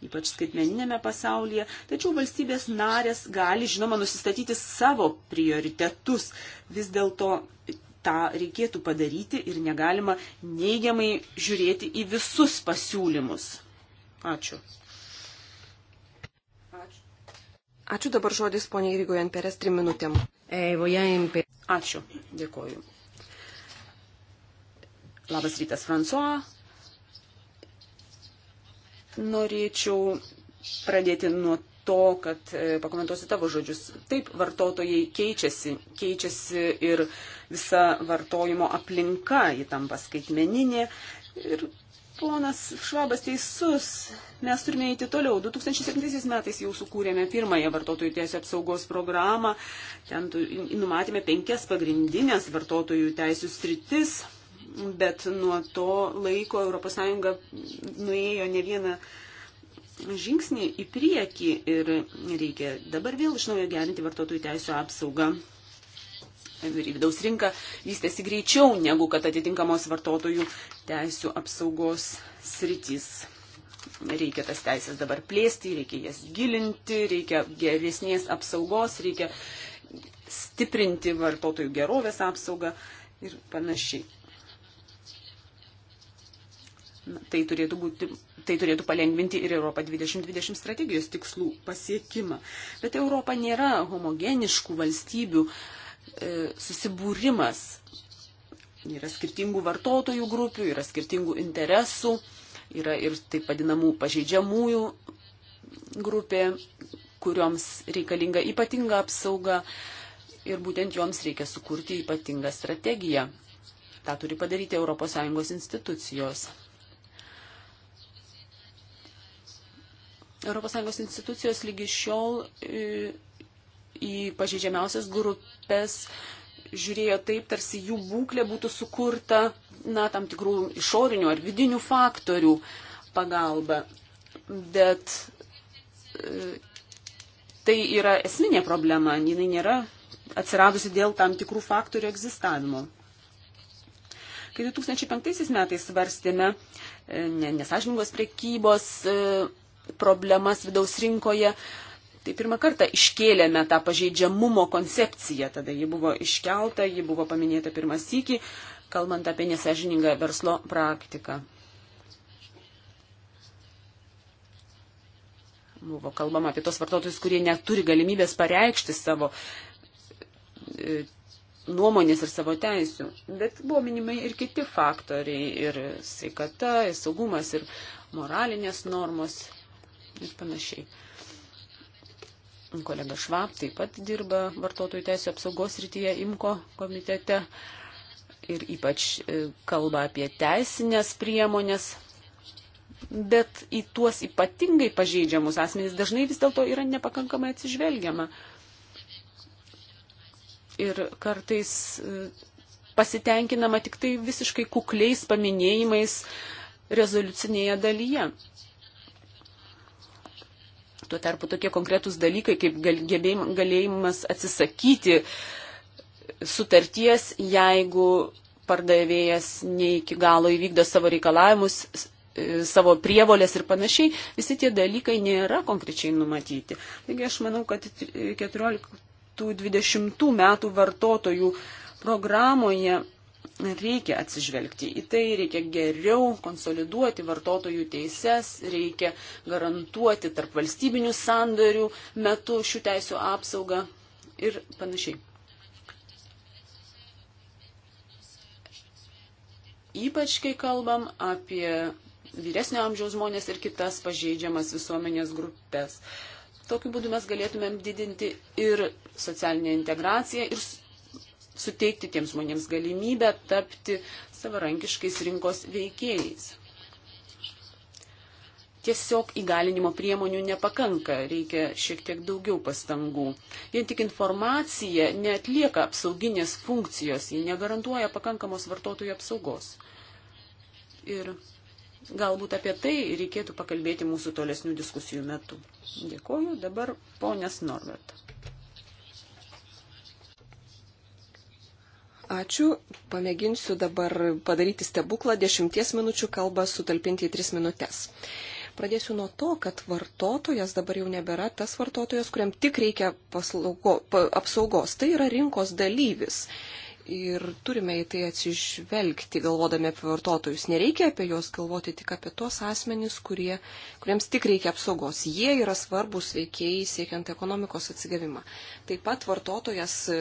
ypač skaitmeninėme pasaulyje. Tačiau valstybės narės gali, žinoma, nusistatyti savo prioritetus. Vis dėlto tą reikėtų padaryti ir negalima neigiamai žiūrėti į visus pasiūlymus. Ačiū. Ačiū, Ačiū dabar žodis poniai Rygojan Perės trim minutėm. Ačiū, dėkoju. Labas rytas, Fransuo. Norėčiau pradėti nuo to, kad e, pakomentuosiu tavo žodžius. Taip, vartotojai keičiasi, keičiasi ir visa vartojimo aplinka, ji tampa skaitmeninė. Ir ponas Švabas teisus, mes turime eiti toliau. 2007 metais jau sukūrėme pirmąją vartotojų teisų apsaugos programą, ten numatėme penkias pagrindinės vartotojų teisų sritis. Bet nuo to laiko ES nuėjo ne vieną žingsnį į priekį ir reikia dabar vėl iš naujo gerinti vartotojų teisų apsaugą. Vidaus rinka vystėsi greičiau negu kad atitinkamos vartotojų teisų apsaugos sritys. Reikia tas teisės dabar plėsti, reikia jas gilinti, reikia geresnės apsaugos, reikia stiprinti vartotojų gerovės apsaugą ir panašiai. Na, tai turėtų būti tai turėtų palengvinti ir Europą 2020 strategijos tikslų pasiekimą. Bet Europa nėra homogeniškų valstybių e, susibūrimas. Yra skirtingų vartotojų grupių, yra skirtingų interesų, yra ir taip vadinamų pažeidžiamųjų grupė, kurioms reikalinga ypatinga apsauga ir būtent joms reikia sukurti ypatingą strategiją. Ta turi padaryti ES institucijos. ES institucijos lygi šiol e, į pažeidžiamiausias grupės žiūrėjo taip, tarsi jų būklė būtų sukurta na, tam tikrų išorinių ar vidinių faktorių pagalba. Bet e, tai yra esminė problema, jinai nėra atsiradusi dėl tam tikrų faktorių egzistavimo. Kai 2005 metais svarstėme e, nesažiningos prekybos problemas vidaus rinkoje. Tai pirmą kartą iškėlėme tą pažeidžiamumo koncepciją, tada ji buvo iškelta, ji buvo paminėta pirmas iki, kalbant apie nesažiningą verslo praktiką. Buvo kalbama apie tos vartotojus, kurie neturi galimybės pareikšti savo e, nuomonės ir savo teisų. Bet buvo minimai ir kiti faktoriai - ir sveikata, ir saugumas, ir moralinės normos, ir panašiai. Kolega Švab taip pat dirba vartotojų teisų apsaugos rytyje IMKO komitete ir ypač e, kalba apie teisinės priemonės, bet į tuos ypatingai pažeidžiamus asmenys dažnai vis dėlto yra nepakankamai atsižvelgiama. Ir kartais e, pasitenkinama tik tai visiškai kukliais paminėjimais rezoliucinėje dalyje. Tuo tarpu tokie konkretūs dalykai, kaip galėjimas atsisakyti sutarties, jeigu pardavėjas ne iki galo įvykdo savo reikalavimus, e, savo prievolės ir panašiai, visi tie dalykai nėra konkrečiai numatyti. Taigi aš manau, kad 14-20 metų vartotojų programoje reikia atsižvelgti į tai, reikia geriau konsoliduoti vartotojų teises, reikia garantuoti tarp valstybinių sandorių metu šių teisų apsaugą ir panašiai. Ypač kai kalbam apie vyresnio amžiaus žmonės ir kitas pažeidžiamas visuomenės grupės. Tokiu būdu mes galėtumėm didinti ir socialinę integraciją, ir suteikti tiems žmonėms galimybę tapti savarankiškais rinkos veikėjais. Tiesiog įgalinimo priemonių nepakanka, reikia šiek tiek daugiau pastangų. Vien tik informacija netlieka apsauginės funkcijos, ji negarantuoja pakankamos vartotojų apsaugos. Ir galbūt apie tai reikėtų pakalbėti mūsų tolesnių diskusijų metu. Dėkoju dabar ponės Norvert. Ačiū. Pamėginsiu dabar padaryti stebuklą. Dešimties minučių kalbą sutalpinti į tris minutės. Pradėsiu nuo to, kad vartotojas dabar jau nebėra tas vartotojas, kuriam tik reikia paslaugo, pa, apsaugos. Tai yra rinkos dalyvis ir turime į tai atsižvelgti, galvodami apie vartotojus. Nereikia apie juos galvoti tik apie tuos asmenys, kurie, kuriems tik reikia apsaugos. Jie yra svarbus veikėjai siekiant ekonomikos atsigavimą. Taip pat vartotojas e,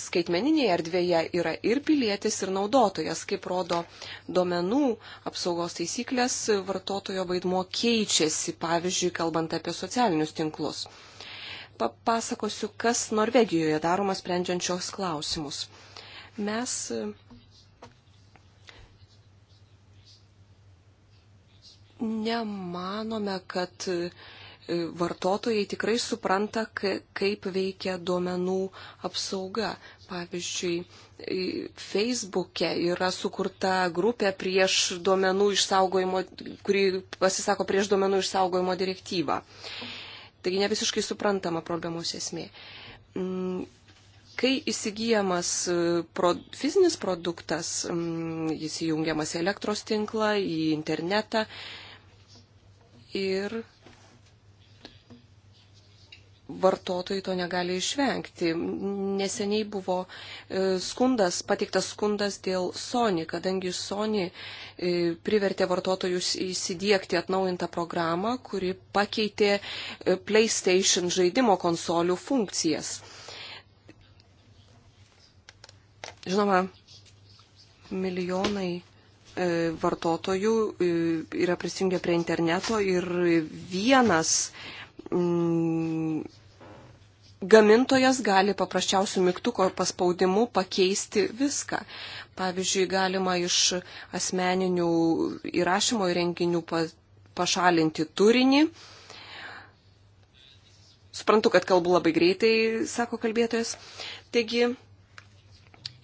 skaitmeninėje erdvėje yra ir pilietis, ir naudotojas. Kaip rodo duomenų apsaugos taisyklės, vartotojo vaidmo keičiasi, pavyzdžiui, kalbant apie socialinius tinklus papasakosiu, kas Norvegijoje daroma sprendžiant šios klausimus. Mes e, nemanome, kad e, vartotojai tikrai supranta, kaip veikia duomenų apsauga. Pavyzdžiui, e, Facebook'e yra sukurta grupė prieš duomenų išsaugojimo, kuri pasisako prieš duomenų išsaugojimo direktyvą. Taigi ne visiškai suprantama problemos esmė. Mm, kai įsigyjamas e, pro, fizinis produktas, mm, jis įjungiamas į elektros tinklą, į internetą ir vartotojai to negali išvengti. Neseniai buvo e, skundas, pateiktas skundas dėl Sony, kadangi Sony e, privertė vartotojus įsidėkti atnaujintą programą, kuri pakeitė e, PlayStation žaidimo konsolių funkcijas. Žinoma, milijonai vartotojų yra prisijungę prie interneto ir vienas mm, gamintojas gali paprasčiausių mygtuko paspaudimu pakeisti viską. Pavyzdžiui, galima iš asmeninių įrašymo įrenginių pašalinti turinį. Suprantu, kad kalbu labai greitai, sako kalbėtojas. Taigi,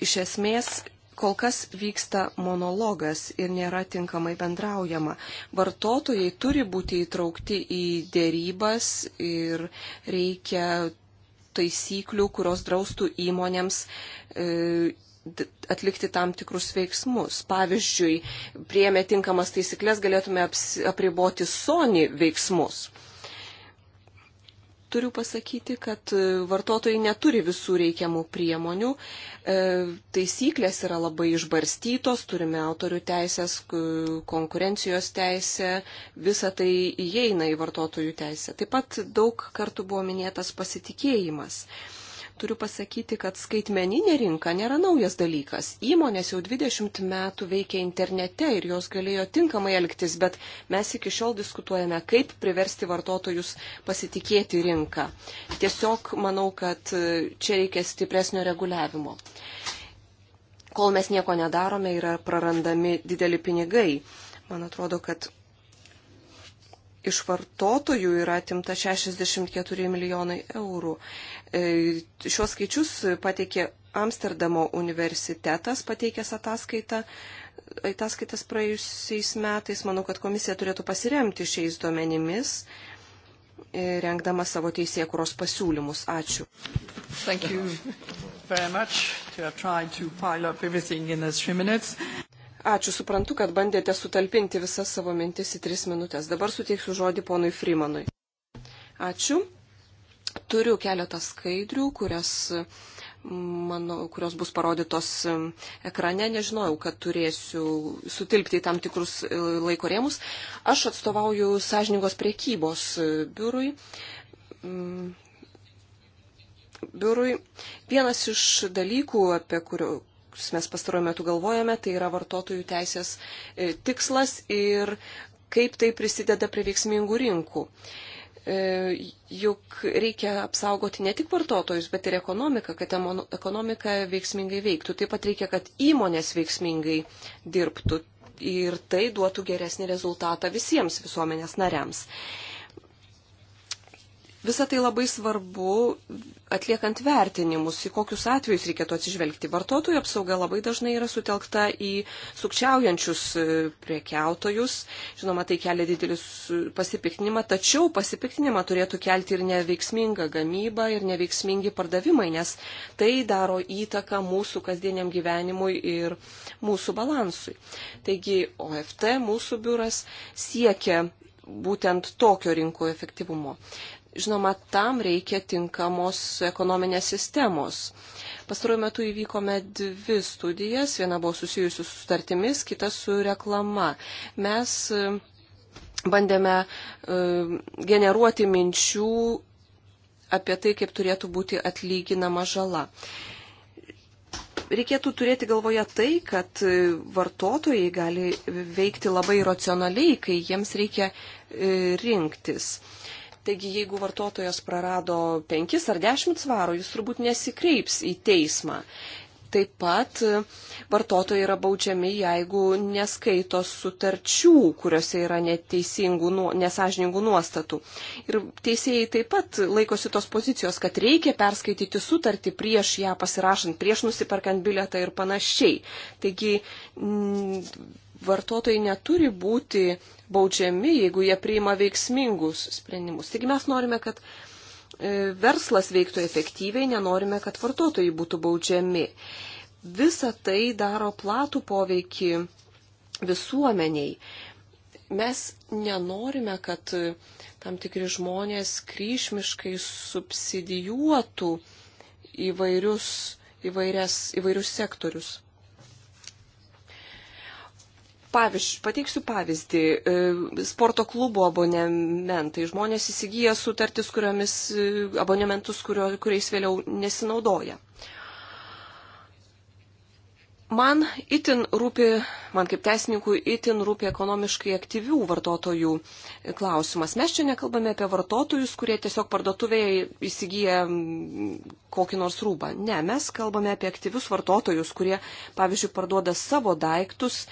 iš esmės, kol kas vyksta monologas ir nėra tinkamai bendraujama. Vartotojai turi būti įtraukti į dėrybas ir reikia taisyklių, kurios draustų įmonėms e, atlikti tam tikrus veiksmus. Pavyzdžiui, prieėmė tinkamas taisyklės galėtume apriboti Sony veiksmus turiu pasakyti, kad e, vartotojai neturi visų reikiamų priemonių. E, taisyklės yra labai išbarstytos, turime autorių teisės, konkurencijos teisę, visa tai įeina į vartotojų teisę. Taip pat daug kartų buvo minėtas pasitikėjimas turiu pasakyti, kad skaitmeninė rinka nėra naujas dalykas. Įmonės jau 20 metų veikia internete ir jos galėjo tinkamai elgtis, bet mes iki šiol diskutuojame, kaip priversti vartotojus pasitikėti rinką. Tiesiog manau, kad e, čia reikia stipresnio reguliavimo. Kol mes nieko nedarome, yra prarandami dideli pinigai. Man atrodo, kad iš vartotojų yra atimta 64 milijonai eurų. E, Šios skaičius pateikė Amsterdamo universitetas, pateikęs ataskaitą. Ataskaitas praėjusiais metais, manau, kad komisija turėtų pasiremti šiais duomenimis, e, rengdama savo teisėkuros pasiūlymus. Ačiū. Thank you very much. We have tried to pile up everything in those three minutes. Ačiū, suprantu, kad bandėte sutalpinti visas savo mintis į tris minutės. Dabar suteiksiu žodį ponui Freemanui. Ačiū. Turiu keletą skaidrių, kurias, mano, kurios bus parodytos ekrane. Nežinojau, kad turėsiu sutilpti į tam tikrus e, laiko rėmus. Aš atstovauju sąžiningos priekybos e, biurui mm. biurui. Vienas iš dalykų, apie kurio, kuriuos mes pastaruoju metu galvojame, tai yra vartotojų teisės e, tikslas ir kaip tai prisideda prie veiksmingų rinkų. E, juk reikia apsaugoti ne tik vartotojus, bet ir ekonomiką, kad ekonomika veiksmingai veiktų. Taip pat reikia, kad įmonės veiksmingai dirbtų ir tai duotų geresnį rezultatą visiems visuomenės nariams. Visą tai labai svarbu atliekant vertinimus, į kokius atvejus reikėtų atsižvelgti. Vartotojų apsauga labai dažnai yra sutelkta į sukčiaujančius e, priekiautojus. Žinoma, tai kelia didelis pasipiktinimą, tačiau pasipiktinimą turėtų kelti ir neveiksminga gamyba, ir neveiksmingi pardavimai, nes tai daro įtaką mūsų kasdieniam gyvenimui ir mūsų balansui. Taigi, OFT, mūsų biuras, siekia būtent tokio rinkų efektyvumo. Žinoma, tam reikia tinkamos ekonominės sistemos. Pastaruoju metu įvykome dvi studijas, viena buvo susijusi su sutartimis, kita su reklama. Mes e, bandėme e, generuoti minčių apie tai, kaip turėtų būti atlyginama žala. Reikėtų turėti galvoje tai, kad e, vartotojai gali veikti labai racionaliai, kai jiems reikia rinktis. Taigi, jeigu vartotojas prarado 5 ar 10 svarų, jis turbūt nesikreips į teismą. Taip pat e, vartotojai yra baudžiami, jeigu neskaito sutarčių, kuriuose yra neteisingų, nesažiningų nuostatų. Ir teisėjai taip pat laikosi tos pozicijos, kad reikia perskaityti sutartį prieš ją pasirašant, prieš nusiperkant biletą ir panašiai. Taigi m, vartotojai neturi būti baudžiami, jeigu jie priima veiksmingus sprendimus. Taigi mes norime, kad e, verslas veiktų efektyviai, nenorime, kad vartotojai būtų baudžiami. Visa tai daro platų poveikį visuomeniai. Mes nenorime, kad e, tam tikri žmonės kryšmiškai subsidijuotų įvairius, įvairias, įvairius sektorius. Pavyž, pateiksiu pavyzdį. E, sporto klubo abonementai. Žmonės įsigyja sutartis, kuriomis e, abonementus, kurio, kuriais vėliau nesinaudoja. Man itin rūpi, man kaip teisininkui itin rūpi ekonomiškai aktyvių vartotojų klausimas. Mes čia nekalbame apie vartotojus, kurie tiesiog parduotuvėje įsigyja kokį nors rūbą. Ne, mes kalbame apie aktyvius vartotojus, kurie, pavyzdžiui, parduoda savo daiktus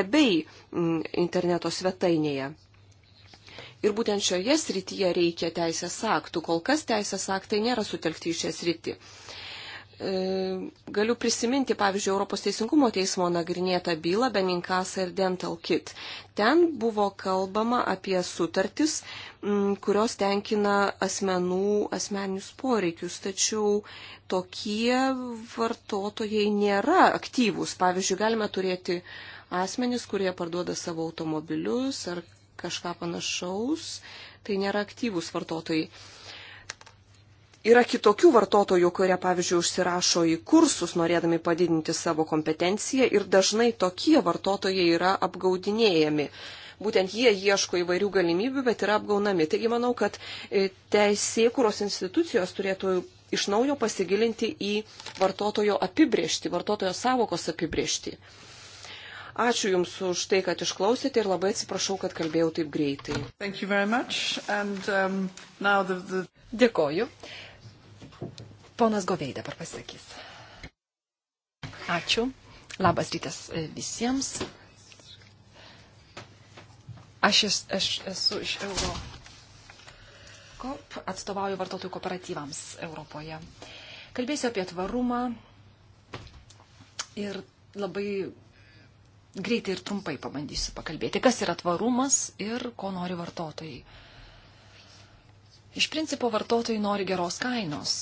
ebei interneto svetainėje. Ir būtent šioje srityje reikia teisės aktų. Kol kas teisės aktai nėra sutelkti į šią sritį. E, galiu prisiminti, pavyzdžiui, Europos Teisingumo teismo nagrinėtą bylą Beninkas ir Dental Kit. Ten buvo kalbama apie sutartis, kurios tenkina asmenų asmeninius poreikius, tačiau tokie vartotojai nėra aktyvūs. Pavyzdžiui, galime turėti asmenys, kurie parduoda savo automobilius ar kažką panašaus, tai nėra aktyvūs vartotojai. Yra kitokių vartotojų, kurie, pavyzdžiui, užsirašo į kursus, norėdami padidinti savo kompetenciją ir dažnai tokie vartotojai yra apgaudinėjami. Būtent jie ieško įvairių galimybių, bet yra apgaunami. Taigi manau, kad e, teisėkuros institucijos turėtų iš naujo pasigilinti į vartotojo apibriešti, vartotojo savokos apibriešti. Ačiū Jums už tai, kad išklausėte ir labai atsiprašau, kad kalbėjau taip greitai. And, um, the, the... Dėkoju. Ponas Govei dabar pasakys. Ačiū. Labas rytas e, visiems. Aš, es, aš esu iš Euro. Kop atstovauju vartotojų kooperatyvams Europoje. Kalbėsiu apie tvarumą ir labai greitai ir trumpai pabandysiu pakalbėti, kas yra tvarumas ir ko nori vartotojai. Iš principo vartotojai nori geros kainos,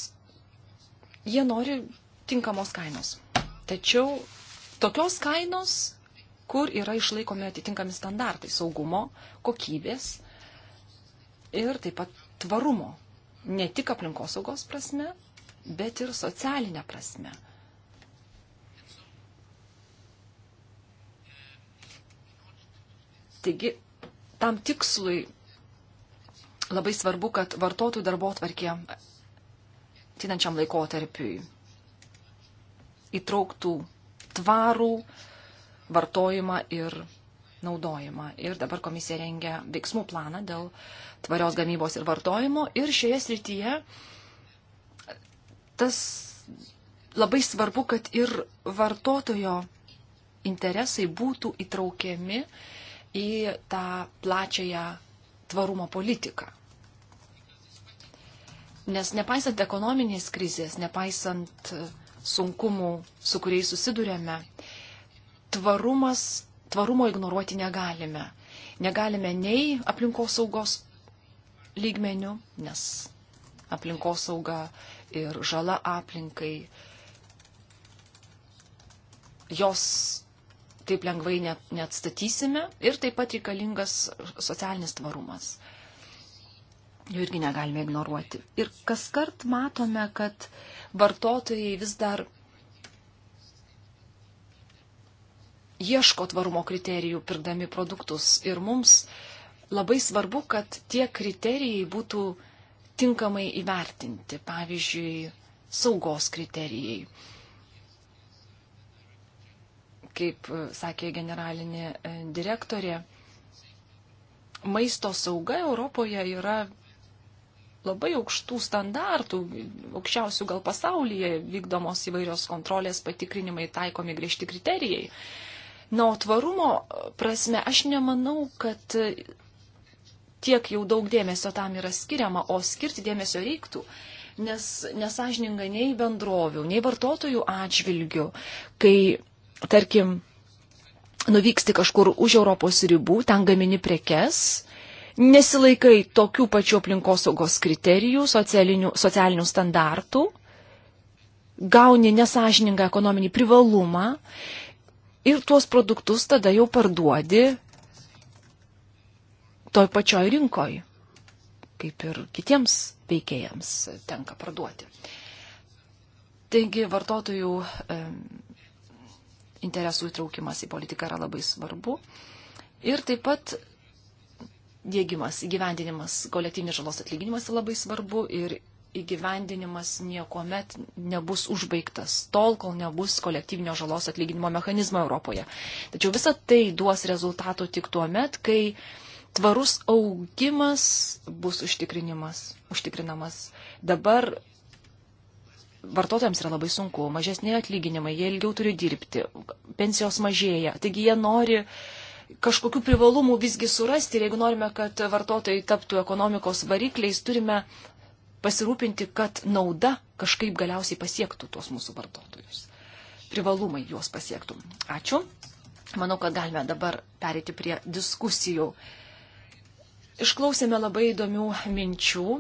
Jie nori tinkamos kainos. Tačiau tokios kainos, kur yra išlaikomi atitinkami standartai saugumo, kokybės ir taip pat tvarumo. Ne tik aplinkosaugos prasme, bet ir socialinė prasme. Taigi, tam tikslui labai svarbu, kad vartotojų darbo atvarkė tinančiam laikotarpiui įtrauktų tvarų vartojimą ir naudojimą. Ir dabar komisija rengia veiksmų planą dėl tvarios gamybos ir vartojimo. Ir šioje srityje tas labai svarbu, kad ir vartotojo interesai būtų įtraukiami į tą plačiąją tvarumo politiką. Nes nepaisant ekonominės krizės, nepaisant e, sunkumų, su kuriais susidurėme, tvarumas, tvarumo ignoruoti negalime. Negalime nei aplinkos saugos lygmenių, nes aplinkos sauga ir žala aplinkai, jos taip lengvai net, neatstatysime ir taip pat reikalingas socialinis tvarumas jų irgi negalime ignoruoti. Ir kas kart matome, kad vartotojai vis dar ieško tvarumo kriterijų, pirkdami produktus. Ir mums labai svarbu, kad tie kriterijai būtų tinkamai įvertinti, pavyzdžiui, saugos kriterijai. Kaip e, sakė generalinė e, direktorė, maisto sauga Europoje yra labai aukštų standartų, aukščiausių gal pasaulyje vykdomos įvairios kontrolės patikrinimai taikomi griežti kriterijai. Na, o tvarumo prasme aš nemanau, kad tiek jau daug dėmesio tam yra skiriama, o skirti dėmesio reiktų, nes nesažininga nei bendrovių, nei vartotojų atžvilgių, kai, tarkim, nuvyksti kažkur už Europos ribų, ten gamini prekes, nesilaikai tokių pačių aplinkosaugos kriterijų, socialinių, socialinių standartų, gauni nesažiningą ekonominį privalumą ir tuos produktus tada jau parduodi toj pačioj rinkoj, kaip ir kitiems veikėjams tenka parduoti. Taigi vartotojų e, interesų įtraukimas į politiką yra labai svarbu. Ir taip pat dėgymas, įgyvendinimas, kolektyvinės žalos atlyginimas labai svarbu ir įgyvendinimas niekuomet nebus užbaigtas, tol, kol nebus kolektyvinio žalos atlyginimo mechanizmo Europoje. Tačiau visa tai duos rezultatų tik tuo met, kai tvarus augimas bus užtikrinamas. Dabar vartotojams yra labai sunku, mažesni atlyginimai, jie ilgiau turi dirbti, pensijos mažėja, taigi jie nori uh, kažkokių privalumų visgi surasti ir jeigu norime, kad vartotojai taptų ekonomikos varikliais, turime pasirūpinti, kad nauda kažkaip galiausiai pasiektų tuos mūsų vartotojus. Privalumai juos pasiektų. Ačiū. Manau, kad galime dabar perėti prie diskusijų. Išklausėme labai įdomių minčių,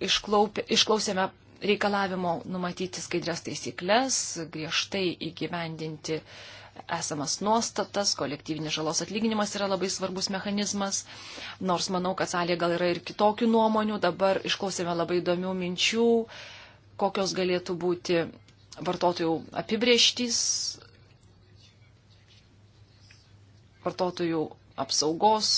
Išklaupė, išklausėme reikalavimo numatyti skaidrės taisyklės, griežtai įgyvendinti uh, esamas nuostatas, kolektyvinis žalos atlyginimas yra labai svarbus mechanizmas, nors manau, kad salėje gal yra ir kitokių nuomonių, dabar išklausėme labai įdomių minčių, kokios galėtų būti vartotojų apibrieštys, vartotojų apsaugos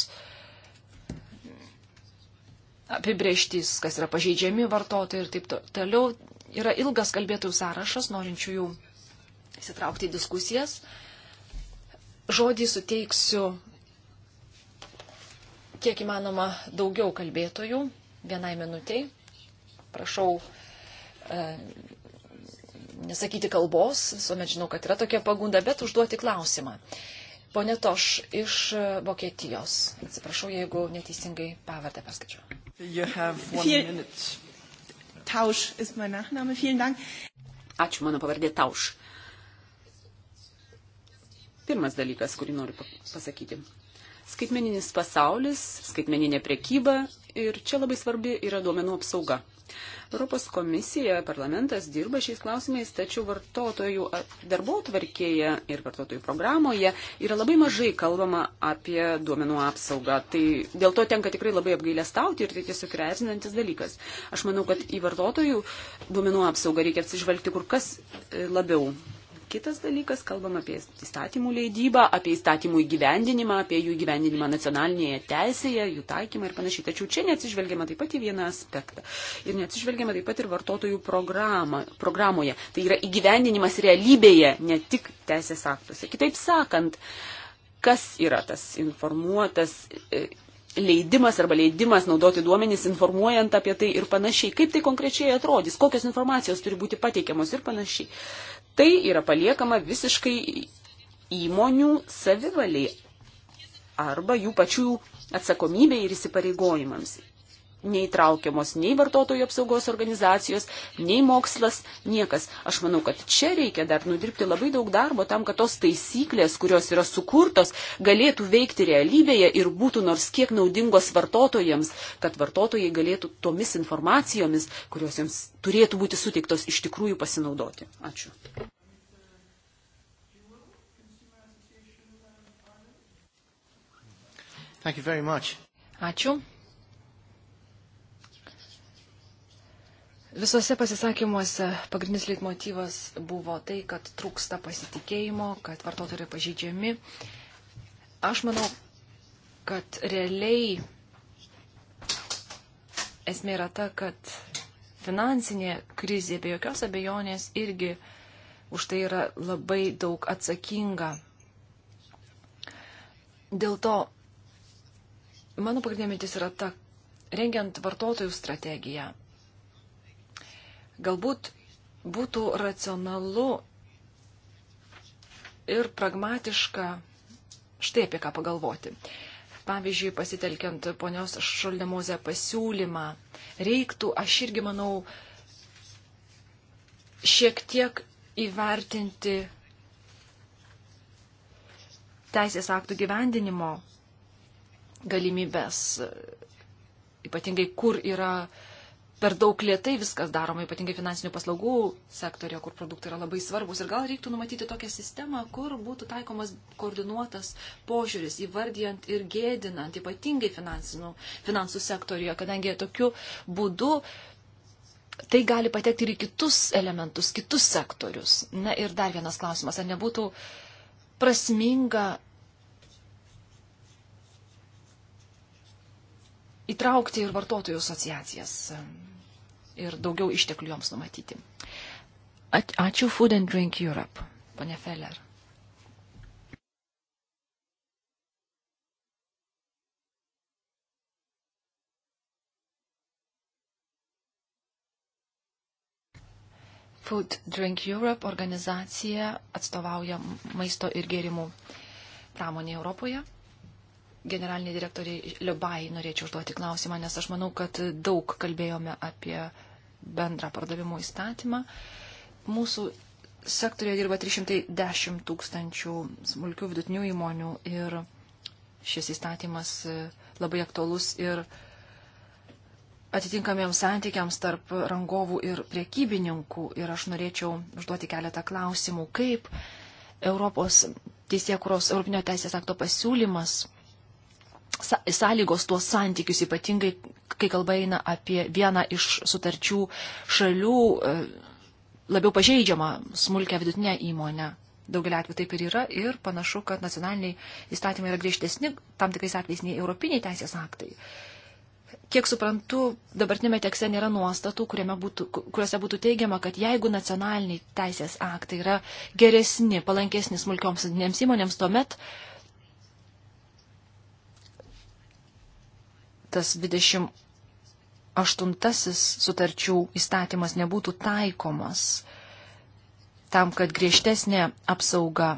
apibrieštys, kas yra pažeidžiami vartotojai ir taip toliau. Yra ilgas kalbėtojų sąrašas, norinčių jų įsitraukti į diskusijas. Žodį suteiksiu kiek įmanoma daugiau kalbėtojų vienai minutiai. Prašau e, nesakyti kalbos, visuomet žinau, kad yra tokia pagunda, bet užduoti klausimą. Pone Toš iš e, Vokietijos. Atsiprašau, jeigu neteisingai pavardę paskaičiau. Tauš is my nachname. Vielen Dank. Ačiū, mano pavardė Tauš. Pirmas dalykas, kurį noriu pasakyti. Skaitmeninis pasaulis, skaitmeninė prekyba ir čia labai svarbi yra duomenų apsauga. Europos komisija, parlamentas dirba šiais klausimais, tačiau vartotojų darbo tvarkėje ir vartotojų programoje yra labai mažai kalbama apie duomenų apsaugą. Tai dėl to tenka tikrai labai apgailę stauti ir tai tiesiog yra erzinantis dalykas. Aš manau, kad į vartotojų duomenų apsaugą reikia atsižvelgti kur kas e, labiau. Kitas dalykas, kalbam apie įstatymų leidybą, apie įstatymų įgyvendinimą, apie jų įgyvendinimą nacionalinėje teisėje, jų taikymą ir panašiai. Tačiau čia neatsižvelgiama taip pat į vieną aspektą. Ir neatsižvelgiama taip pat ir vartotojų programą, programoje. Tai yra įgyvendinimas realybėje, ne tik teisės aktuose. Kitaip sakant, kas yra tas informuotas e, leidimas arba leidimas naudoti duomenys, informuojant apie tai ir panašiai, kaip tai konkrečiai atrodys, kokios informacijos turi būti pateikiamos ir panašiai. Tai yra paliekama visiškai įmonių savivaliai arba jų pačių atsakomybė ir įsipareigojimams neįtraukiamos nei vartotojų apsaugos organizacijos, nei mokslas, niekas. Aš manau, kad čia reikia dar nudirbti labai daug darbo tam, kad tos taisyklės, kurios yra sukurtos, galėtų veikti realybėje ir būtų nors kiek naudingos vartotojams, kad vartotojai galėtų tomis informacijomis, kurios jiems turėtų būti suteiktos, iš tikrųjų pasinaudoti. Ačiū. Thank you very much. Ačiū. Visose pasisakymuose pagrindinis leitmotyvas buvo tai, kad trūksta pasitikėjimo, kad vartotojai pažydžiami. Aš manau, kad realiai esmė yra ta, kad finansinė krizė be jokios abejonės irgi už tai yra labai daug atsakinga. Dėl to mano pagrindinė mintis yra ta, rengiant vartotojų strategiją, Galbūt būtų racionalu ir pragmatiška štai apie ką pagalvoti. Pavyzdžiui, pasitelkiant ponios Šoldemozę pasiūlymą, reiktų, aš irgi manau, šiek tiek įvertinti teisės aktų gyvendinimo galimybės, ypatingai kur yra uh, per daug lietai viskas daroma, ypatingai finansinių paslaugų sektorio, kur produktai yra labai svarbus. Ir gal reiktų numatyti tokią sistemą, kur būtų taikomas koordinuotas požiūris, įvardyjant ir gėdinant, ypatingai finansų sektorijoje, kadangi tokiu būdu tai gali patekti ir į kitus elementus, kitus sektorius. Na ir dar vienas klausimas, ar nebūtų prasminga įtraukti ir vartotojų asociacijas ir daugiau išteklių joms numatyti. Ačiū Food and Drink Europe, ponė Feller. Food Drink Europe organizacija atstovauja maisto ir gėrimų pramonė Europoje generaliniai direktoriai Liubai norėčiau užduoti klausimą, nes aš manau, kad daug kalbėjome apie bendrą pardavimų įstatymą. Mūsų sektorėje dirba 310 tūkstančių smulkių vidutinių įmonių ir šis įstatymas labai aktualus ir atitinkamiems santykiams tarp rangovų ir priekybininkų. Ir aš norėčiau užduoti keletą klausimų, kaip Europos teisėkuros Europinio teisės akto pasiūlymas sąlygos tuos santykius, ypatingai kai kalba eina apie vieną iš sutarčių šalių e, labiau pažeidžiamą smulkę vidutinę įmonę. Daugelį atvejų taip ir yra ir panašu, kad nacionaliniai įstatymai yra griežtesni tam tikrais atvejais nei europiniai teisės aktai. Kiek suprantu, dabartinėme tekste nėra nuostatų, būtų, kuriuose būtų teigiama, kad jeigu nacionaliniai teisės aktai yra geresni, palankesni smulkioms didinėms įmonėms, tuomet uh, tas 28 sutarčių įstatymas nebūtų taikomas tam, kad griežtesnė apsauga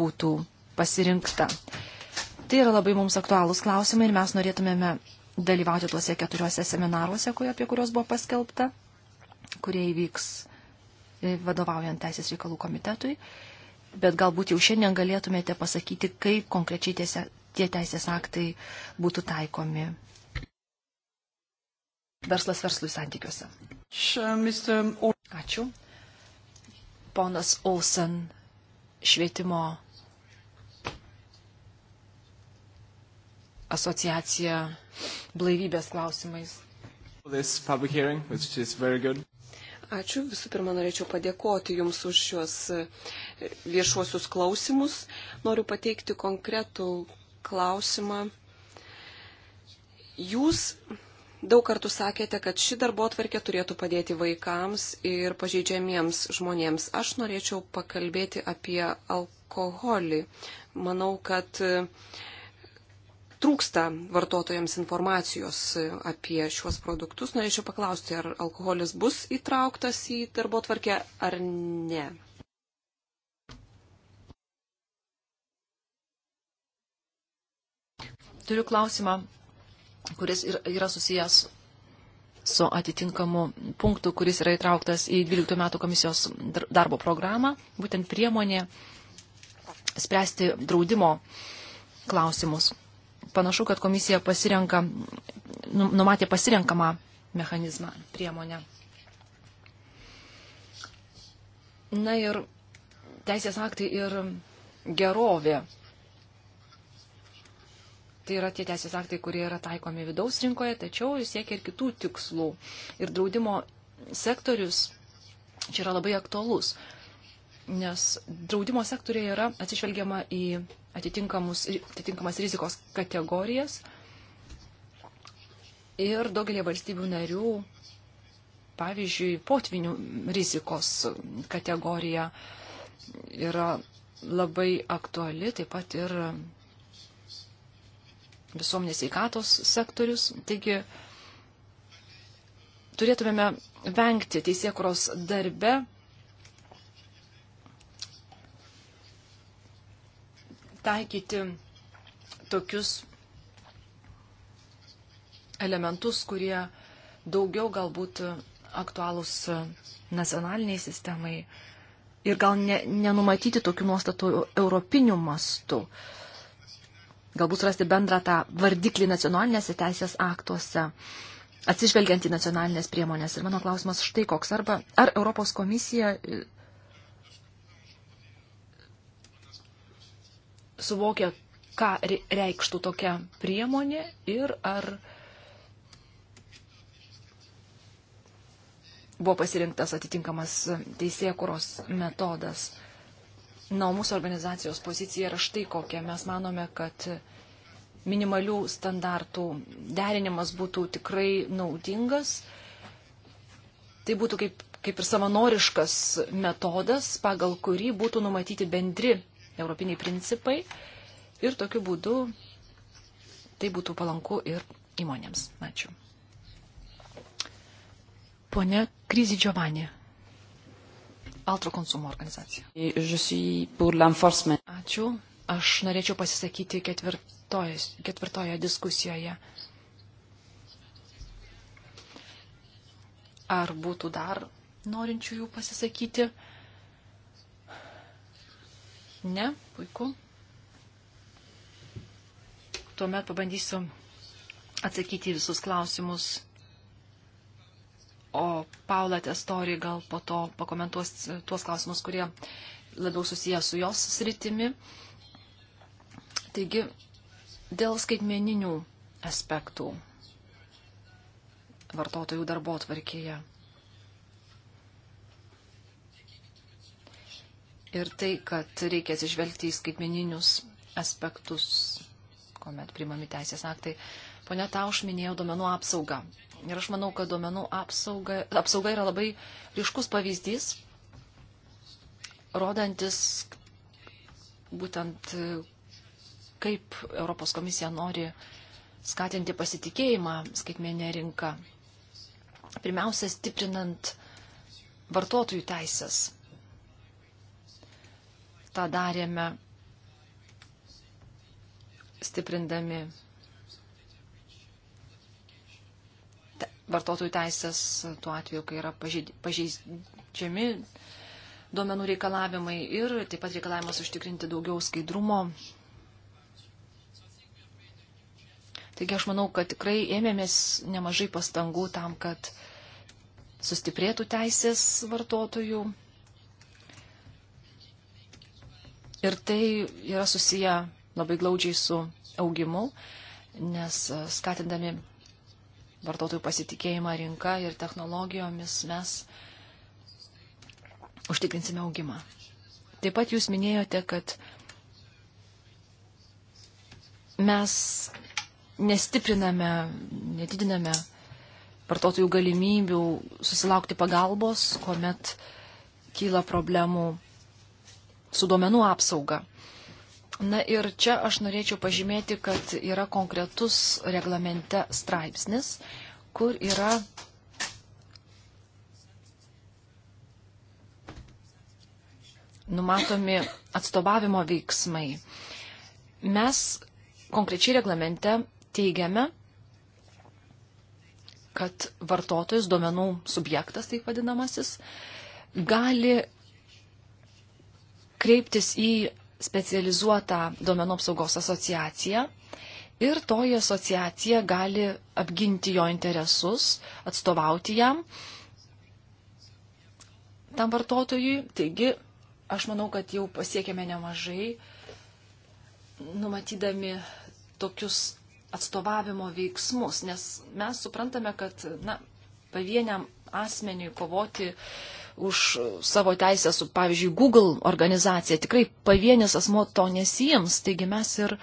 būtų pasirinkta. Tai yra labai mums aktualūs klausimai ir mes norėtumėme dalyvauti tuose keturiuose seminaruose, kurie, apie kuriuos buvo paskelbta, kurie įvyks e, vadovaujant Teisės reikalų komitetui. Bet galbūt jau šiandien galėtumėte pasakyti, kaip konkrečiai tiese, tie teisės aktai būtų taikomi verslas verslui santykiuose. Ačiū. Ponas Olsen, švietimo asociacija blaivybės klausimais. Hearing, Ačiū. Visų pirma, norėčiau padėkoti Jums už šios viešuosius klausimus. Noriu pateikti konkretų klausimą. Jūs daug kartų sakėte, kad ši darbo atvarkė turėtų padėti vaikams ir pažeidžiamiems žmonėms. Aš norėčiau pakalbėti apie alkoholį. Manau, kad e, trūksta vartotojams informacijos e, apie šiuos produktus. Norėčiau paklausti, ar alkoholis bus įtrauktas į darbo tvarkę ar ne. Turiu klausimą, kuris yra susijęs su atitinkamu punktu, kuris yra įtrauktas į 12 metų komisijos darbo programą, būtent priemonė spręsti draudimo klausimus. Panašu, kad komisija pasirenka, nu, numatė pasirenkamą mechanizmą, priemonę. Na ir teisės aktai ir gerovė Tai yra tie teisės aktai, kurie yra taikomi vidaus rinkoje, tačiau jis siekia ir kitų tikslų. Ir draudimo sektorius čia yra labai aktualus, nes draudimo sektorija yra atsižvelgiama į atitinkamas rizikos kategorijas ir daugelį valstybių narių, pavyzdžiui, potvinių rizikos kategorija yra labai aktuali, taip pat ir visuomenės veikatos sektorius. Taigi turėtumėme vengti teisėkuros darbe taikyti tokius elementus, kurie daugiau galbūt aktualūs nacionaliniai sistemai ir gal ne, nenumatyti tokių nuostatų europinių mastų. Uh, galbūt rasti bendrą tą vardiklį nacionalinėse teisės aktuose, atsižvelgiant į nacionalinės priemonės. Ir mano klausimas štai koks. Arba, ar Europos komisija e, suvokia, ką reikštų tokia priemonė ir ar buvo pasirinktas atitinkamas teisėkuros metodas. Na, mūsų organizacijos pozicija yra štai kokia. Mes manome, kad minimalių standartų derinimas būtų tikrai naudingas. Tai būtų kaip, kaip ir savanoriškas metodas, pagal kurį būtų numatyti bendri europiniai principai ir tokiu būdu tai būtų palanku ir įmonėms. Ačiū. Pone Kryzi Giovanni altro konsumo organizacija. Ačiū. Aš norėčiau pasisakyti ketvirtoje, ketvirtoje diskusijoje. Ar būtų dar norinčių jų pasisakyti? Ne, puiku. Tuomet pabandysiu atsakyti visus klausimus o Paula Testori gal po to pakomentuos tuos klausimus, kurie labiau susiję su jos sritimi. Taigi, dėl skaitmeninių aspektų vartotojų darbo atvarkėje. Ir tai, kad reikia atsižvelgti į skaitmeninius aspektus, kuomet primami teisės aktai. Pone Tauš minėjo domenų apsaugą. Ir aš manau, kad duomenų apsauga, apsauga yra labai ryškus pavyzdys, rodantis būtent, kaip Europos komisija nori skatinti pasitikėjimą skaitmenė rinka. Pirmiausia, stiprinant vartotojų teisės. Ta darėme stiprindami vartotojų teisės tuo atveju, kai yra pažeidžiami duomenų reikalavimai ir taip pat reikalavimas užtikrinti daugiau skaidrumo. Taigi aš manau, kad tikrai ėmėmės nemažai pastangų tam, kad sustiprėtų teisės vartotojų. Ir tai yra susiję labai glaudžiai su augimu, nes e, skatindami vartotojų pasitikėjimą rinką ir technologijomis, mes užtikrinsime augimą. Taip pat jūs minėjote, kad mes nestipriname, nedidiname vartotojų galimybių susilaukti pagalbos, kuomet kyla problemų su duomenų apsauga. Na ir čia aš norėčiau pažymėti, kad yra konkretus reglamente straipsnis, kur yra numatomi atstovavimo veiksmai. Mes konkrečiai reglamente teigiame, kad vartotojas, duomenų subjektas, taip vadinamasis, gali kreiptis į specializuotą duomenų apsaugos asociaciją ir toji asociacija gali apginti jo interesus, atstovauti jam, tam vartotojui. Taigi, aš manau, kad jau pasiekėme nemažai, numatydami tokius atstovavimo veiksmus, nes mes suprantame, kad na, pavieniam asmeniui kovoti uh, už savo teisę su, pavyzdžiui, Google organizacija. Tikrai pavienis asmo to nesijams. Taigi mes ir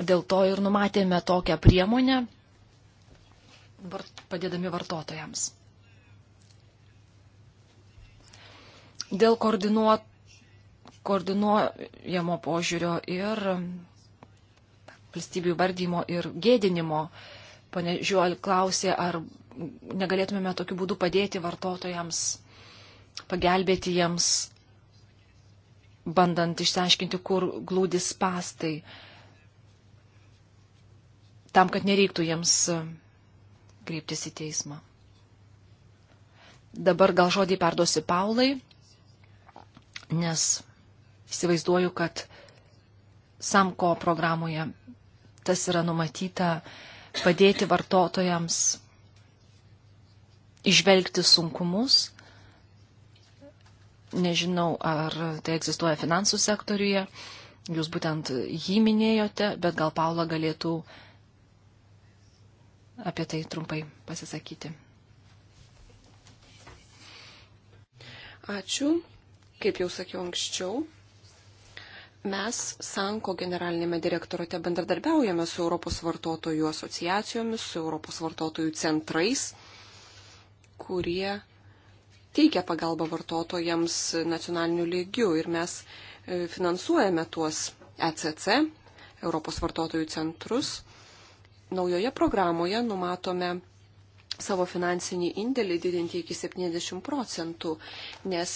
dėl to ir numatėme tokią priemonę, padėdami vartotojams. Dėl koordinuo, koordinuojamo požiūrio ir valstybių vardymo ir gėdinimo. Pane Žiuol klausė, ar negalėtumėme tokiu būdu padėti vartotojams, pagelbėti jiems, bandant išsiaiškinti, kur glūdis pastai, tam, kad nereiktų jiems e, kreiptis į teismą. Dabar gal žodį perduosiu Paulai, nes įsivaizduoju, kad Samko programoje tas yra numatyta padėti vartotojams išvelgti sunkumus. Nežinau, ar tai egzistuoja finansų sektoriuje. Jūs būtent jį minėjote, bet gal Paula galėtų apie tai trumpai pasisakyti. Ačiū. Kaip jau sakiau anksčiau, mes Sanko generalinėme direktorate bendradarbiaujame su Europos vartotojų asociacijomis, su Europos vartotojų centrais kurie teikia pagalbą vartotojams nacionaliniu lygiu ir mes e, finansuojame tuos ECC, Europos vartotojų centrus. Naujoje programoje numatome savo finansinį indėlį didinti iki 70 procentų, nes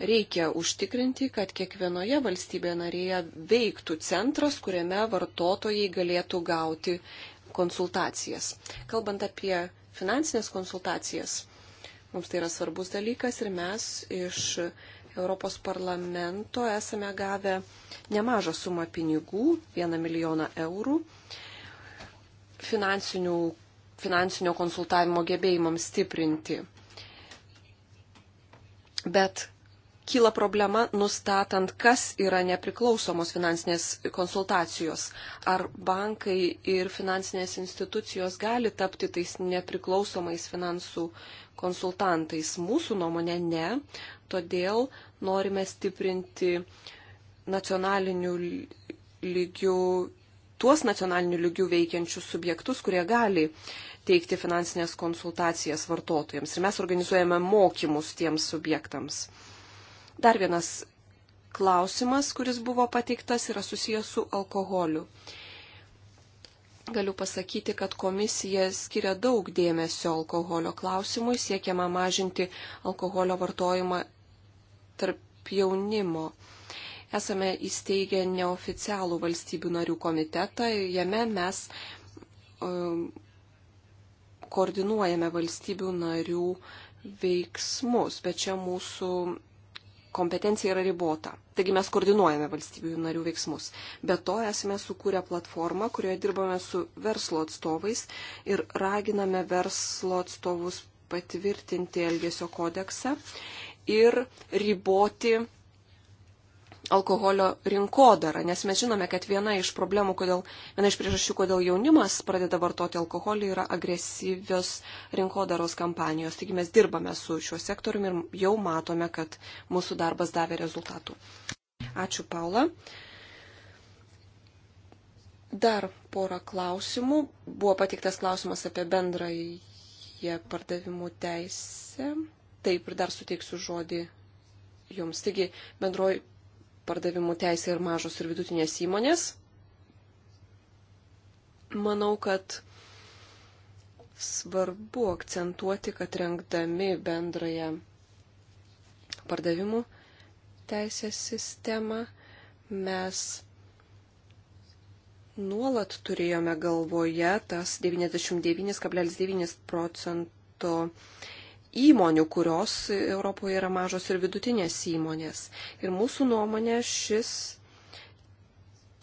reikia užtikrinti, kad kiekvienoje valstybėje narėje veiktų centras, kuriame vartotojai galėtų gauti konsultacijas. Kalbant apie finansinės konsultacijas, Mums tai yra svarbus dalykas ir mes iš Europos parlamento esame gavę nemažą sumą pinigų, 1 milijoną eurų, finansinio konsultavimo gebėjimams stiprinti. Bet kyla problema nustatant, kas yra nepriklausomos finansinės konsultacijos. Ar bankai ir finansinės institucijos gali tapti tais nepriklausomais finansų konsultantais? Mūsų nuomonė ne, todėl norime stiprinti nacionalinių lygių tuos nacionalinių lygių veikiančius subjektus, kurie gali teikti finansinės konsultacijas vartotojams. Ir mes organizuojame mokymus tiems subjektams. Dar vienas klausimas, kuris buvo pateiktas, yra susijęs su alkoholiu. Galiu pasakyti, kad komisija skiria daug dėmesio alkoholio klausimui, siekiama mažinti alkoholio vartojimą tarp jaunimo esame įsteigę neoficialų valstybių narių komitetą. Jame mes e, koordinuojame valstybių narių veiksmus, bet čia mūsų kompetencija yra ribota. Taigi mes koordinuojame valstybių narių veiksmus. Be to esame sukūrę platformą, kurioje dirbame su verslo atstovais ir raginame verslo atstovus patvirtinti Elgesio kodeksą ir riboti alkoholio rinkodarą, nes mes žinome, kad viena iš problemų, kodėl, viena iš priežasčių, kodėl jaunimas pradeda vartoti alkoholį, yra agresyvios rinkodaros kampanijos. Taigi mes dirbame su šiuo sektoriumi ir jau matome, kad mūsų darbas davė rezultatų. Ačiū, Paula. Dar porą klausimų. Buvo patiktas klausimas apie bendrąją pardavimų teisę. Taip, ir dar suteiksiu žodį jums. Taigi, bendroji pardavimų teisė ir mažos ir vidutinės įmonės. Manau, kad svarbu akcentuoti, kad rengdami bendrąją pardavimų teisės sistemą mes nuolat turėjome galvoje tas 99,9 procento įmonių, kurios Europoje yra mažos ir vidutinės įmonės. Ir mūsų nuomonė šis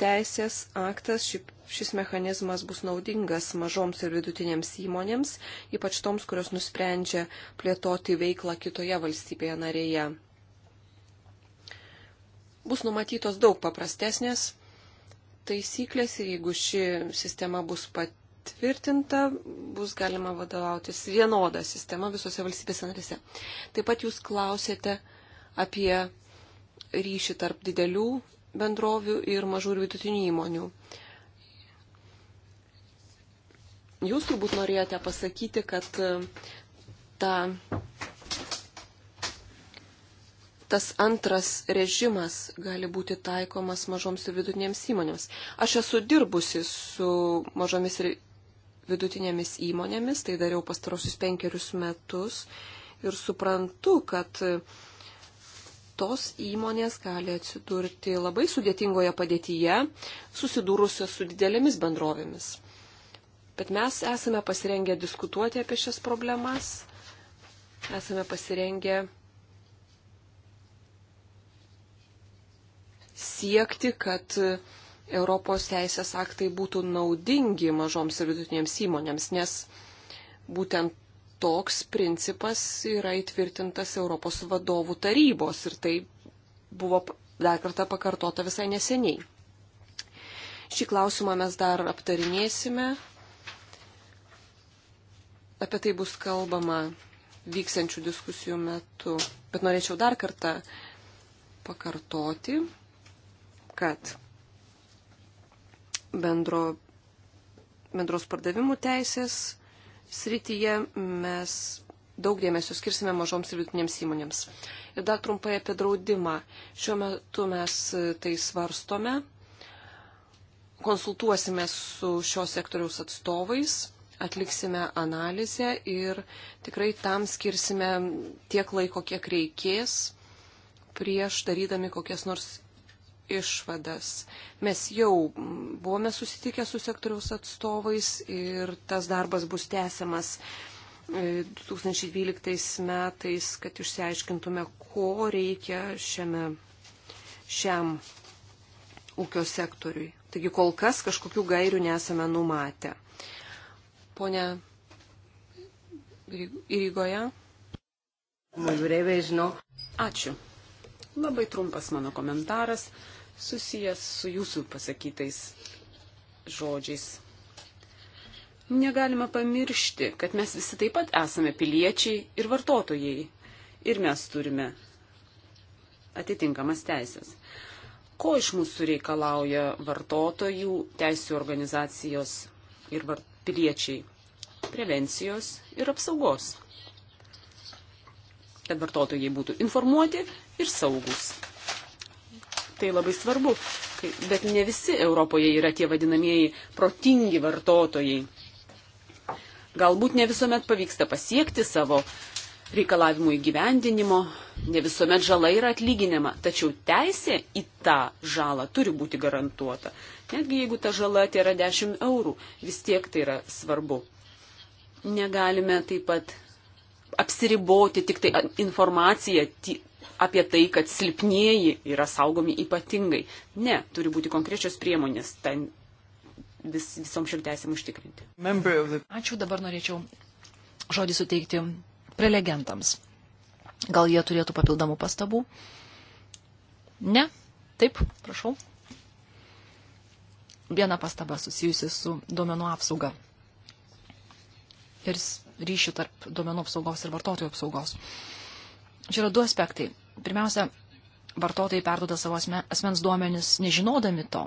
teisės aktas, ši, šis mechanizmas bus naudingas mažoms ir vidutinėms įmonėms, ypač toms, kurios nusprendžia plėtoti veiklą kitoje valstybėje narėje. Bus numatytos daug paprastesnės taisyklės ir jeigu ši sistema bus pat patvirtinta, bus galima vadovautis vienodą sistemą visose valstybėse narėse. Taip pat jūs klausėte apie ryšį tarp didelių bendrovių ir mažų ir vidutinių įmonių. Jūs turbūt norėjote pasakyti, kad e, ta, tas antras režimas gali būti taikomas mažoms ir vidutinėms įmonėms. Aš esu dirbusi su mažomis ir vidutinėmis įmonėmis, tai dariau pastarosius penkerius metus ir suprantu, kad tos įmonės gali atsidurti labai sudėtingoje padėtyje, susidūrusios su didelėmis bendrovėmis. Bet mes esame pasirengę diskutuoti apie šias problemas, esame pasirengę siekti, kad Europos teisės aktai būtų naudingi mažoms ir vidutinėms įmonėms, nes būtent toks principas yra įtvirtintas Europos vadovų tarybos ir tai buvo dar kartą pakartota visai neseniai. Šį klausimą mes dar aptarinėsime. Apie tai bus kalbama vyksiančių diskusijų metu. Bet norėčiau dar kartą pakartoti, kad bendro, bendros pardavimų teisės srityje mes daug dėmesio skirsime mažoms ir vidutinėms įmonėms. Ir dar trumpai apie draudimą. Šiuo metu mes tai svarstome, konsultuosime su šios sektoriaus atstovais, atliksime analizę ir tikrai tam skirsime tiek laiko, kiek reikės prieš darydami kokias nors išvadas. Mes jau buvome susitikę su sektoriaus atstovais ir tas darbas bus tęsiamas 2012 e, metais, kad išsiaiškintume, ko reikia šiame, šiam ūkio sektoriui. Taigi kol kas kažkokių gairių nesame numatę. Pone Rygoje. Ačiū. Labai trumpas mano komentaras susijęs su jūsų pasakytais žodžiais. Negalima pamiršti, kad mes visi taip pat esame piliečiai ir vartotojai. Ir mes turime atitinkamas teisės. Ko iš mūsų reikalauja vartotojų teisų organizacijos ir var... piliečiai? Prevencijos ir apsaugos. Kad vartotojai būtų informuoti ir saugus. Tai labai svarbu, bet ne visi Europoje yra tie vadinamieji protingi vartotojai. Galbūt ne visuomet pavyksta pasiekti savo reikalavimų įgyvendinimo, ne visuomet žala yra atlyginama, tačiau teisė į tą žalą turi būti garantuota. Netgi jeigu ta žala tai yra 10 eurų, vis tiek tai yra svarbu. Negalime taip pat apsiriboti tik tai informaciją apie tai, kad silpnieji yra saugomi ypatingai. Ne, turi būti konkrečios priemonės ten vis, visom šiom teisėm užtikrinti. Ačiū, dabar norėčiau žodį suteikti prelegentams. Gal jie turėtų papildomų pastabų? Ne? Taip, prašau. Viena pastaba susijusi su duomenų apsauga ir ryšių tarp duomenų apsaugos ir vartotojų apsaugos. Uh, Čia yra du aspektai. Pirmiausia, vartotojai perduoda savo asmens duomenis nežinodami to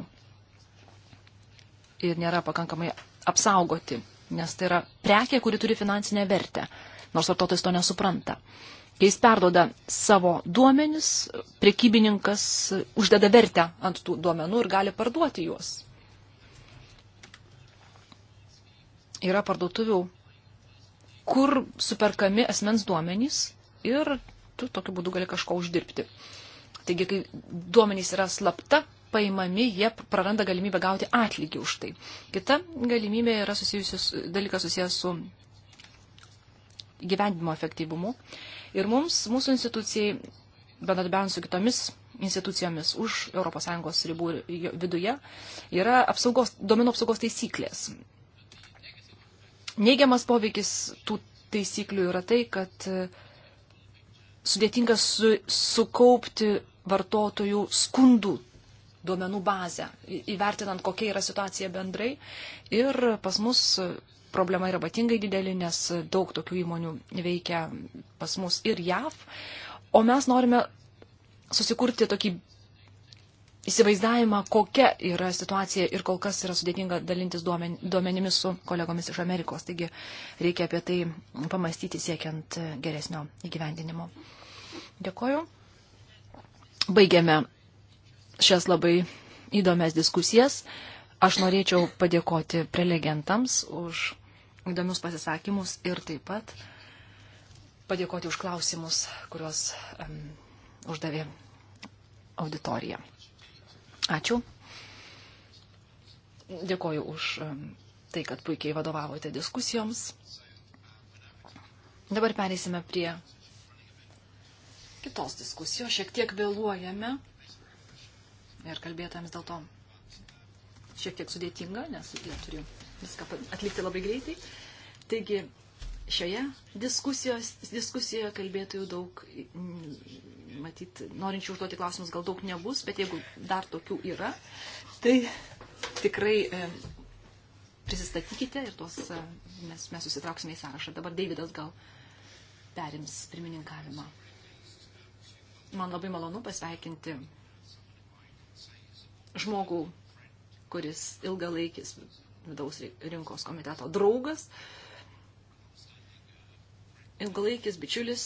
ir nėra pakankamai apsaugoti, nes tai yra prekė, kuri turi finansinę vertę, nors vartotojas to nesupranta. Kai jis perdoda savo duomenis, prekybininkas uždeda vertę ant tų duomenų ir gali parduoti juos. Yra parduotuvių, kur superkami asmens duomenys ir tu tokiu būdu gali kažko uždirbti. Taigi, kai duomenys yra slapta, paimami, jie praranda galimybę gauti atlygį už tai. Kita galimybė yra susijusius, dalykas susijęs su gyvendimo efektyvumu. Ir mums, mūsų institucijai, bendradarbiaujant su kitomis institucijomis už ES ribų viduje, yra apsaugos, domenų apsaugos taisyklės. Neigiamas poveikis tų taisyklių yra tai, kad uh, sudėtinga su, sukaupti vartotojų skundų duomenų bazę, įvertinant, kokia yra situacija bendrai. Ir pas mus problema yra ypatingai didelė, nes daug tokių įmonių veikia pas mus ir JAV. O mes norime susikurti tokį įsivaizdavimą, kokia yra situacija ir kol kas yra sudėtinga dalintis duomenimis su kolegomis iš Amerikos. Taigi reikia apie tai pamastyti siekiant geresnio įgyvendinimo. Dėkoju. Baigiame šias labai įdomias diskusijas. Aš norėčiau padėkoti prelegentams už įdomius pasisakymus ir taip pat padėkoti už klausimus, kuriuos um, uždavė auditorija. Ačiū. Dėkoju už tai, kad puikiai vadovavote diskusijoms. Dabar pereisime prie kitos diskusijos. Šiek tiek vėluojame ir kalbėtojams dėl to šiek tiek sudėtinga, nes jie turi viską atlikti labai greitai. Taigi, šioje diskusijoje kalbėtojų daug, mm, matyt, norinčių užduoti klausimus gal daug nebus, bet jeigu dar tokių yra, tai tikrai e, prisistatykite ir tuos e, mes, mes susitrauksime į sąrašą. Dabar Davidas gal perims pirmininkavimą. Man labai malonu pasveikinti žmogų, kuris ilgalaikis vidaus rinkos komiteto draugas. E, ilgalaikis bičiulis,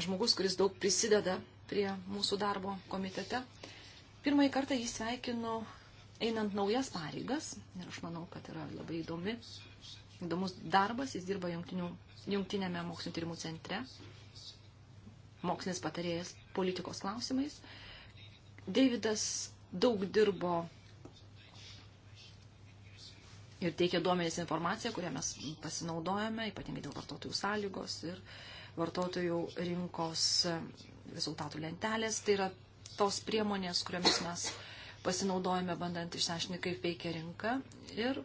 žmogus, kuris daug prisideda prie mūsų darbo komitete. Pirmąjį kartą jį sveikinu einant naujas pareigas ir aš manau, kad yra labai įdomi, įdomus darbas. Jis dirba jungtinių, jungtinėme mokslinio tyrimų centre, mokslinis patarėjas politikos klausimais. Davidas daug dirbo ir teikia duomenys informaciją, kurią mes pasinaudojame, ypatingai dėl vartotojų sąlygos ir vartotojų rinkos e, rezultatų lentelės. Tai yra tos priemonės, kuriamis mes pasinaudojame, bandant išsiaiškinti, kaip veikia rinka. Ir,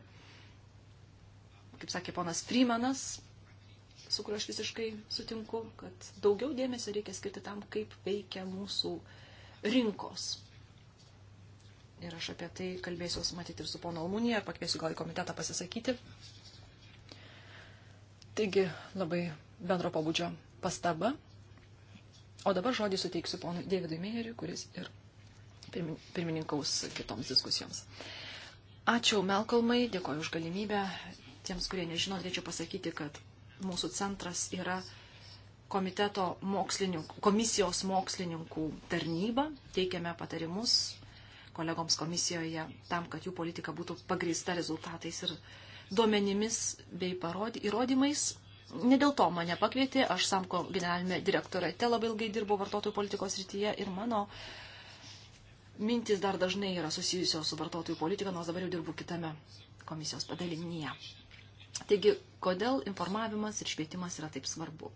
kaip sakė ponas Freemanas, su kuriuo aš visiškai sutinku, kad daugiau dėmesio reikia skirti tam, kaip veikia mūsų rinkos Ir aš apie tai kalbėsiu, matyti, ir su pono Almunija, pakviesiu gal į komitetą pasisakyti. Taigi, labai bendro pabudžio pastaba. O dabar žodį suteiksiu ponui Davidui Meijeriui, kuris ir pirmininkaus kitoms diskusijoms. Ačiū Melkalmai, dėkoju už galimybę. Tiems, kurie nežino, norėčiau pasakyti, kad mūsų centras yra komiteto mokslininkų, komisijos mokslininkų tarnyba, teikiame patarimus kolegoms komisijoje tam, kad jų politika būtų pagrįsta rezultatais ir duomenimis bei parody, įrodymais. Ne dėl to mane pakvietė, aš Samko generalinėme direktorate labai ilgai dirbau vartotojų politikos rytyje ir mano mintis dar dažnai yra susijusios su vartotojų politika, nors dabar jau dirbu kitame komisijos padalinyje. Taigi, kodėl informavimas ir švietimas yra taip svarbu?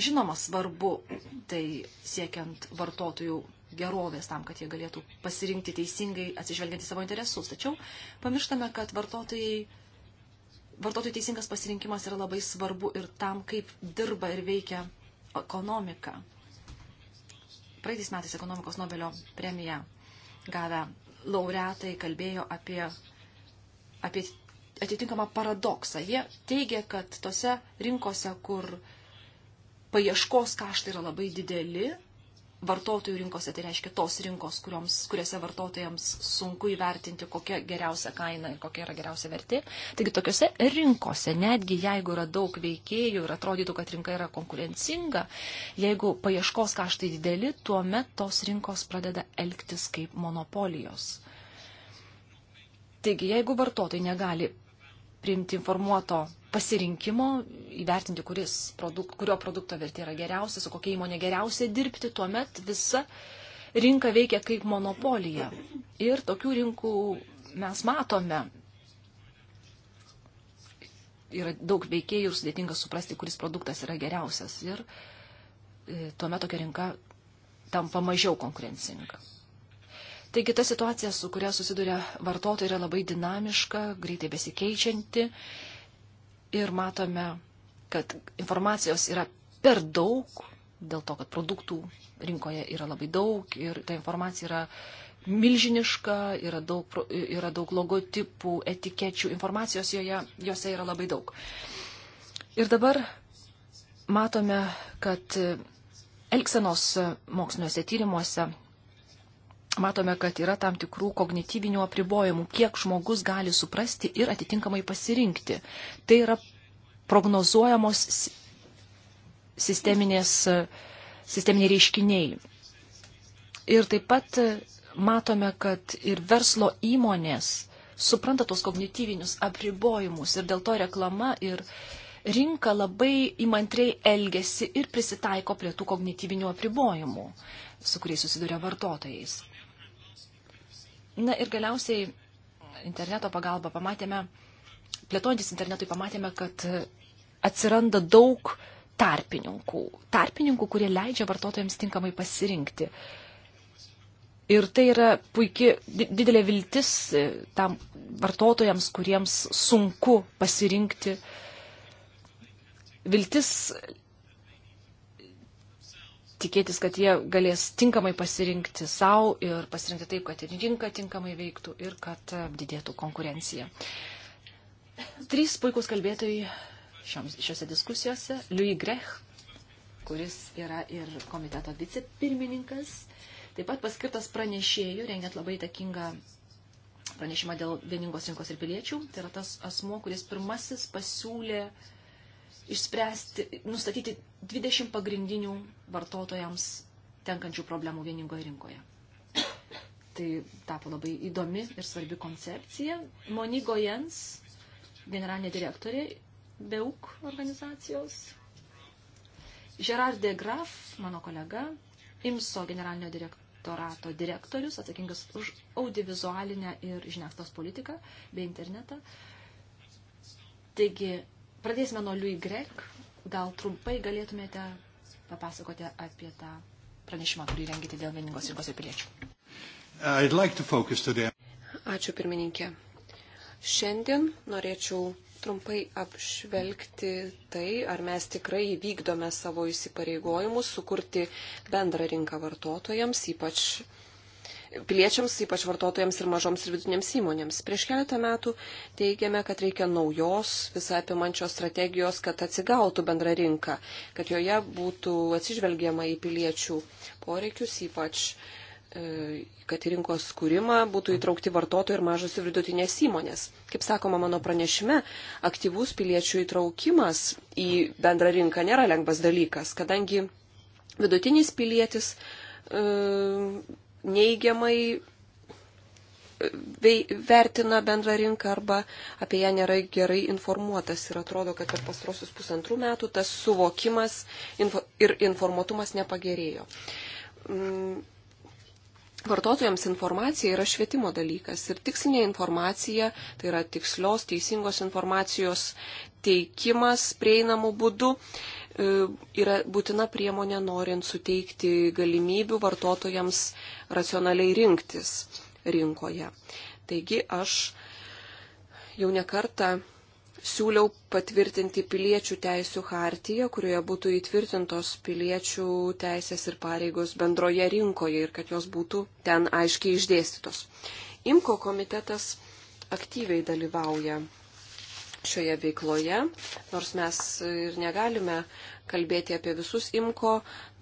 Žinoma, svarbu tai siekiant vartotojų gerovės tam, kad jie galėtų pasirinkti teisingai atsižvelgiant į savo interesus. Tačiau pamirštame, kad vartotojai, vartotojų teisingas pasirinkimas yra labai svarbu ir tam, kaip dirba ir veikia ekonomika. Praeitais metais ekonomikos Nobelio premiją gavę laureatai kalbėjo apie, apie atitinkamą paradoksą. Jie teigia, kad tose rinkose, kur paieškos kaštai yra labai dideli, vartotojų rinkose, tai reiškia tos rinkos, kurioms, kuriuose vartotojams sunku įvertinti, kokia geriausia kaina ir kokia yra geriausia vertė. Taigi tokiuose rinkose, netgi jeigu yra daug veikėjų ir atrodytų, kad rinka yra konkurencinga, jeigu paieškos kaštai dideli, tuomet tos rinkos pradeda elgtis kaip monopolijos. Taigi, jeigu vartotojai negali priimti informuoto pasirinkimo, įvertinti, produkt, kurio produkto vertė yra geriausia, su kokia įmonė geriausia dirbti, tuomet visa rinka veikia kaip monopolija. Ir tokių rinkų mes matome. Yra daug veikėjų ir sudėtinga suprasti, kuris produktas yra geriausias. Ir e, tuomet tokia rinka tampa mažiau konkurencinga. Taigi ta situacija, su kuria susiduria vartotojai, yra labai dinamiška, greitai besikeičianti ir matome, kad informacijos yra per daug, dėl to, kad produktų rinkoje yra labai daug ir ta informacija yra milžiniška, yra daug, yra daug logotipų, etikečių, informacijos joje, jose yra labai daug. Ir dabar matome, kad Elksenos moksliniuose tyrimuose matome, kad yra tam tikrų kognityvinių apribojimų, kiek žmogus gali suprasti ir atitinkamai pasirinkti. Tai yra prognozuojamos sisteminės, sisteminiai reiškiniai. Ir taip pat matome, kad ir verslo įmonės supranta tos kognityvinius apribojimus ir dėl to reklama ir rinka labai įmantriai elgesi ir prisitaiko prie tų kognityvinių apribojimų, su kuriais susiduria vartotojais. Na ir galiausiai interneto pagalba pamatėme, plėtojantis internetui pamatėme, kad atsiranda daug tarpininkų, tarpininkų, kurie leidžia vartotojams tinkamai pasirinkti. Ir tai yra puikia, didelė viltis e, tam vartotojams, kuriems sunku pasirinkti. Viltis tikėtis, kad jie galės tinkamai pasirinkti savo ir pasirinkti taip, kad ir rinka tinkamai veiktų ir kad e, didėtų konkurencija. Trys puikūs kalbėtojai šioms, šiose diskusijose. Louis Grech, kuris yra ir komiteto vicepirmininkas, taip pat paskirtas pranešėjų, rengiant labai įtakingą pranešimą dėl vieningos rinkos ir piliečių. Tai yra tas asmo, kuris pirmasis pasiūlė uh, išspręsti, nustatyti 20 pagrindinių vartotojams tenkančių problemų vieningoje rinkoje. Tai tapo labai įdomi ir svarbi koncepcija. Monigo Jens, generalinė direktorė BEUK organizacijos. Gerard de Graf, mano kolega, IMSO generalinio direktorato direktorius, atsakingas už audiovizualinę ir žiniasklaidos politiką bei internetą. Taigi Pradėsime nuo Louis Greg. Gal trumpai galėtumėte papasakoti apie tą pranešimą, kurį rengėte dėl vieningos rinkos ir piliečių. Like Ačiū pirmininkė. Šiandien norėčiau trumpai apžvelgti tai, ar mes tikrai įvykdome savo įsipareigojimus sukurti bendrą rinką vartotojams, ypač piliečiams, ypač vartotojams ir mažoms ir vidutinėms įmonėms. Prieš keletą metų teigiame, kad reikia naujos visą apimančios strategijos, kad atsigautų bendra rinka, kad joje būtų atsižvelgiama į piliečių poreikius, ypač e, kad į rinkos skūrimą būtų įtraukti vartotojai ir mažos ir vidutinės įmonės. Kaip sakoma mano pranešime, aktyvus piliečių įtraukimas į bendrą rinką nėra lengvas dalykas, kadangi vidutinis pilietis e, neigiamai e, vertina bendrą rinką arba apie ją nėra gerai informuotas. Ir atrodo, kad per pastrosius pusantrų metų tas suvokimas ir informuotumas nepagerėjo. Mm, vartotojams informacija yra švietimo dalykas ir tikslinė informacija, tai yra tikslios, teisingos informacijos teikimas prieinamų būdų, E, yra būtina priemonė norint suteikti galimybių vartotojams racionaliai rinktis rinkoje. Taigi aš jau nekartą siūliau patvirtinti piliečių teisų hartiją, kurioje būtų įtvirtintos piliečių teisės ir pareigos bendroje rinkoje ir kad jos būtų ten aiškiai išdėstytos. Imko komitetas aktyviai dalyvauja šioje veikloje, nors mes ir negalime kalbėti apie visus IMCO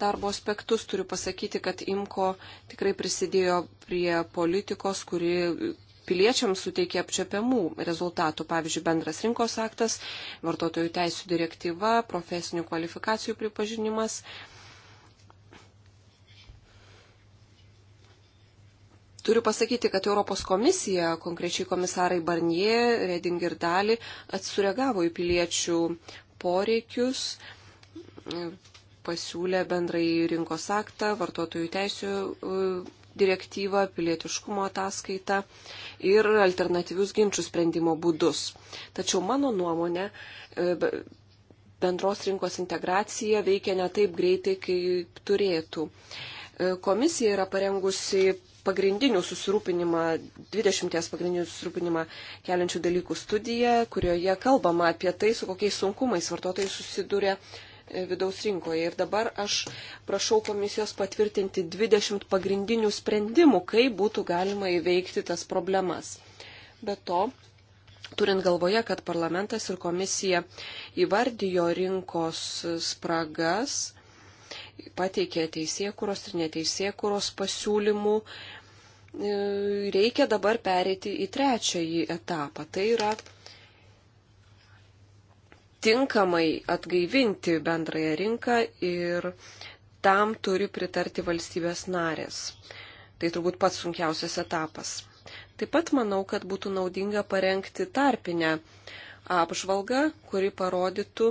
darbo aspektus. Turiu pasakyti, kad IMCO tikrai prisidėjo prie politikos, kuri piliečiams suteikia apčiopiamų rezultatų, pavyzdžiui, bendras rinkos aktas, vartotojų teisų direktyva, profesinių kvalifikacijų pripažinimas, Turiu pasakyti, kad Europos komisija, konkrečiai komisarai Barnie, Reding ir Dali, atsureagavo į piliečių poreikius, pasiūlė bendrai rinkos aktą, vartotojų teisų e, direktyvą, pilietiškumo ataskaitą ir alternatyvius ginčių sprendimo būdus. Tačiau mano nuomonė, e, bendros rinkos integracija veikia ne taip greitai, kaip turėtų. E, komisija yra parengusi pagrindinių susirūpinimą, 20 pagrindinių susirūpinimą keliančių dalykų studiją, kurioje kalbama apie tai, su kokiais sunkumais vartotojai susiduria e, vidaus rinkoje. Ir dabar aš prašau komisijos patvirtinti 20 pagrindinių sprendimų, kaip būtų galima įveikti tas problemas. Be to, turint galvoje, kad parlamentas ir komisija įvardijo rinkos spragas, pateikė teisėkuros ir neteisėkuros pasiūlymų. E, reikia dabar pereiti į trečiąjį etapą. Tai yra tinkamai atgaivinti bendrąją rinką ir tam turi pritarti valstybės narės. Tai turbūt pats sunkiausias etapas. Taip pat manau, kad būtų naudinga parengti tarpinę apžvalgą, kuri parodytų,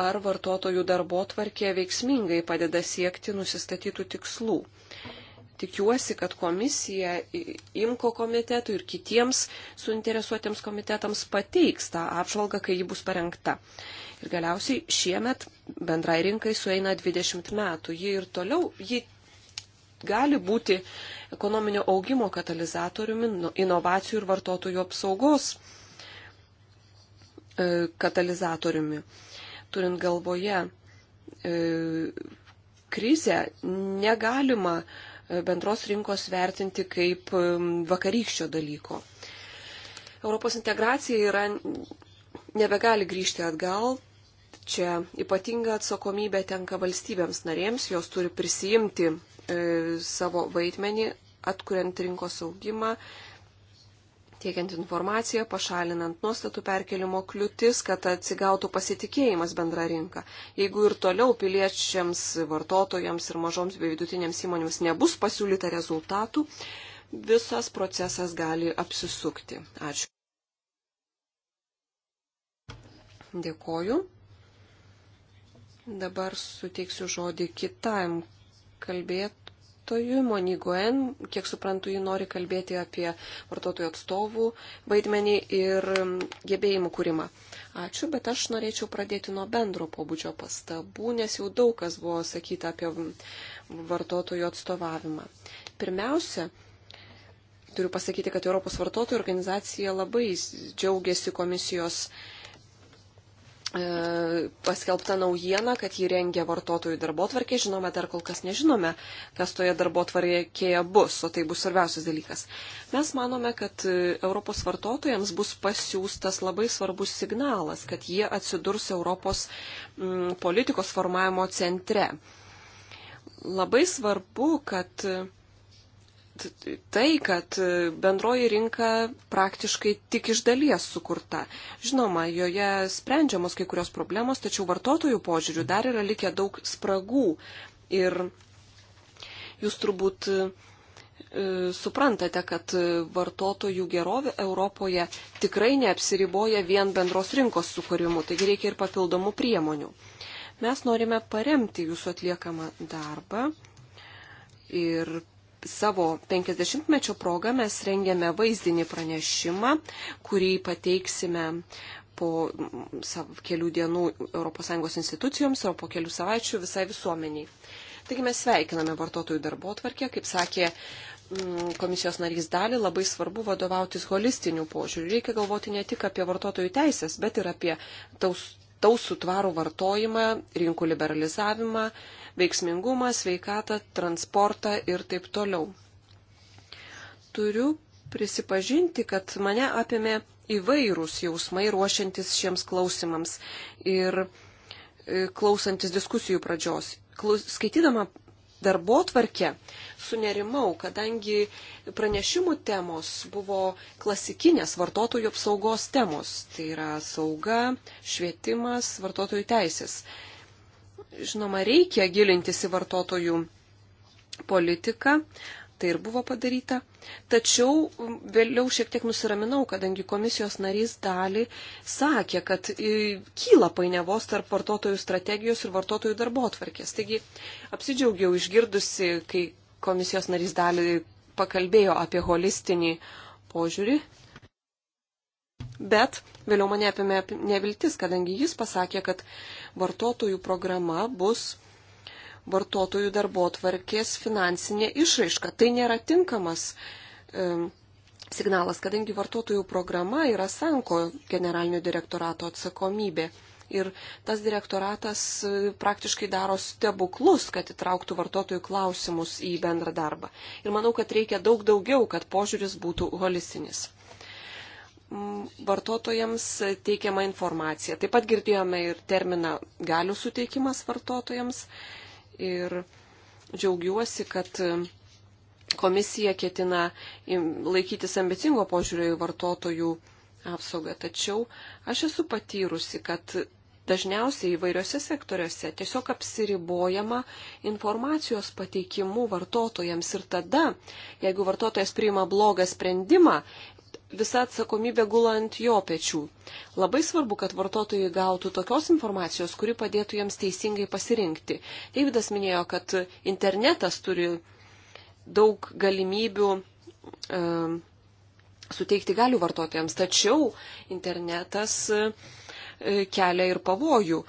ar vartotojų darbo tvarkė veiksmingai padeda siekti nusistatytų tikslų. Tikiuosi, kad komisija IMKO komitetui ir kitiems suinteresuotiems komitetams pateiks tą apžvalgą, kai ji bus parengta. Ir galiausiai šiemet bendrai rinkai sueina 20 metų. Ji ir toliau, ji gali būti ekonominio augimo katalizatoriumi, nu, inovacijų ir vartotojų apsaugos E, katalizatoriumi. Turint galvoje e, krizę, negalima e, bendros rinkos vertinti kaip vakarykščio dalyko. Europos integracija yra, nebegali grįžti atgal. Čia ypatinga atsakomybė tenka valstybėms narėms, jos turi prisijimti e, savo vaidmenį, atkuriant rinkos augimą, tiekiant informaciją, pašalinant nuostatų perkelimo kliūtis, kad atsigautų pasitikėjimas bendra rinka. Jeigu ir toliau piliečiams, vartotojams ir mažoms bei vidutinėms įmonėms nebus pasiūlyta rezultatų, visas procesas gali apsisukti. Ačiū. Dėkoju. Dabar suteiksiu žodį kitam kalbėt vartotojui. Moniguen, kiek suprantu, ji nori kalbėti apie vartotojų atstovų vaidmenį ir um, gebėjimų kūrimą. Ačiū, bet aš norėčiau pradėti nuo bendro pobūdžio pastabų, nes jau daug kas buvo sakyta apie um, vartotojų atstovavimą. Pirmiausia, turiu pasakyti, kad Europos vartotojų organizacija labai džiaugiasi komisijos E, paskelbta naujiena, kad jį rengia vartotojų darbo tvarkė. Žinoma, dar kol kas nežinome, kas toje darbo tvarkėje bus, o tai bus svarbiausias dalykas. Mes manome, kad e, Europos vartotojams bus pasiūstas labai svarbus signalas, kad jie atsidurs Europos m, mm, politikos formavimo centre. Labai svarbu, kad m, tai, kad bendroji rinka praktiškai tik iš dalies sukurta. Žinoma, joje sprendžiamos kai kurios problemos, tačiau vartotojų požiūrių dar yra likę daug spragų. Ir jūs turbūt e, suprantate, kad vartotojų gerovė Europoje tikrai neapsiriboja vien bendros rinkos sukūrimu, taigi reikia ir papildomų priemonių. Mes norime paremti jūsų atliekamą darbą ir savo 50-mečio progą mes rengėme vaizdinį pranešimą, kurį pateiksime po mm, kelių dienų ES institucijoms, o po kelių savaičių visai visuomeniai. Taigi mes sveikiname vartotojų darbo tvarkę, kaip sakė mm, komisijos narys dalį, labai svarbu vadovautis holistiniu požiūriu. Reikia galvoti ne tik apie vartotojų teisės, bet ir apie taus, tausų tvarų vartojimą, rinkų liberalizavimą, veiksmingumą, sveikatą, transportą ir taip toliau. Turiu prisipažinti, kad mane apėmė įvairūs jausmai ruošiantis šiems klausimams ir e, klausantis diskusijų pradžios. Skaitydama darbo tvarkę sunerimau, kadangi pranešimų temos buvo klasikinės vartotojų apsaugos temos. Tai yra sauga, švietimas, vartotojų teisės. Žinoma, reikia gilintis į vartotojų politiką, tai ir buvo padaryta. Tačiau vėliau šiek tiek nusiraminau, kadangi komisijos narys dalį sakė, kad kyla painiavos tarp vartotojų strategijos ir vartotojų darbo atvarkės. Taigi apsidžiaugiau išgirdusi, kai komisijos narys dalį pakalbėjo apie holistinį požiūrį. Bet vėliau mane apėmė neviltis, kadangi jis pasakė, kad vartotojų programa bus vartotojų darbo tvarkės finansinė išraiška. Tai nėra tinkamas e, signalas, kadangi vartotojų programa yra Sanko generalinio direktorato atsakomybė. Ir tas direktoratas e, praktiškai daro stebuklus, kad įtrauktų vartotojų klausimus į bendrą darbą. Ir manau, kad reikia daug daugiau, kad požiūris būtų holistinis vartotojams teikiama informacija. Taip pat girdėjome ir terminą galių suteikimas vartotojams ir džiaugiuosi, kad komisija ketina laikytis ambicingo požiūrio į vartotojų apsaugą. Tačiau aš esu patyrusi, kad dažniausiai įvairiose sektoriuose tiesiog apsiribojama informacijos pateikimu vartotojams ir tada, jeigu vartotojas priima blogą sprendimą, visa atsakomybė gula ant jo pečių. Labai svarbu, kad vartotojai gautų tokios informacijos, kuri padėtų jiems teisingai pasirinkti. Davidas minėjo, kad internetas turi daug galimybių e, suteikti galių vartotojams, tačiau internetas e, kelia ir pavojų,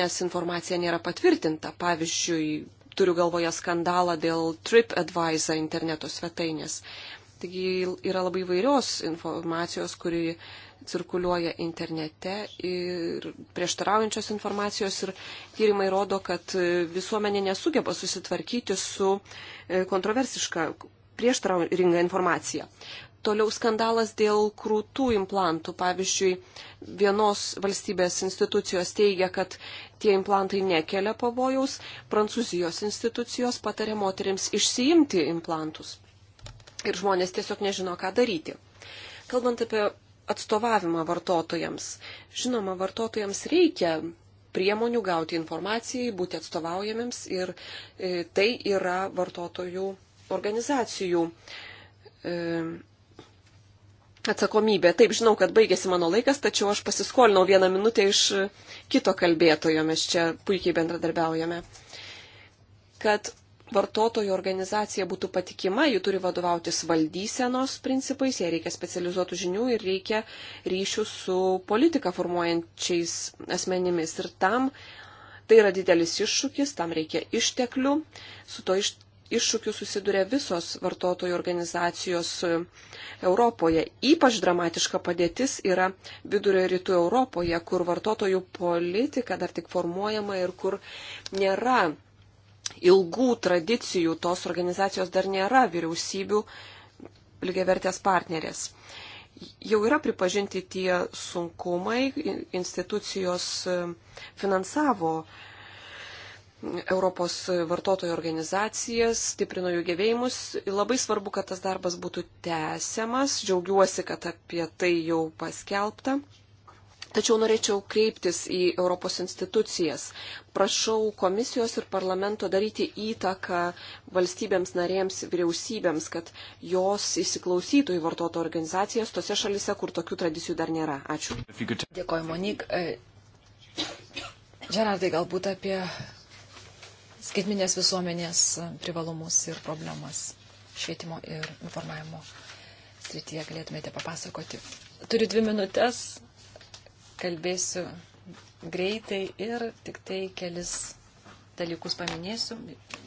nes informacija nėra patvirtinta. Pavyzdžiui, turiu galvoje skandalą dėl TripAdvisor interneto svetainės. Taigi yra labai vairios informacijos, kuri cirkuliuoja internete ir prieštaraujančios informacijos ir tyrimai rodo, kad visuomenė nesugeba susitvarkyti su e, kontroversiška prieštaraujančia informacija. Toliau skandalas dėl krūtų implantų. Pavyzdžiui, vienos valstybės institucijos teigia, kad tie implantai nekelia pavojaus, prancūzijos institucijos patarė moteriams išsiimti implantus ir žmonės tiesiog nežino, ką daryti. Kalbant apie atstovavimą vartotojams, žinoma, vartotojams reikia priemonių gauti informacijai, būti atstovaujamiems ir e, tai yra vartotojų organizacijų e, atsakomybė. Taip, žinau, kad baigėsi mano laikas, tačiau aš pasiskolinau vieną minutę iš e, kito kalbėtojo, mes čia puikiai bendradarbiaujame. Kad vartotojų organizacija būtų patikima, ji turi vadovautis valdysenos principais, jai reikia specializuotų žinių ir reikia ryšių su politiką formuojančiais asmenimis. Ir tam tai yra didelis iššūkis, tam reikia išteklių. Su to iš, iššūkiu susiduria visos vartotojų organizacijos e, Europoje. Ypač dramatiška padėtis yra vidurio ir rytų Europoje, kur vartotojų politika dar tik formuojama ir kur nėra ilgų tradicijų tos organizacijos dar nėra vyriausybių lygiavertės partnerės. Jau yra pripažinti tie sunkumai, institucijos e, finansavo Europos vartotojų organizacijas, stiprino jų gyvėjimus. Labai svarbu, kad tas darbas būtų tęsiamas. Džiaugiuosi, kad apie tai jau paskelbta. Tačiau norėčiau kreiptis į Europos institucijas. Prašau komisijos ir parlamento daryti įtaką valstybėms narėms, vyriausybėms, kad jos įsiklausytų į vartoto organizacijas tose šalise, kur tokių tradicijų dar nėra. Ačiū. Dėkoju, Monik. E, Gerardai, galbūt apie skaitminės visuomenės privalumus ir problemas švietimo ir informavimo srityje galėtumėte papasakoti. Turiu dvi minutės, kalbėsiu greitai ir tik tai kelis dalykus paminėsiu.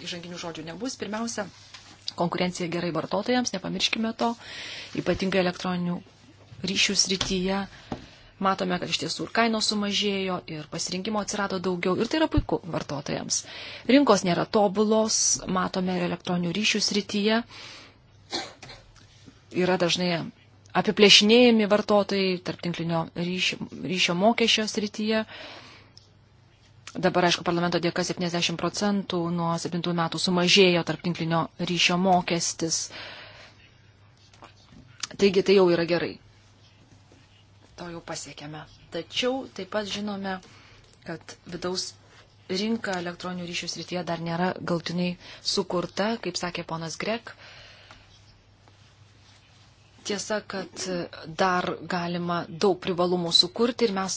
Įžanginių žodžių nebus. Pirmiausia, konkurencija gerai vartotojams, nepamirškime to, ypatingai elektroninių ryšių srityje. Matome, kad iš tiesų ir kainos sumažėjo, ir pasirinkimo atsirado daugiau, ir tai yra puiku vartotojams. Rinkos nėra tobulos, matome ir elektroninių ryšių srityje. Yra dažnai apiplėšinėjami vartotojai tarptinklinio ryšio, ryšio mokesčio srityje. Dabar, aišku, parlamento dėka 70 procentų nuo 7 metų sumažėjo tarptinklinio ryšio mokestis. Taigi tai jau yra gerai. To jau pasiekėme. Tačiau taip pat žinome, kad vidaus rinka elektroninių ryšių srityje dar nėra galtinai sukurta, kaip sakė ponas Grek tiesa, kad dar galima daug privalumų sukurti ir mes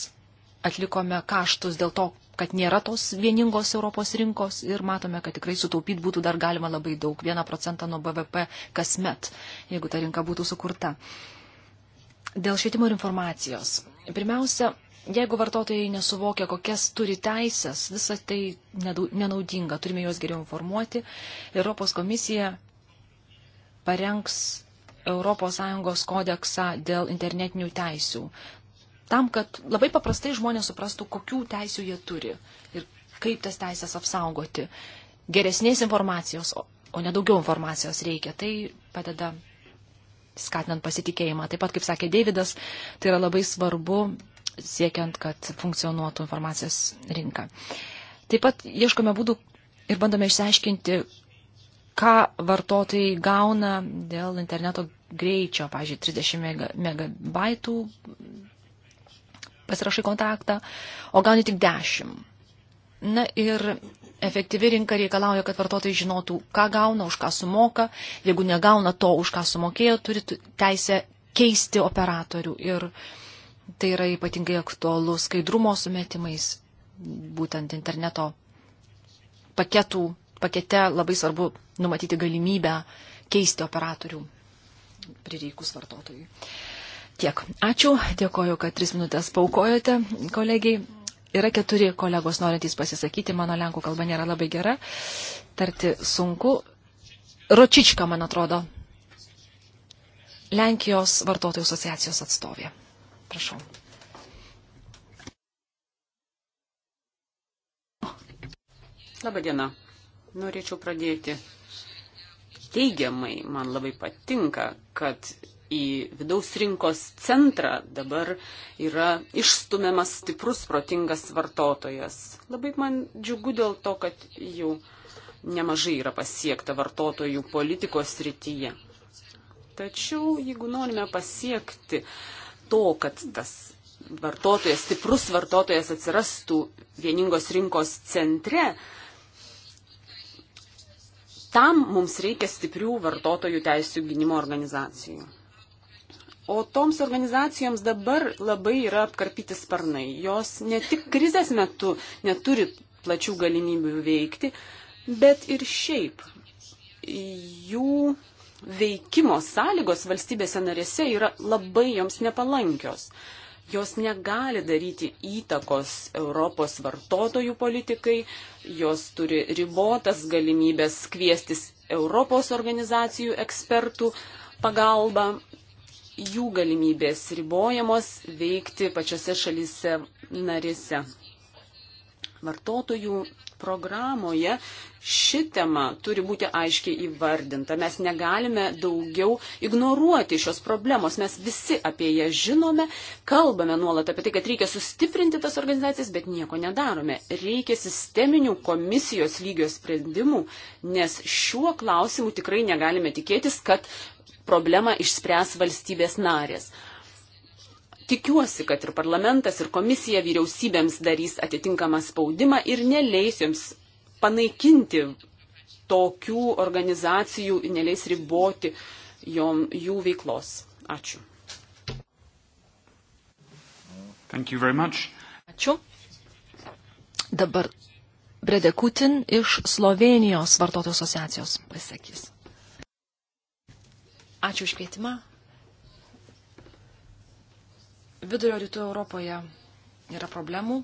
atlikome kaštus dėl to, kad nėra tos vieningos Europos rinkos ir matome, kad tikrai sutaupyti būtų dar galima labai daug, 1 procentą nuo BVP kasmet, jeigu ta rinka būtų sukurta. Dėl švietimo ir informacijos. Pirmiausia, jeigu vartotojai nesuvokia, kokias turi teisės, visa tai nenaudinga, turime juos geriau informuoti. Europos komisija parengs ES kodeksą dėl internetinių teisių. Tam, kad labai paprastai žmonės suprastų, kokių teisių jie turi ir kaip tas teisės apsaugoti. Geresnės informacijos, o ne daugiau informacijos reikia. Tai padeda skatinant pasitikėjimą. Taip pat, kaip sakė Deividas, tai yra labai svarbu siekiant, kad funkcionuotų informacijos rinka. Taip pat ieškome būdų ir bandome išsiaiškinti, ką vartotojai gauna dėl interneto greičio, pažiūrėjau, 30 megabaitų pasirašai kontaktą, o gauni tik 10. Na ir efektyvi rinka reikalauja, kad vartotojai žinotų, ką gauna, už ką sumoka. Jeigu negauna to, už ką sumokėjo, turi teisę keisti operatorių. Ir tai yra ypatingai aktualu skaidrumo sumetimais, būtent interneto paketų pakete labai svarbu numatyti galimybę keisti operatorių prireikus vartotojui. Tiek. Ačiū. Dėkoju, kad tris minutės paukojote, kolegiai. Yra keturi kolegos norintys pasisakyti. Mano lenkų kalba nėra labai gera. Tarti sunku. Ročička, man atrodo. Lenkijos vartotojų asociacijos atstovė. Prašau. Labadiena. Norėčiau pradėti teigiamai. Man labai patinka, kad į vidaus rinkos centrą dabar yra išstumiamas stiprus, protingas vartotojas. Labai man džiugu dėl to, kad jau nemažai yra pasiekta vartotojų politikos rytyje. Tačiau, jeigu norime pasiekti to, kad tas vartotojas, stiprus vartotojas atsirastų vieningos rinkos centre, tam mums reikia stiprių vartotojų teisų gynimo organizacijų. O toms organizacijoms dabar labai yra apkarpyti sparnai. Jos ne tik krizės metu neturi plačių galimybių veikti, bet ir šiaip jų veikimo sąlygos valstybėse narėse yra labai joms nepalankios jos negali daryti įtakos Europos vartotojų politikai, jos turi ribotas galimybės kviestis Europos organizacijų ekspertų pagalbą, jų galimybės ribojamos veikti pačiose šalyse narėse. Vartotojų programoje ši tema turi būti aiškiai įvardinta. Mes negalime daugiau ignoruoti šios problemos. Mes visi apie ją žinome, kalbame nuolat apie tai, kad reikia sustiprinti tas organizacijas, bet nieko nedarome. Reikia sisteminių komisijos lygio sprendimų, nes šiuo klausimu tikrai negalime tikėtis, kad problemą išspręs valstybės narės tikiuosi, kad ir parlamentas, ir komisija vyriausybėms darys atitinkamą spaudimą ir neleis joms panaikinti tokių organizacijų ir neleis riboti jom, jų veiklos. Ačiū. Ačiū. Dabar Brede Kutin iš Slovenijos vartotojų asociacijos pasakys. Ačiū už kvietimą. Vidurio rytų Europoje yra problemų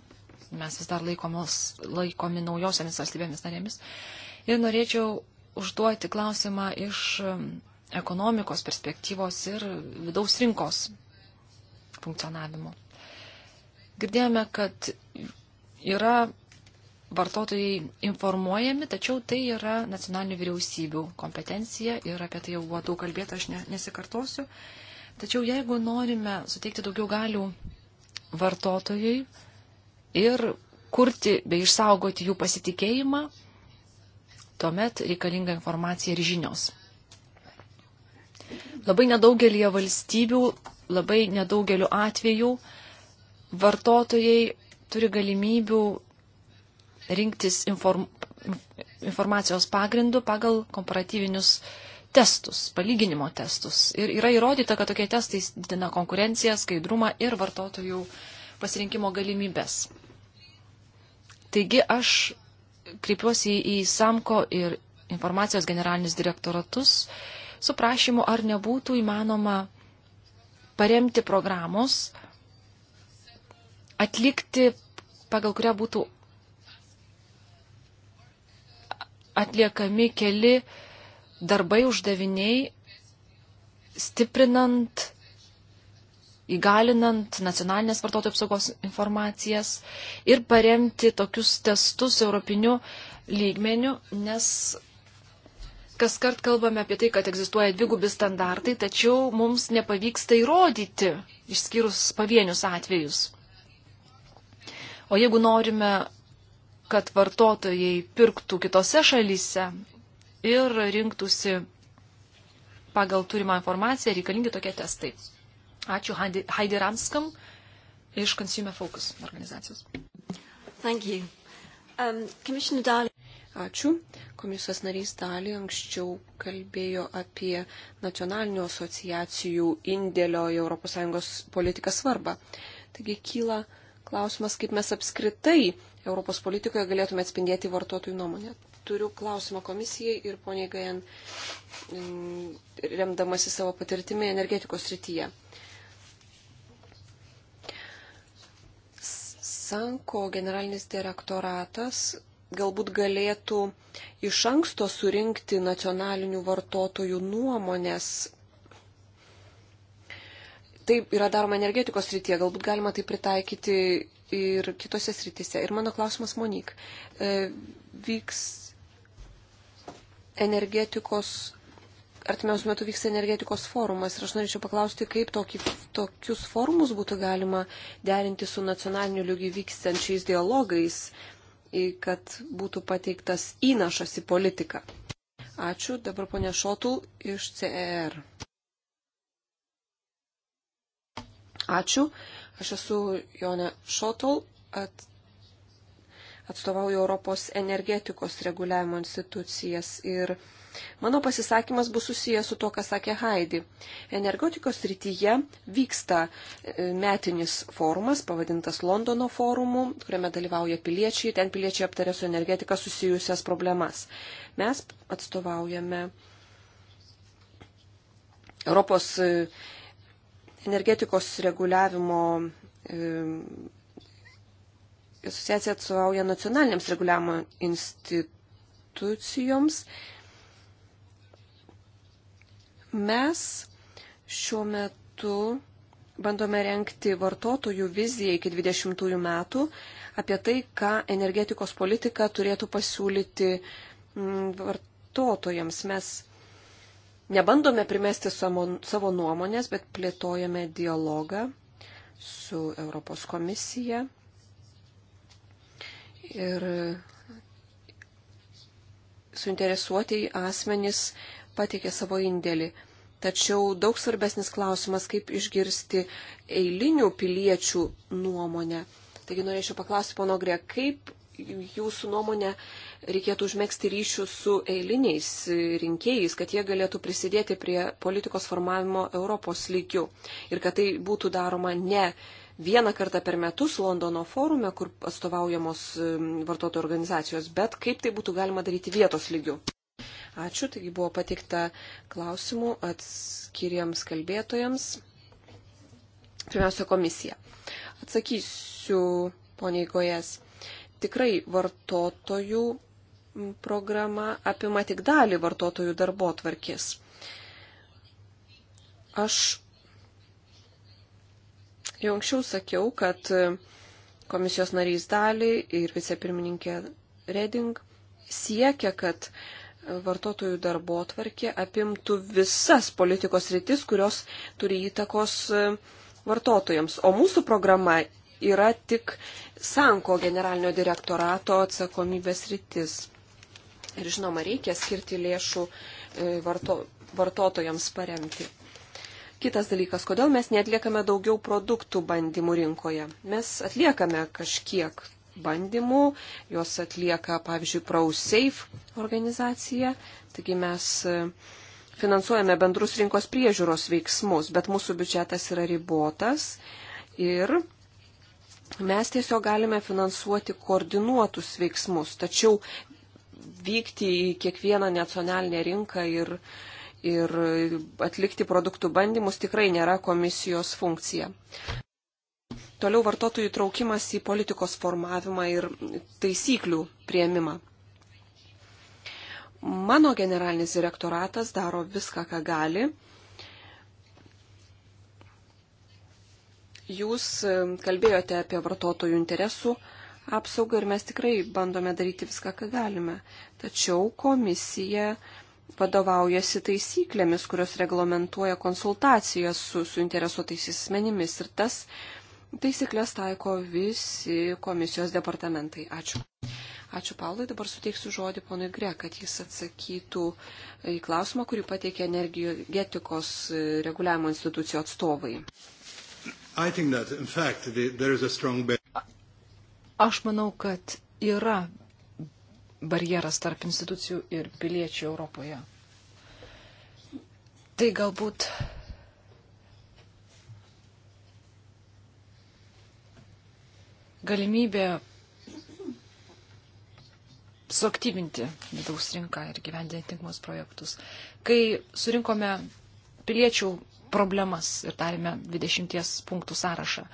mes vis dar laikomos, laikomi naujosiamis valstybėmis narėmis. Ir norėčiau užduoti klausimą iš um, ekonomikos perspektyvos ir vidaus rinkos funkcionavimo. Girdėjome, kad yra vartotojai informuojami, tačiau tai yra nacionalinių vyriausybių kompetencija ir apie tai jau buvo daug kalbėta, aš ne, nesikartosiu. Tačiau jeigu norime suteikti daugiau galių vartotojai, ir kurti bei išsaugoti jų pasitikėjimą, tuomet reikalinga informacija ir žinios. Labai nedaugelį valstybių, labai nedaugeliu atvejų vartotojai turi galimybių rinktis inform, informacijos pagrindų pagal komparatyvinius testus, palyginimo testus. Ir yra įrodyta, kad tokie testai didina konkurenciją, skaidrumą ir vartotojų pasirinkimo galimybės. Taigi aš kreipiuosi į Samko ir informacijos generalinius direktoratus su prašymu, ar nebūtų įmanoma paremti programos, atlikti, pagal kurią būtų atliekami keli darbai uždaviniai, stiprinant įgalinant nacionalinės vartotojų apsaugos informacijas ir paremti tokius testus europiniu lygmeniu, nes kas kart kalbame apie tai, kad egzistuoja dvigubi standartai, tačiau mums nepavyksta įrodyti, išskyrus pavienius atvejus. O jeigu norime, kad vartotojai pirktų kitose šalyse ir rinktųsi pagal turimą informaciją reikalingi tokie testai. Ačiū Heidi Ramskam iš Consumer Focus organizacijos. Thank you. Um, Commissioner Dali. Ačiū. Komisijos narys dalį anksčiau kalbėjo apie nacionalinių asociacijų indėlio į ES politiką svarbą. Taigi kyla klausimas, kaip mes apskritai Europos politikoje galėtume atspindėti vartotojų nuomonę. Turiu klausimą komisijai ir poniai Gajan, mm, remdamasi savo patirtimi energetikos srityje. Sanko generalinis direktoratas galbūt galėtų iš anksto surinkti nacionalinių vartotojų nuomonės. Taip yra daroma energetikos srityje, galbūt galima tai pritaikyti ir kitose srityse. Ir mano klausimas, Monik, e, vyks energetikos artimiausių metų vyksta energetikos forumas ir aš norėčiau paklausti, kaip tokį, tokius forumus būtų galima derinti su nacionaliniu lygiu vykstančiais dialogais, kad būtų pateiktas įnašas į politiką. Ačiū, dabar ponė Šotul iš CER. Ačiū, aš esu Jonė Šotul, at, atstovauju Europos energetikos reguliavimo institucijas ir Mano pasisakymas bus susijęs su to, ką sakė Haidi. Energetikos rytyje vyksta e, metinis forumas, pavadintas Londono forumu, kuriame dalyvauja piliečiai, ten piliečiai aptarė su energetika susijusias problemas. Mes atstovaujame Europos e, energetikos reguliavimo e, asociacija atstovauja nacionaliniams reguliavimo institucijoms. Mes šiuo metu bandome renkti vartotojų viziją iki 20 metų apie tai, ką energetikos politika turėtų pasiūlyti mm, vartotojams. Mes nebandome primesti savo, savo nuomonės, bet plėtojame dialogą su Europos komisija. Ir suinteresuotieji asmenys pateikė savo indėlį. Tačiau daug svarbesnis klausimas, kaip išgirsti eilinių piliečių nuomonę. Taigi norėčiau paklausti, pono Grė, kaip jūsų nuomonė reikėtų užmėgsti ryšių su eiliniais rinkėjais, kad jie galėtų prisidėti prie politikos formavimo Europos lygių ir kad tai būtų daroma ne vieną kartą per metus Londono forume, kur atstovaujamos mm, vartotojų organizacijos, bet kaip tai būtų galima daryti vietos lygių. Ačiū, taigi buvo pateikta klausimų atskiriams kalbėtojams. Pirmiausia, komisija. Atsakysiu, poniai Gojas. Tikrai vartotojų programa apima tik dalį vartotojų darbo tvarkės. Aš jau anksčiau sakiau, kad komisijos narys dalį ir vicepirmininkė Reding siekia, kad uh, vartotojų darbo tvarkė apimtų visas politikos rytis, kurios turi įtakos e, vartotojams. O mūsų programa yra tik Sanko generalinio direktorato atsakomybės rytis. Ir žinoma, reikia skirti lėšų e, varto, vartotojams paremti. Kitas dalykas, kodėl mes netliekame daugiau produktų bandymų rinkoje. Mes atliekame kažkiek bandymų, juos atlieka, pavyzdžiui, ProSafe organizacija. Taigi mes e, finansuojame bendrus rinkos priežiūros veiksmus, bet mūsų biudžetas yra ribotas ir mes tiesiog galime finansuoti koordinuotus veiksmus, tačiau vykti į kiekvieną nacionalinę rinką ir, ir atlikti produktų bandymus tikrai nėra komisijos funkcija. Toliau vartotojų traukimas į politikos formavimą ir taisyklių prieimimą. Mano generalinis direktoratas daro viską, ką gali. Jūs e, kalbėjote apie vartotojų interesų apsaugą ir mes tikrai bandome daryti viską, ką galime. Tačiau komisija vadovaujasi taisyklėmis, kurios reglamentuoja konsultacijas su suinteresuotais asmenimis ir tas uh, Taisyklės taiko visi komisijos departamentai. Ačiū. Ačiū Paulai, dabar suteiksiu žodį ponui Gre, kad jis atsakytų į klausimą, kurį pateikė energetikos reguliavimo institucijų atstovai. That, fact, the, strong... Aš manau, kad yra barjeras tarp institucijų ir piliečių Europoje. Tai galbūt galimybė suaktyvinti vidaus rinką ir gyvendinti tinkamus projektus. Kai surinkome piliečių problemas ir darėme 20 punktų sąrašą,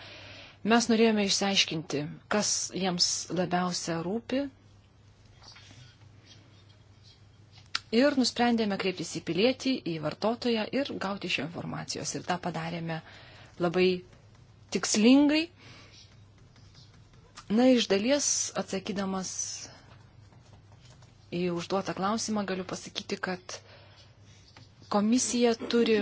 mes norėjome išsiaiškinti, kas jiems labiausia rūpi. Ir nusprendėme kreiptis į pilietį, į vartotoją ir gauti šio informacijos. Ir tą padarėme labai tikslingai Na, iš dalies atsakydamas į užduotą klausimą galiu pasakyti, kad komisija turi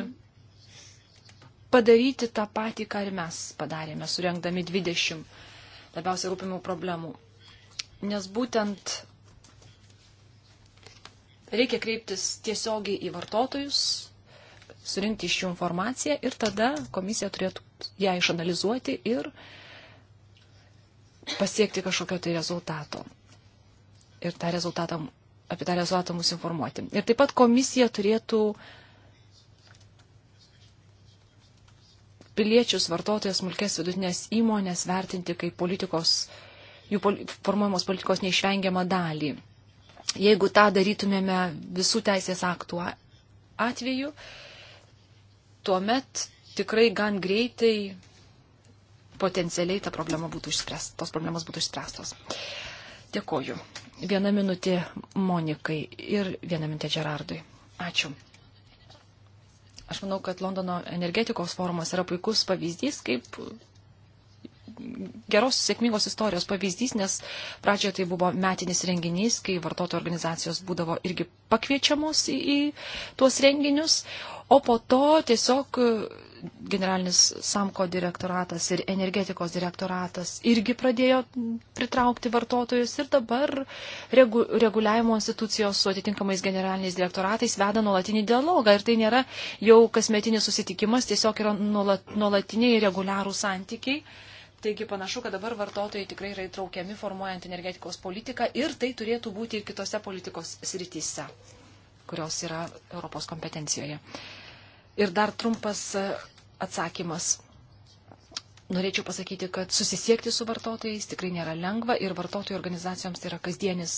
padaryti tą patį, ką ir mes padarėme, surengdami 20 labiausiai rūpimų problemų. Nes būtent reikia kreiptis tiesiogiai į vartotojus, surinkti iš jų informaciją ir tada komisija turėtų ją išanalizuoti ir uh, pasiekti kažkokio tai rezultato. Ir tą rezultatą, apie tą rezultatą mus informuoti. Ir taip pat komisija turėtų piliečius, vartotojas, smulkės vidutinės įmonės vertinti kaip politikos, jų poli formuojamos politikos neišvengiamą dalį. Jeigu tą darytumėme visų teisės aktų atveju, tuomet tikrai gan greitai potencialiai ta problema būtų išspręsta, tos problemos būtų išspręstos. Dėkoju. Viena minutė Monikai ir viena minutė Gerardui. Ačiū. Aš manau, kad Londono energetikos forumas yra puikus pavyzdys, kaip geros sėkmingos istorijos pavyzdys, nes pradžioje tai buvo metinis renginys, kai vartotojų organizacijos būdavo irgi pakviečiamos į, į tuos renginius, o po to tiesiog generalinis Samko direktoratas ir energetikos direktoratas irgi pradėjo pritraukti vartotojus ir dabar regu, reguliavimo institucijos su atitinkamais generaliniais direktoratais veda nuolatinį dialogą ir tai nėra jau kasmetinis susitikimas, tiesiog yra nuolat, nuolatiniai reguliarų santykiai. Taigi panašu, kad dabar vartotojai tikrai yra įtraukiami formuojant energetikos politiką ir tai turėtų būti ir kitose politikos srityse, kurios yra Europos kompetencijoje. Ir dar trumpas atsakymas. Norėčiau pasakyti, kad susisiekti su vartotojais tikrai nėra lengva ir vartotojų organizacijoms tai yra kasdienis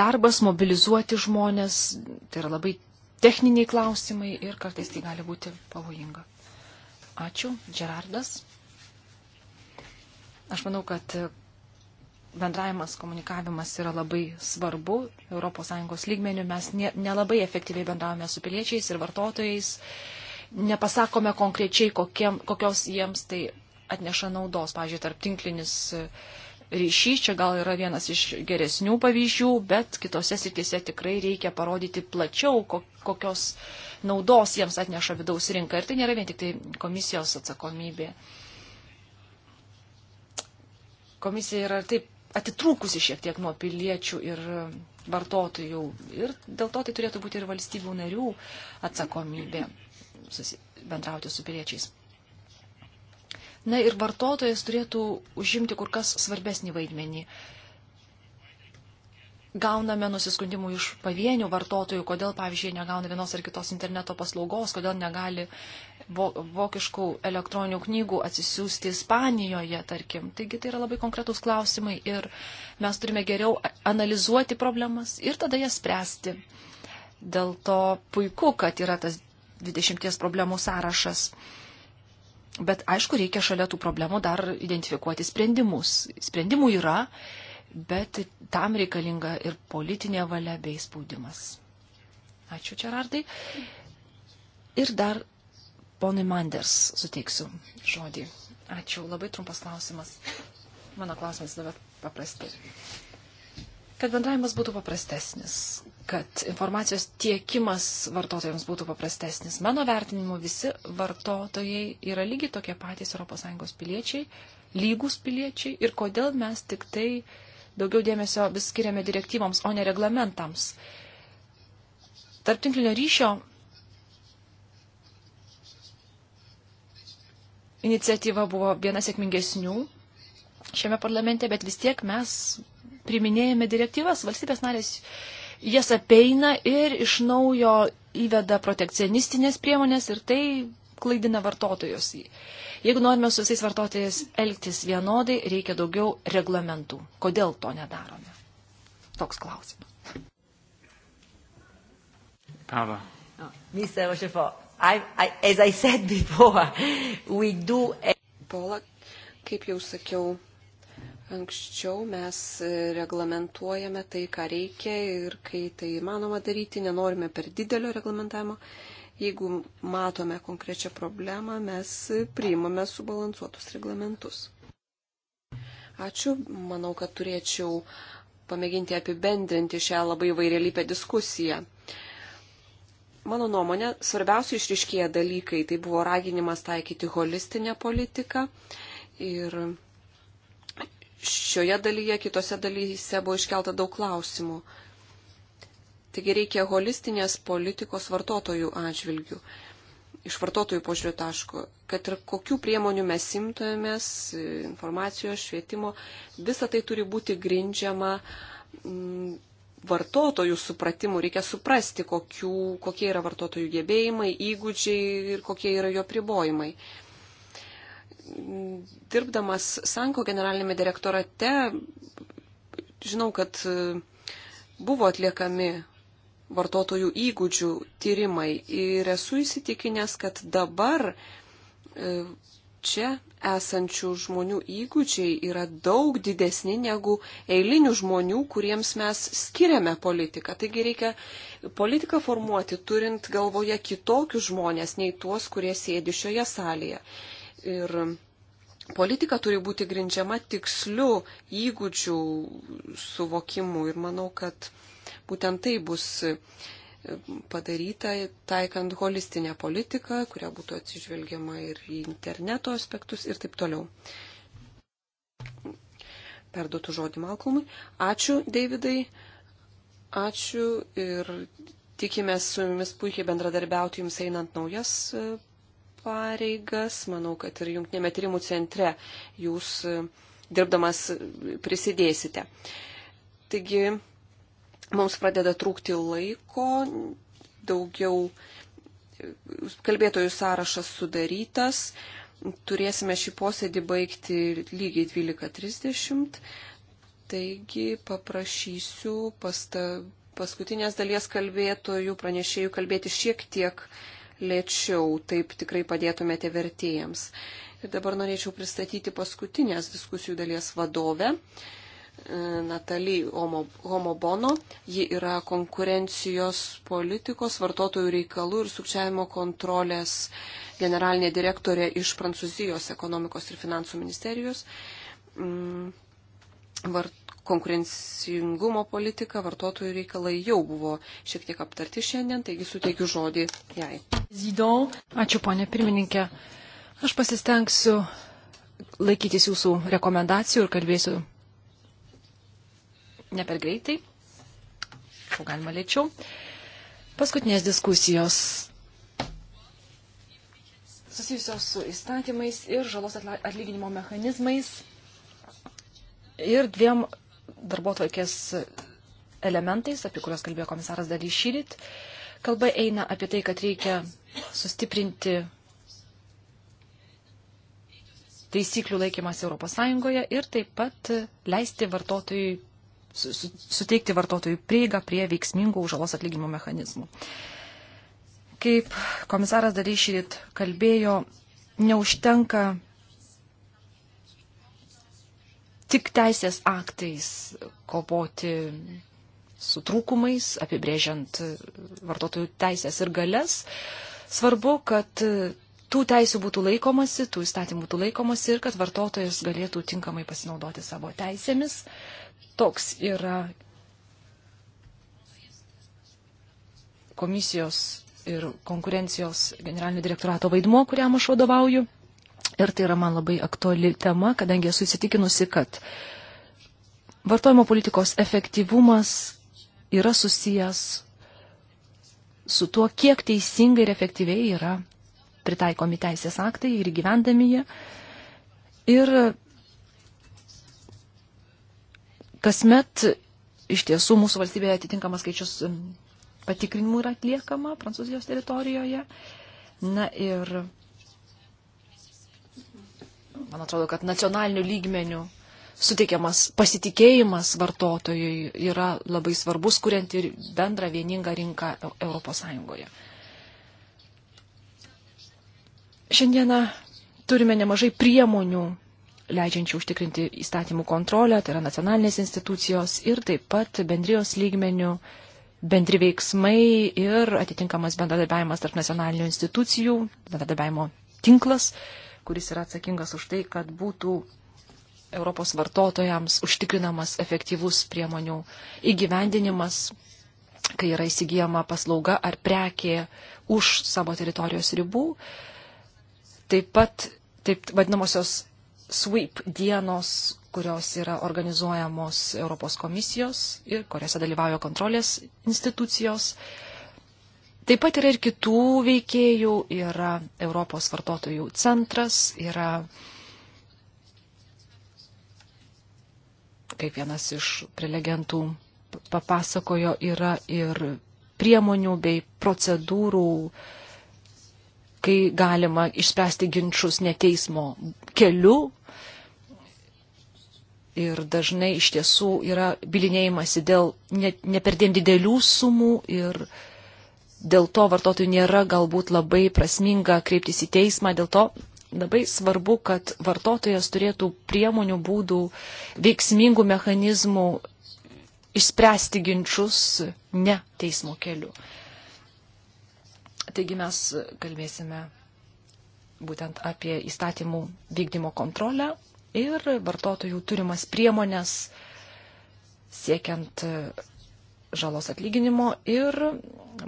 darbas, mobilizuoti žmonės, tai yra labai techniniai klausimai ir kartais tai gali būti pavojinga. Ačiū, Gerardas. Aš manau, kad bendravimas, komunikavimas yra labai svarbu. ES lygmenių mes nelabai efektyviai bendravome su piliečiais ir vartotojais. Uh, nepasakome konkrečiai, kokiem, kokios jiems tai atneša naudos. Pavyzdžiui, tarp tinklinis e, ryšys čia gal yra vienas iš geresnių pavyzdžių, bet kitose srityse tikrai reikia parodyti plačiau, kokios naudos jiems atneša vidaus rinka. Ir tai nėra vien tik tai komisijos atsakomybė. Komisija yra taip atitrūkusi šiek tiek nuo piliečių ir vartotojų. Ir dėl to tai turėtų būti ir valstybių narių atsakomybė. Mm bendrauti su piliečiais. Na ir vartotojas turėtų užimti kur kas svarbesnį vaidmenį. Gauname nusiskundimų iš pavienių vartotojų, kodėl, pavyzdžiui, negauna vienos ar kitos interneto paslaugos, kodėl negali vokiškų elektroninių knygų atsisiųsti Ispanijoje, tarkim. Taigi tai yra labai konkretūs klausimai ir mes turime geriau analizuoti problemas ir tada jas spręsti. Dėl to puiku, kad yra tas 20 problemų sąrašas. Bet aišku, reikia šalia tų problemų dar identifikuoti sprendimus. Sprendimų yra, bet tam reikalinga ir politinė valia bei spaudimas. Ačiū, Čerardai. Ir dar ponui Manders suteiksiu žodį. Ačiū, labai trumpas klausimas. Mano klausimas dabar paprastai. Kad bendravimas būtų paprastesnis, kad informacijos tiekimas vartotojams būtų paprastesnis. Mano vertinimu visi vartotojai yra lygiai tokie patys ES piliečiai, lygus piliečiai ir kodėl mes tik tai daugiau dėmesio vis skiriame direktyvoms, o ne reglamentams. Tarptinklinio ryšio iniciatyva buvo viena sėkmingesnių šiame parlamente, bet vis tiek mes priminėjame direktyvas, valstybės narės jas apeina ir iš naujo įveda protekcionistinės priemonės ir tai klaidina vartotojus. Jeigu norime su visais vartotojais elgtis vienodai, reikia daugiau reglamentų. Kodėl to nedarome? Toks klausimas. Pava. Oh, Mr. Rochefort, I, I, as I said before, we do... Pola, kaip jau sakiau, Anksčiau mes e, reglamentuojame tai, ką reikia ir kai tai įmanoma daryti, nenorime per didelio reglamentavimo. Jeigu matome konkrečią problemą, mes e, priimame subalansuotus reglamentus. Ačiū, manau, kad turėčiau pamėginti apibendrinti šią labai vairialypę diskusiją. Mano nuomonė, svarbiausia išriškėja dalykai tai buvo raginimas taikyti holistinę politiką ir šioje dalyje, kitose dalyse buvo iškelta daug klausimų. Taigi reikia holistinės politikos vartotojų atžvilgių, iš vartotojų požiūrio taško, kad ir kokių priemonių mes simtojamės, informacijos, švietimo, visa tai turi būti grindžiama m, mm, vartotojų supratimu, reikia suprasti, kokių, kokie yra vartotojų gebėjimai, įgūdžiai ir kokie yra jo pribojimai dirbdamas Sanko generalinėme direktorate, žinau, kad e, buvo atliekami vartotojų įgūdžių tyrimai ir esu įsitikinęs, kad dabar e, čia esančių žmonių įgūdžiai yra daug didesni negu eilinių žmonių, kuriems mes skiriame politiką. Taigi reikia politiką formuoti, turint galvoje kitokius žmonės nei tuos, kurie sėdi šioje salėje. Ir politika turi būti grindžiama tiksliu įgūdžių suvokimu. Ir manau, kad būtent tai bus padaryta taikant holistinę politiką, kuria būtų atsižvelgiama ir į interneto aspektus ir taip toliau. Perduotų žodį Malkomui. Ačiū, Davidai. Ačiū ir tikimės su jumis puikiai bendradarbiauti jums einant naujas pareigas. Manau, kad ir Junktinėme tyrimų centre jūs e, dirbdamas prisidėsite. Taigi, mums pradeda trūkti laiko, daugiau e, kalbėtojų sąrašas sudarytas. Turėsime šį posėdį baigti lygiai 12.30. Taigi paprašysiu pasta, paskutinės dalies kalbėtojų, pranešėjų kalbėti šiek tiek lėčiau, taip tikrai padėtumėte vertėjams. Ir dabar norėčiau pristatyti paskutinės diskusijų dalies vadovę. E, Natalie Homobono. Ji yra konkurencijos politikos, vartotojų reikalų ir sukčiavimo kontrolės generalinė direktorė iš Prancūzijos ekonomikos ir finansų ministerijos. Mm, vart konkurencingumo politika, vartotojų reikalai jau buvo šiek tiek aptarti šiandien, taigi suteikiu žodį jai. Zidon. Ačiū, ponė pirmininkė. Aš pasistengsiu laikytis jūsų rekomendacijų ir kalbėsiu ne per greitai, o galima lėčiau. Paskutinės diskusijos susijusios su įstatymais ir žalos atlyginimo mechanizmais ir dviem darbo tvarkės elementais, apie kuriuos kalbėjo komisaras Dalys Šyrit. Kalba eina apie tai, kad reikia sustiprinti taisyklių laikymas ES ir taip pat leisti vartotojui, suteikti vartotojui prieigą prie veiksmingų žalos atlyginimo mechanizmų. Kaip komisaras Dalyšyrit kalbėjo, neužtenka tik teisės aktais kovoti su trūkumais, apibrėžiant vartotojų teisės ir galės. Svarbu, kad tų teisių būtų laikomasi, tų įstatymų būtų laikomasi ir kad vartotojas galėtų tinkamai pasinaudoti savo teisėmis. Toks yra komisijos ir konkurencijos generalinio direktorato vaidmuo, kuriam aš vadovauju. Ir tai yra man labai aktuali tema, kadangi esu įsitikinusi, kad vartojimo politikos efektyvumas yra susijęs su tuo, kiek teisingai ir efektyviai yra pritaikomi teisės aktai ir gyvendami jie. Ir kasmet iš tiesų mūsų valstybėje atitinkamas skaičius mm, patikrinimų yra atliekama Prancūzijos teritorijoje. Na ir man atrodo, kad nacionaliniu lygmeniu suteikiamas pasitikėjimas vartotojui yra labai svarbus, kuriant ir bendrą vieningą rinką ES. Šiandieną turime nemažai priemonių leidžiančių užtikrinti įstatymų kontrolę, tai yra nacionalinės institucijos ir taip pat bendrijos lygmenių bendri veiksmai ir atitinkamas bendradarbiavimas tarp nacionalinių institucijų, bendradarbiavimo tinklas, kuris yra atsakingas už tai, kad būtų Europos vartotojams užtikrinamas efektyvus priemonių įgyvendinimas, kai yra įsigijama paslauga ar prekė už savo teritorijos ribų. Taip pat taip vadinamosios sweep dienos, kurios yra organizuojamos Europos komisijos ir kuriuose dalyvauja kontrolės institucijos. Uh, Taip pat yra ir kitų veikėjų, yra Europos vartotojų centras, yra kaip vienas iš prelegentų papasakojo, yra ir priemonių bei procedūrų, kai galima išspręsti ginčius neteismo keliu. Ir dažnai iš tiesų yra bilinėjimasi dėl neperdėm ne, ne didelių sumų ir uh, dėl to vartotojų nėra galbūt labai prasminga kreiptis į teismą, dėl to labai svarbu, kad vartotojas turėtų priemonių, būdų, veiksmingų mechanizmų išspręsti ginčius ne teismo keliu. Taigi mes kalbėsime būtent apie įstatymų vykdymo kontrolę ir vartotojų turimas priemonės siekiant žalos atlyginimo ir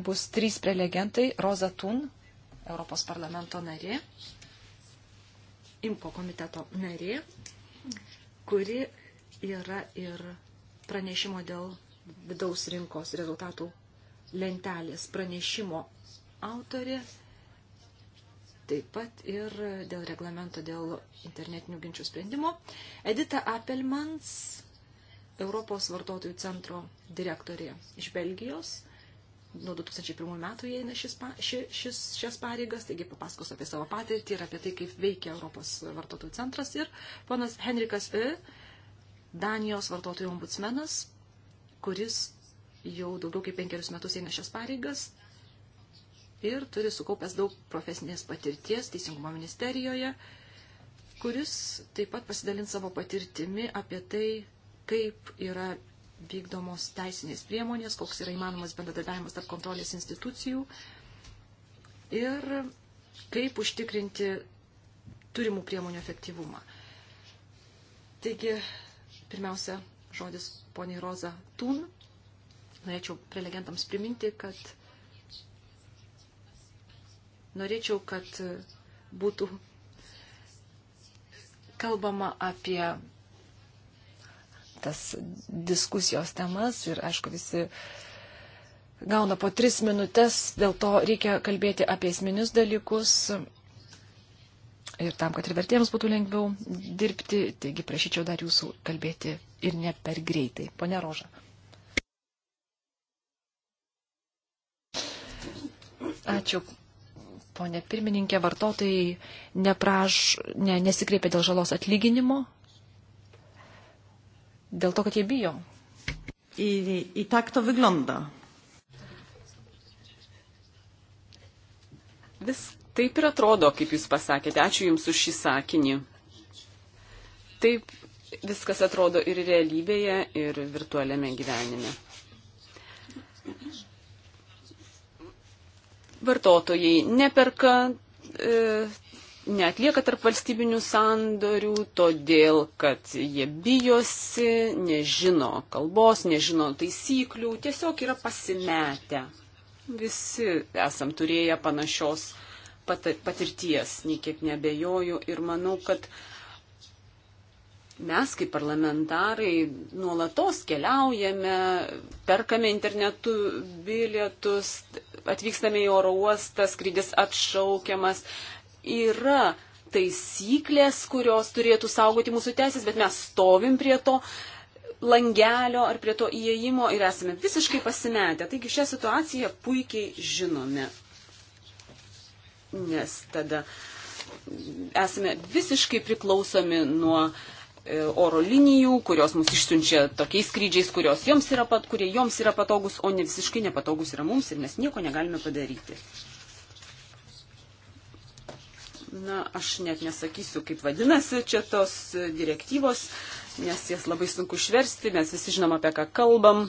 bus trys prelegentai. Roza Tun, Europos parlamento narė, Imko komiteto narė, kuri yra ir pranešimo dėl vidaus rinkos rezultatų lentelės pranešimo autorė, taip pat ir dėl reglamento dėl internetinių ginčių sprendimo. Edita Appelmans, Europos vartotojų centro direktorė iš Belgijos, nuo 2001 metų įeina šis, ši, šis, šias pareigas, taigi papasakos apie savo patirtį ir apie tai, kaip veikia Europos vartotojų centras. Ir ponas Henrikas I, Danijos vartotojų ombudsmenas, kuris jau daugiau kaip penkerius metus eina šias pareigas ir turi sukaupęs daug profesinės patirties Teisingumo ministerijoje, kuris taip pat pasidalins savo patirtimi apie tai, kaip yra vykdomos teisinės priemonės, koks yra įmanomas bendradarbiavimas tarp kontrolės institucijų ir kaip užtikrinti turimų priemonių efektyvumą. Taigi, pirmiausia, žodis poniai Roza Tun. Norėčiau prelegentams priminti, kad norėčiau, kad būtų kalbama apie tas diskusijos temas ir, aišku, visi gauna po tris minutės, dėl to reikia kalbėti apie esminius dalykus ir tam, kad ir vertėjams būtų lengviau dirbti, taigi prašyčiau dar jūsų kalbėti ir ne per greitai. Pone Roža. Ačiū. Pone pirmininkė, vartotojai nepraš, ne, nesikreipia dėl žalos atlyginimo, dėl to, kad jie bijo. I, i tak to wygląda. Vis taip ir atrodo, kaip jūs pasakėte. Ačiū Jums už šį sakinį. Taip viskas atrodo ir realybėje, ir virtualiame gyvenime. Vartotojai neperka e, netlieka tarp valstybinių sandorių, todėl kad jie bijosi, nežino kalbos, nežino taisyklių, tiesiog yra pasimetę. Visi esam turėję panašios patirties, nei kiek nebejoju ir manau, kad mes kaip parlamentarai nuolatos keliaujame, perkame internetu bilietus, atvykstame į oro uostą, skrydis atšaukiamas, yra taisyklės, kurios turėtų saugoti mūsų teisės, bet mes stovim prie to langelio ar prie to įėjimo ir esame visiškai pasimetę. Taigi šią situaciją puikiai žinome. Nes tada esame visiškai priklausomi nuo e, oro linijų, kurios mus išsiunčia tokiais skrydžiais, joms pat, kurie joms yra patogus, o ne visiškai nepatogus yra mums ir mes nieko negalime padaryti. Na, aš net nesakysiu, kaip vadinasi čia tos direktyvos, nes jas labai sunku išversti, mes visi žinom, apie ką kalbam.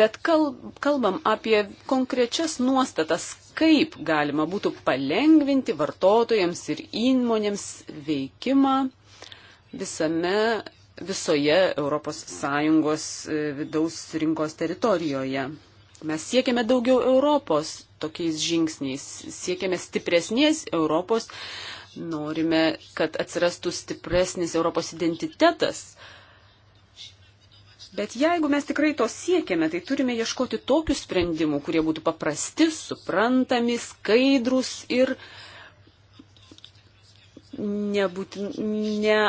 Bet kal, kalbam apie konkrečias nuostatas, kaip galima būtų palengvinti vartotojams ir įmonėms veikimą visame, visoje ES e, vidaus rinkos teritorijoje. Mes siekiame daugiau Europos, tokiais žingsniais. Siekiame stipresnės Europos, norime, kad atsirastų stipresnis Europos identitetas. Bet jeigu mes tikrai to siekiame, tai turime ieškoti tokių sprendimų, kurie būtų paprasti, suprantami, skaidrus ir nebūtin, ne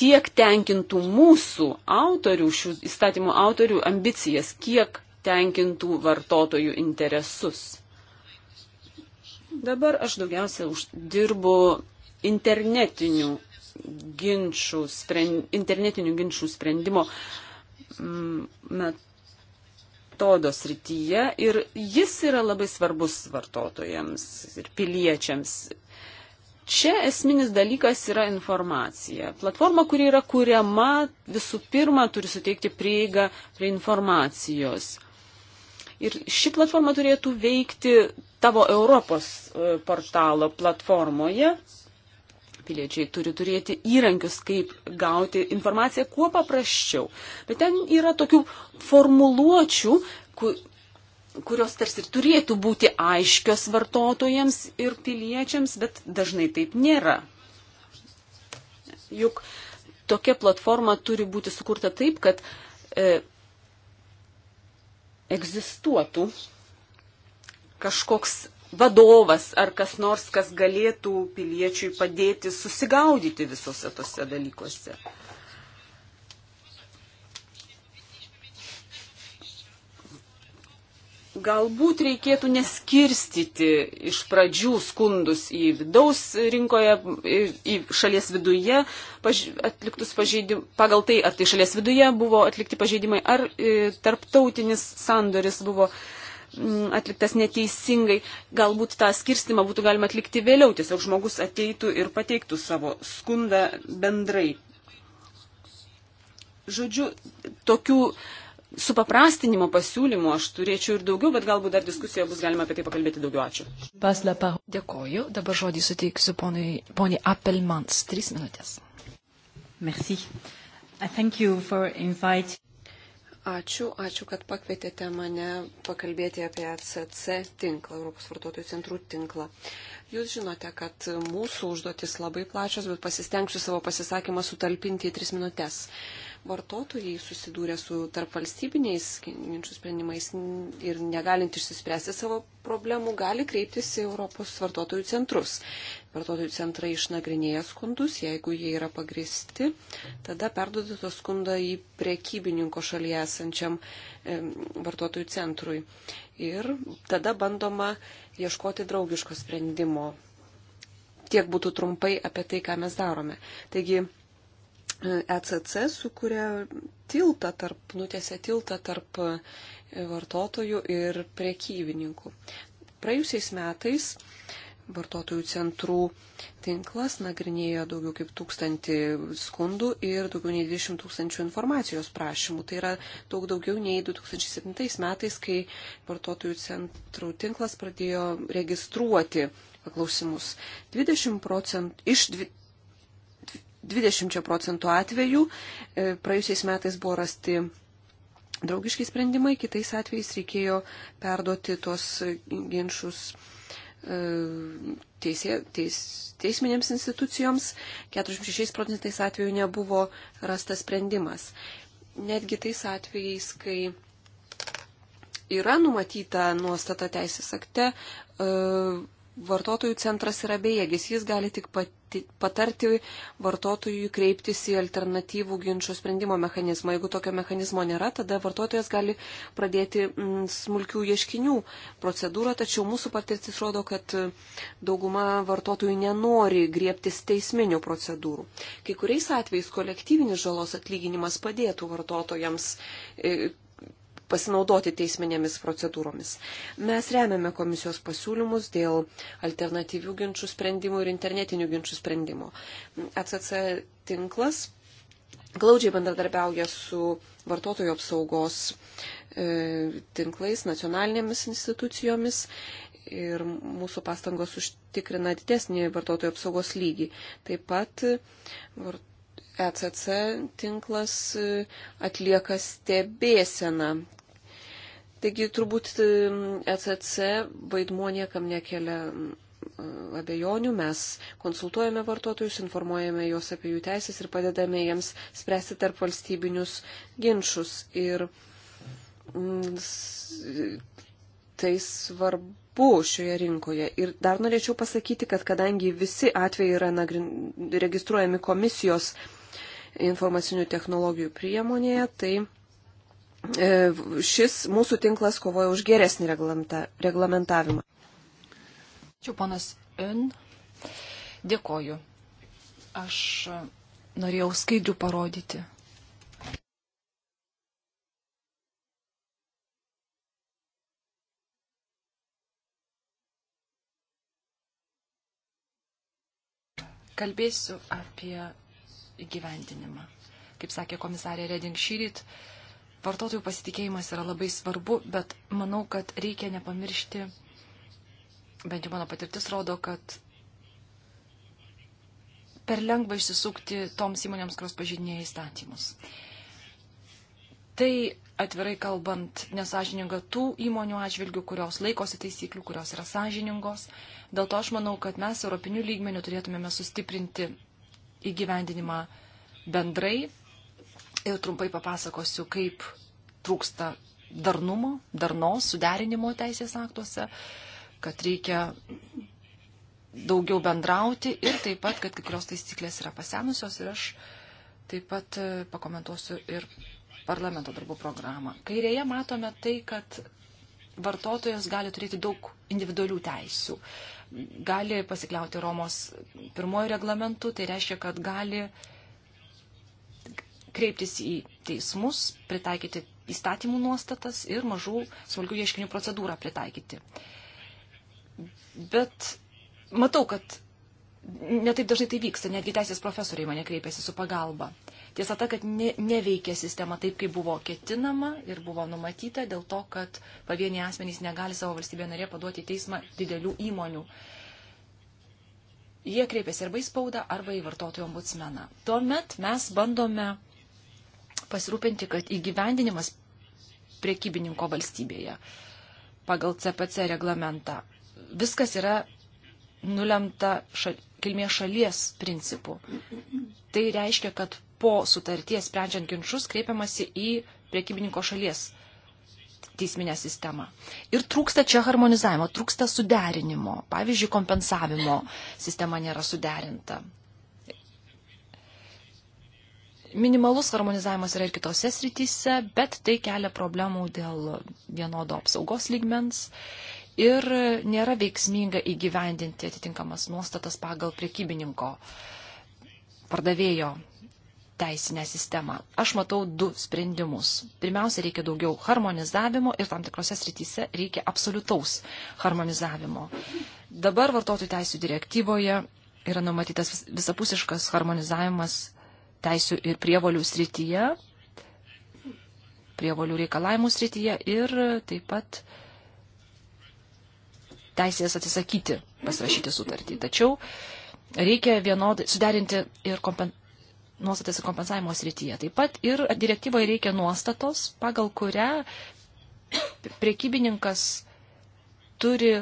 tiek tenkintų mūsų autorių, šių įstatymų autorių ambicijas, kiek tenkintų vartotojų interesus. Dabar aš daugiausia uždirbu internetinių ginčių, sprend, internetinių ginčių sprendimo mm, metodo srityje ir jis yra labai svarbus vartotojams ir piliečiams. Čia esminis dalykas yra informacija. Platforma, kuri yra kuriama, visų pirma, turi suteikti prieigą prie informacijos. Ir ši platforma turėtų veikti tavo Europos e, portalo platformoje. Piliečiai turi turėti įrankius, kaip gauti informaciją kuo paprasčiau. Bet ten yra tokių formuluočių, kur, kurios tarsi ir turėtų būti aiškios vartotojams ir piliečiams, bet dažnai taip nėra. Juk tokia platforma turi būti sukurta taip, kad e, egzistuotų kažkoks vadovas ar kas nors, kas galėtų piliečiui padėti susigaudyti visose tose dalykuose. Galbūt reikėtų neskirstyti iš pradžių skundus į vidaus rinkoje, į šalies viduje atliktus pažeidimus, pagal tai, ar tai šalies viduje buvo atlikti pažeidimai, ar e, tarptautinis sandoris buvo mm, atliktas neteisingai. Galbūt tą skirstimą būtų galima atlikti vėliau, tiesiog žmogus ateitų ir pateiktų savo skundą bendrai. Žodžiu, tokių supaprastinimo pasiūlymų aš turėčiau ir daugiau, bet galbūt dar diskusijoje bus galima apie tai pakalbėti daugiau. Ačiū. Paslapa. Dėkoju. Dabar žodį suteiksiu poniai, poniai Appelmans. Tris minutės. Merci. Ačiū, ačiū, kad pakvietėte mane pakalbėti apie ACC tinklą, Europos vartotojų centrų tinklą. Jūs žinote, kad mūsų užduotis labai plačios, bet pasistengsiu savo pasisakymą sutalpinti į tris minutės vartotojai susidūrę su tarpvalstybiniais ginčių sprendimais ir negalint išsispręsti savo problemų, gali kreiptis į Europos vartotojų centrus. Vartotojų centrai išnagrinėja skundus, jeigu jie yra pagristi, tada perduoda to skundą į priekybininko šalyje esančiam vartotojų centrui. Ir tada bandoma ieškoti draugiško sprendimo tiek būtų trumpai apie tai, ką mes darome. Taigi ECC sukuria tiltą tarp, nutėse tiltą tarp e, vartotojų ir prekybininkų. Praėjusiais metais vartotojų centrų tinklas nagrinėjo daugiau kaip tūkstantį skundų ir daugiau nei 20 tūkstančių informacijos prašymų. Tai yra daug daugiau nei 2007 metais, kai vartotojų centrų tinklas pradėjo registruoti paklausimus. 20 procentų iš 20 20 procentų atvejų. E, praėjusiais metais buvo rasti draugiški sprendimai, kitais atvejais reikėjo perduoti tuos ginčius e, teisė, teis, teisminėms institucijoms. 46 procentais atvejų nebuvo rastas sprendimas. Netgi tais atvejais, kai yra numatyta nuostata teisės akte, e, vartotojų centras yra bejėgis, jis gali tik pati, patarti vartotojui kreiptis į alternatyvų ginčio sprendimo mechanizmą. Jeigu tokio mechanizmo nėra, tada vartotojas gali pradėti mm, smulkių ieškinių procedūrą, tačiau mūsų patirtis rodo, kad dauguma vartotojų nenori griebtis teisminių procedūrų. Kai kuriais atvejais kolektyvinis žalos atlyginimas padėtų vartotojams. E, pasinaudoti teisminėmis procedūromis. Mes remiame komisijos pasiūlymus dėl alternatyvių ginčių sprendimų ir internetinių ginčių sprendimų. ACC tinklas glaudžiai bendradarbiauja su vartotojų apsaugos e, tinklais, nacionalinėmis institucijomis ir mūsų pastangos užtikrina didesnį vartotojų apsaugos lygį. Taip pat vartotojų ECC tinklas e, atlieka stebėseną. Taigi turbūt ECC e vaidmuo niekam nekelia e, abejonių, mes konsultuojame vartotojus, informuojame juos apie jų teisės ir padedame jiems spręsti tarp valstybinius ginčius. Ir tai svarbu šioje rinkoje. Ir dar norėčiau pasakyti, kad kadangi visi atvejai yra nagrin... registruojami komisijos informacinių technologijų priemonėje, tai e, šis mūsų tinklas kovoja už geresnį reglamentavimą. Čia ponas N. Dėkoju. Aš norėjau skaidrių parodyti. Kalbėsiu apie įgyvendinimą. Kaip sakė komisarė Reding šyryt, vartotojų pasitikėjimas yra labai svarbu, bet manau, kad reikia nepamiršti, bent jau mano patirtis rodo, kad per lengva išsisukti toms įmonėms, kurios pažydinėja įstatymus. Tai atvirai kalbant, nesažininga tų įmonių atžvilgių, kurios laikosi taisyklių, kurios yra sažiningos. Dėl to aš manau, kad mes europinių lygmenių turėtumėme sustiprinti įgyvendinimą bendrai ir trumpai papasakosiu, kaip trūksta darnumo, darnos, suderinimo teisės aktuose, kad reikia daugiau bendrauti ir taip pat, kad kai kurios taisyklės yra pasenusios ir aš taip pat e, pakomentuosiu ir parlamento darbų programą. Kairėje matome tai, kad vartotojas gali turėti daug individualių teisių gali pasikliauti Romos pirmojų reglamentų, tai reiškia, kad gali kreiptis į teismus, pritaikyti įstatymų nuostatas ir mažų smulkių ieškinių procedūrą pritaikyti. Bet matau, kad netaip dažnai tai vyksta, netgi teisės profesoriai mane kreipiasi su pagalba. Uh, Tiesa ta, kad ne, neveikia sistema taip, kaip buvo ketinama ir buvo numatyta, dėl to, kad pavieniai asmenys negali savo valstybė narė paduoti į teismą didelių įmonių. Jie kreipiasi arba į spaudą, arba į vartotojų ombudsmeną. Tuomet mes bandome pasirūpinti, kad įgyvendinimas priekybininko valstybėje pagal CPC reglamentą. Viskas yra nulemta šal, kilmės šalies principų. Tai reiškia, kad po sutarties sprendžiant ginčius kreipiamasi į priekybininko šalies teisminę sistemą. Ir trūksta čia harmonizavimo, trūksta suderinimo. Pavyzdžiui, kompensavimo sistema nėra suderinta. Minimalus harmonizavimas yra ir kitose srityse, bet tai kelia problemų dėl vienodo apsaugos lygmens ir nėra veiksminga įgyvendinti atitinkamas nuostatas pagal priekybininko pardavėjo teisinę sistemą. Aš matau du sprendimus. Pirmiausia, reikia daugiau harmonizavimo ir tam tikrose srityse reikia absoliutaus harmonizavimo. Dabar vartotojų teisų direktyvoje yra numatytas visapusiškas harmonizavimas teisų ir prievolių srityje, prievolių reikalavimų srityje ir taip pat teisės atsisakyti pasirašyti sutartį. Tačiau reikia vienodai suderinti ir kompensuoti nuostatas ir kompensavimo srityje. Taip pat ir direktyvoje reikia nuostatos, pagal kurią priekybininkas turi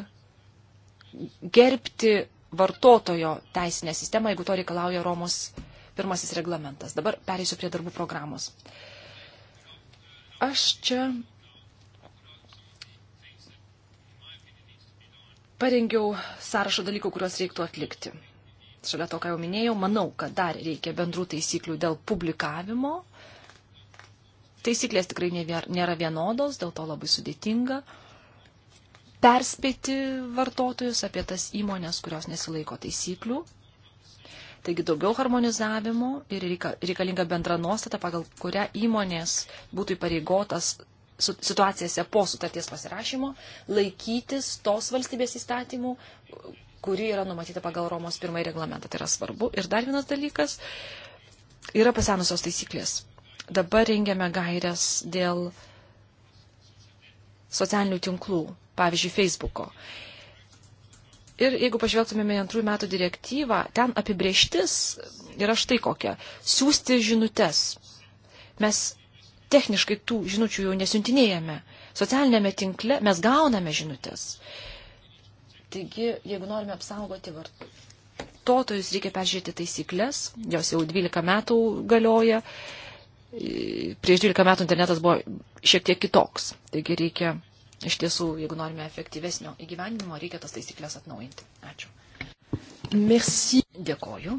gerbti vartotojo teisinę sistemą, jeigu to reikalauja Romos pirmasis reglamentas. Dabar pereisiu prie darbų programos. Aš čia parengiau sąrašą dalykų, kuriuos reiktų atlikti šalia to, ką jau minėjau, manau, kad dar reikia bendrų taisyklių dėl publikavimo. Taisyklės tikrai nėra vienodos, dėl to labai sudėtinga perspėti vartotojus apie tas įmonės, kurios nesilaiko taisyklių. Taigi daugiau harmonizavimo ir reikalinga bendra nuostata, pagal kurią įmonės būtų įpareigotas situacijose po sutarties pasirašymo laikytis tos valstybės įstatymų, kuri yra numatyta pagal Romos pirmąjį reglamentą. Tai yra svarbu. Ir dar vienas dalykas yra pasenusios taisyklės. Dabar rengiame gairias dėl socialinių tinklų, pavyzdžiui, Facebooko. Ir jeigu pažvelgtumėme į antrųjų metų direktyvą, ten apibrieštis yra štai kokia - siūsti žinutės. Mes techniškai tų žinučių jau nesiuntinėjame. Socialinėme tinkle mes gauname žinutės. Taigi, jeigu norime apsaugoti vartotojus, reikia peržiūrėti taisyklės, jos jau 12 metų galioja. Prieš 12 metų internetas buvo šiek tiek kitoks. Taigi reikia iš tiesų, jeigu norime efektyvesnio įgyvendinimo, reikia tas taisyklės atnaujinti. Ačiū. Merci. Dėkoju.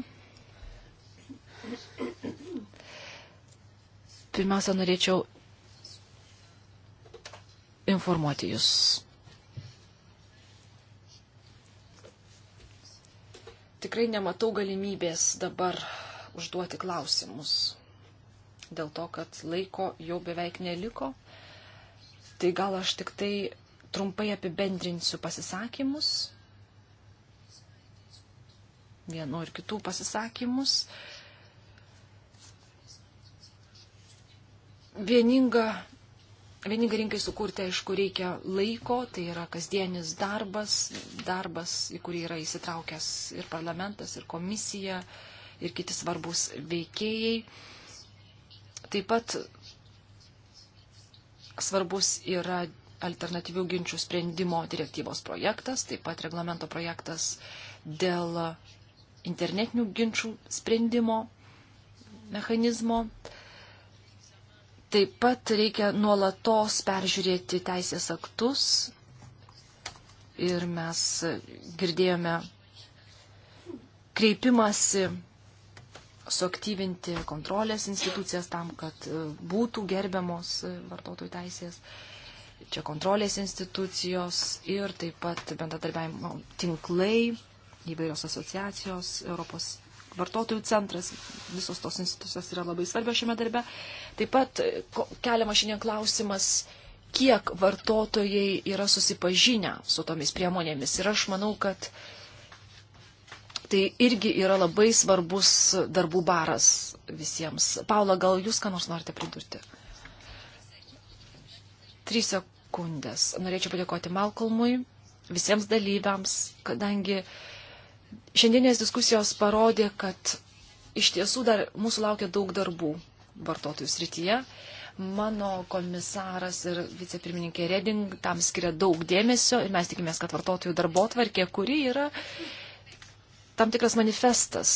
Pirmiausia, norėčiau informuoti Jūs tikrai nematau galimybės dabar užduoti klausimus. Dėl to, kad laiko jau beveik neliko, tai gal aš tik tai trumpai apibendrinsiu pasisakymus, vienu ir kitų pasisakymus. Vieninga Vieningai rinkai sukurti, aišku, reikia laiko, tai yra kasdienis darbas, darbas, į kurį yra įsitraukęs ir parlamentas, ir komisija, ir kiti svarbus veikėjai. Taip pat svarbus yra alternatyvių ginčių sprendimo direktyvos projektas, taip pat reglamento projektas dėl internetinių ginčių sprendimo mechanizmo. Taip pat reikia nuolatos peržiūrėti teisės aktus ir mes girdėjome kreipimasi suaktyvinti kontrolės institucijas tam, kad e, būtų gerbiamos e, vartotojų teisės. Čia kontrolės institucijos ir taip pat bendradarbiavimo tinklai, įvairios asociacijos, Europos vartotojų centras, visos tos institucijos yra labai svarbios šiame darbe. Taip pat e, keliamas šiandien klausimas, kiek vartotojai yra susipažinę su tomis priemonėmis. Ir aš manau, kad tai irgi yra labai svarbus darbų baras visiems. Paula, gal jūs ką nors norite pridurti? Trys sekundės. Norėčiau padėkoti Malkolmui, visiems dalyviams, kadangi uh, Šiandienės diskusijos parodė, kad iš tiesų dar mūsų laukia daug darbų vartotojų srityje. Mano komisaras ir vicepirmininkė Reding tam skiria daug dėmesio ir mes tikimės, kad vartotojų darbo tvarkė, kuri yra tam tikras manifestas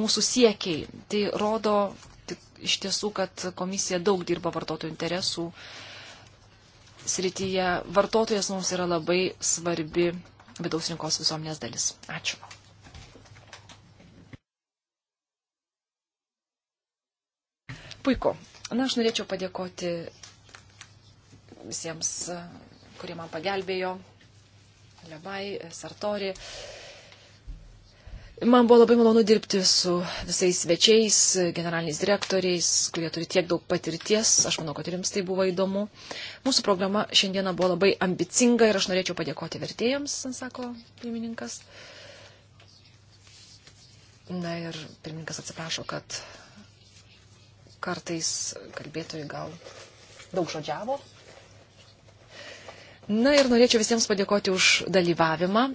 mūsų siekiai. Tai rodo iš tiesų, kad komisija daug dirba vartotojų interesų srityje. Vartotojas mums yra labai svarbi vidaus rinkos visuomenės dalis. Ačiū. Puiku. Na, aš norėčiau padėkoti visiems, kurie man pagelbėjo. Lebai, Sartori. Man buvo labai malonu dirbti su visais svečiais, generaliniais direktoriais, kurie turi tiek daug patirties. Aš manau, kad ir jums tai buvo įdomu. Mūsų programa šiandieną buvo labai ambicinga ir aš norėčiau padėkoti vertėjams, sako pirmininkas. Na ir pirmininkas atsiprašo, kad kartais kalbėtojai gal daug žodžiavo. Na ir norėčiau visiems padėkoti už dalyvavimą.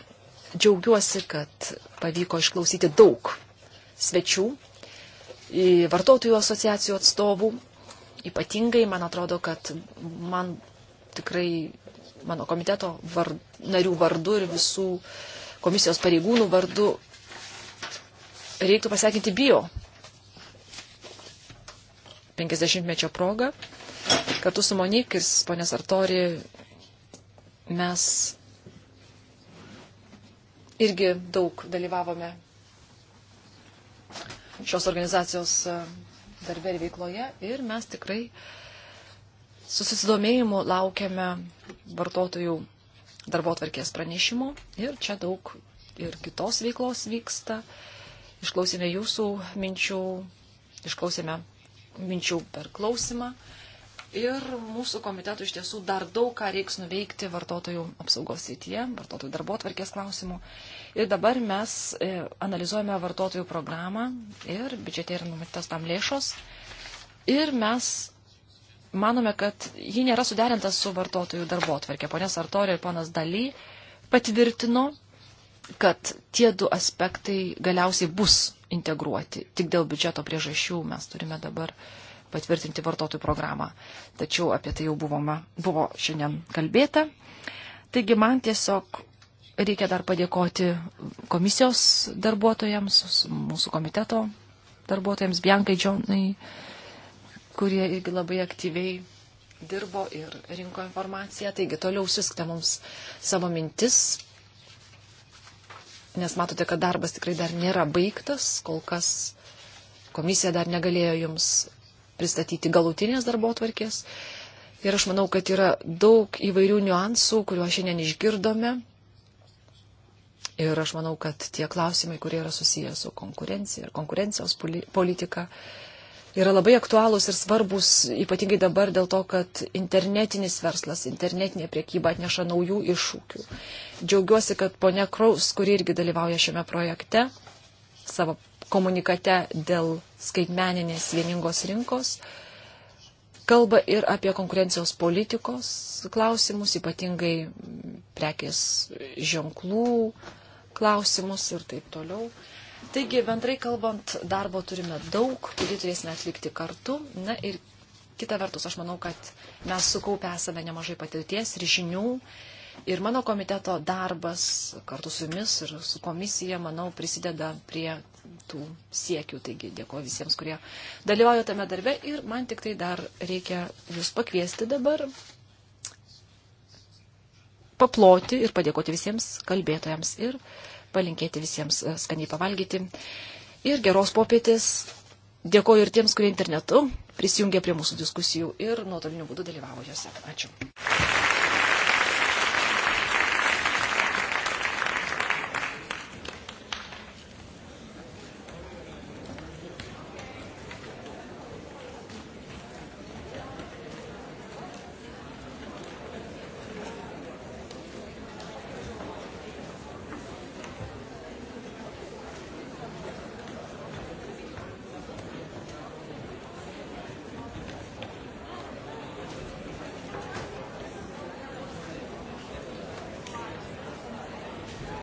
Džiaugiuosi, kad pavyko išklausyti daug svečių, vartotojų asociacijų atstovų. Ypatingai, man atrodo, kad man tikrai mano komiteto vard, narių vardu ir visų komisijos pareigūnų vardu reiktų pasakinti bio 50-mečio progą. Kartu su Monik ir ponės Artori mes irgi daug dalyvavome šios organizacijos e, darbė ir veikloje ir mes tikrai su susidomėjimu laukiame vartotojų darbo atvarkės pranešimo ir čia daug ir kitos veiklos vyksta. Išklausėme jūsų minčių, išklausėme minčių per klausimą Ir mūsų komitetų iš tiesų dar daug ką reiks nuveikti vartotojų apsaugos srityje, vartotojų darbo atvarkės klausimų. Ir dabar mes e, analizuojame vartotojų programą ir biudžete yra numatytas tam lėšos. Ir mes manome, kad ji nėra suderinta su vartotojų darbo atvarkė. Pone Sartorė ir ponas Daly patvirtino, kad tie du aspektai galiausiai bus integruoti. Tik dėl biudžeto priežasčių mes turime dabar uh, patvirtinti vartotojų programą. Tačiau apie tai jau buvome, buvo šiandien kalbėta. Taigi man tiesiog reikia dar padėkoti komisijos darbuotojams, mūsų komiteto darbuotojams, Biankai Džonai, kurie irgi labai aktyviai dirbo ir rinko informaciją. Taigi toliau siskite mums savo mintis, nes matote, kad darbas tikrai dar nėra baigtas, kol kas komisija dar negalėjo jums pristatyti galutinės darbo tvarkės. Ir aš manau, kad yra daug įvairių niuansų, kuriuos šiandien išgirdome. Ir aš manau, kad tie klausimai, kurie yra susiję su konkurencija ir konkurencijos politika, yra labai aktualūs ir svarbus, ypatingai dabar dėl to, kad internetinis verslas, internetinė priekyba atneša naujų iššūkių. Džiaugiuosi, kad ponia Kraus, kuri irgi dalyvauja šiame projekte, savo komunikate dėl skaitmeninės vieningos rinkos kalba ir apie konkurencijos politikos klausimus, ypatingai prekės ženklų klausimus ir taip toliau. Taigi, bendrai kalbant, darbo turime daug, kurį turėsime atlikti kartu. Na ir kita vertus, aš manau, kad mes sukaupę esame nemažai patirties ir žinių Ir mano komiteto darbas kartu su jumis ir su komisija, manau, prisideda prie tų siekių. Taigi dėkuoju visiems, kurie dalyvauja tame darbe. Ir man tik tai dar reikia jūs pakviesti dabar paploti ir padėkoti visiems kalbėtojams ir palinkėti visiems e, skaniai pavalgyti. Ir geros popietės. Dėkoju ir tiems, kurie internetu prisijungė prie mūsų diskusijų ir nuotoliniu būdu dalyvavo jose. Ačiū.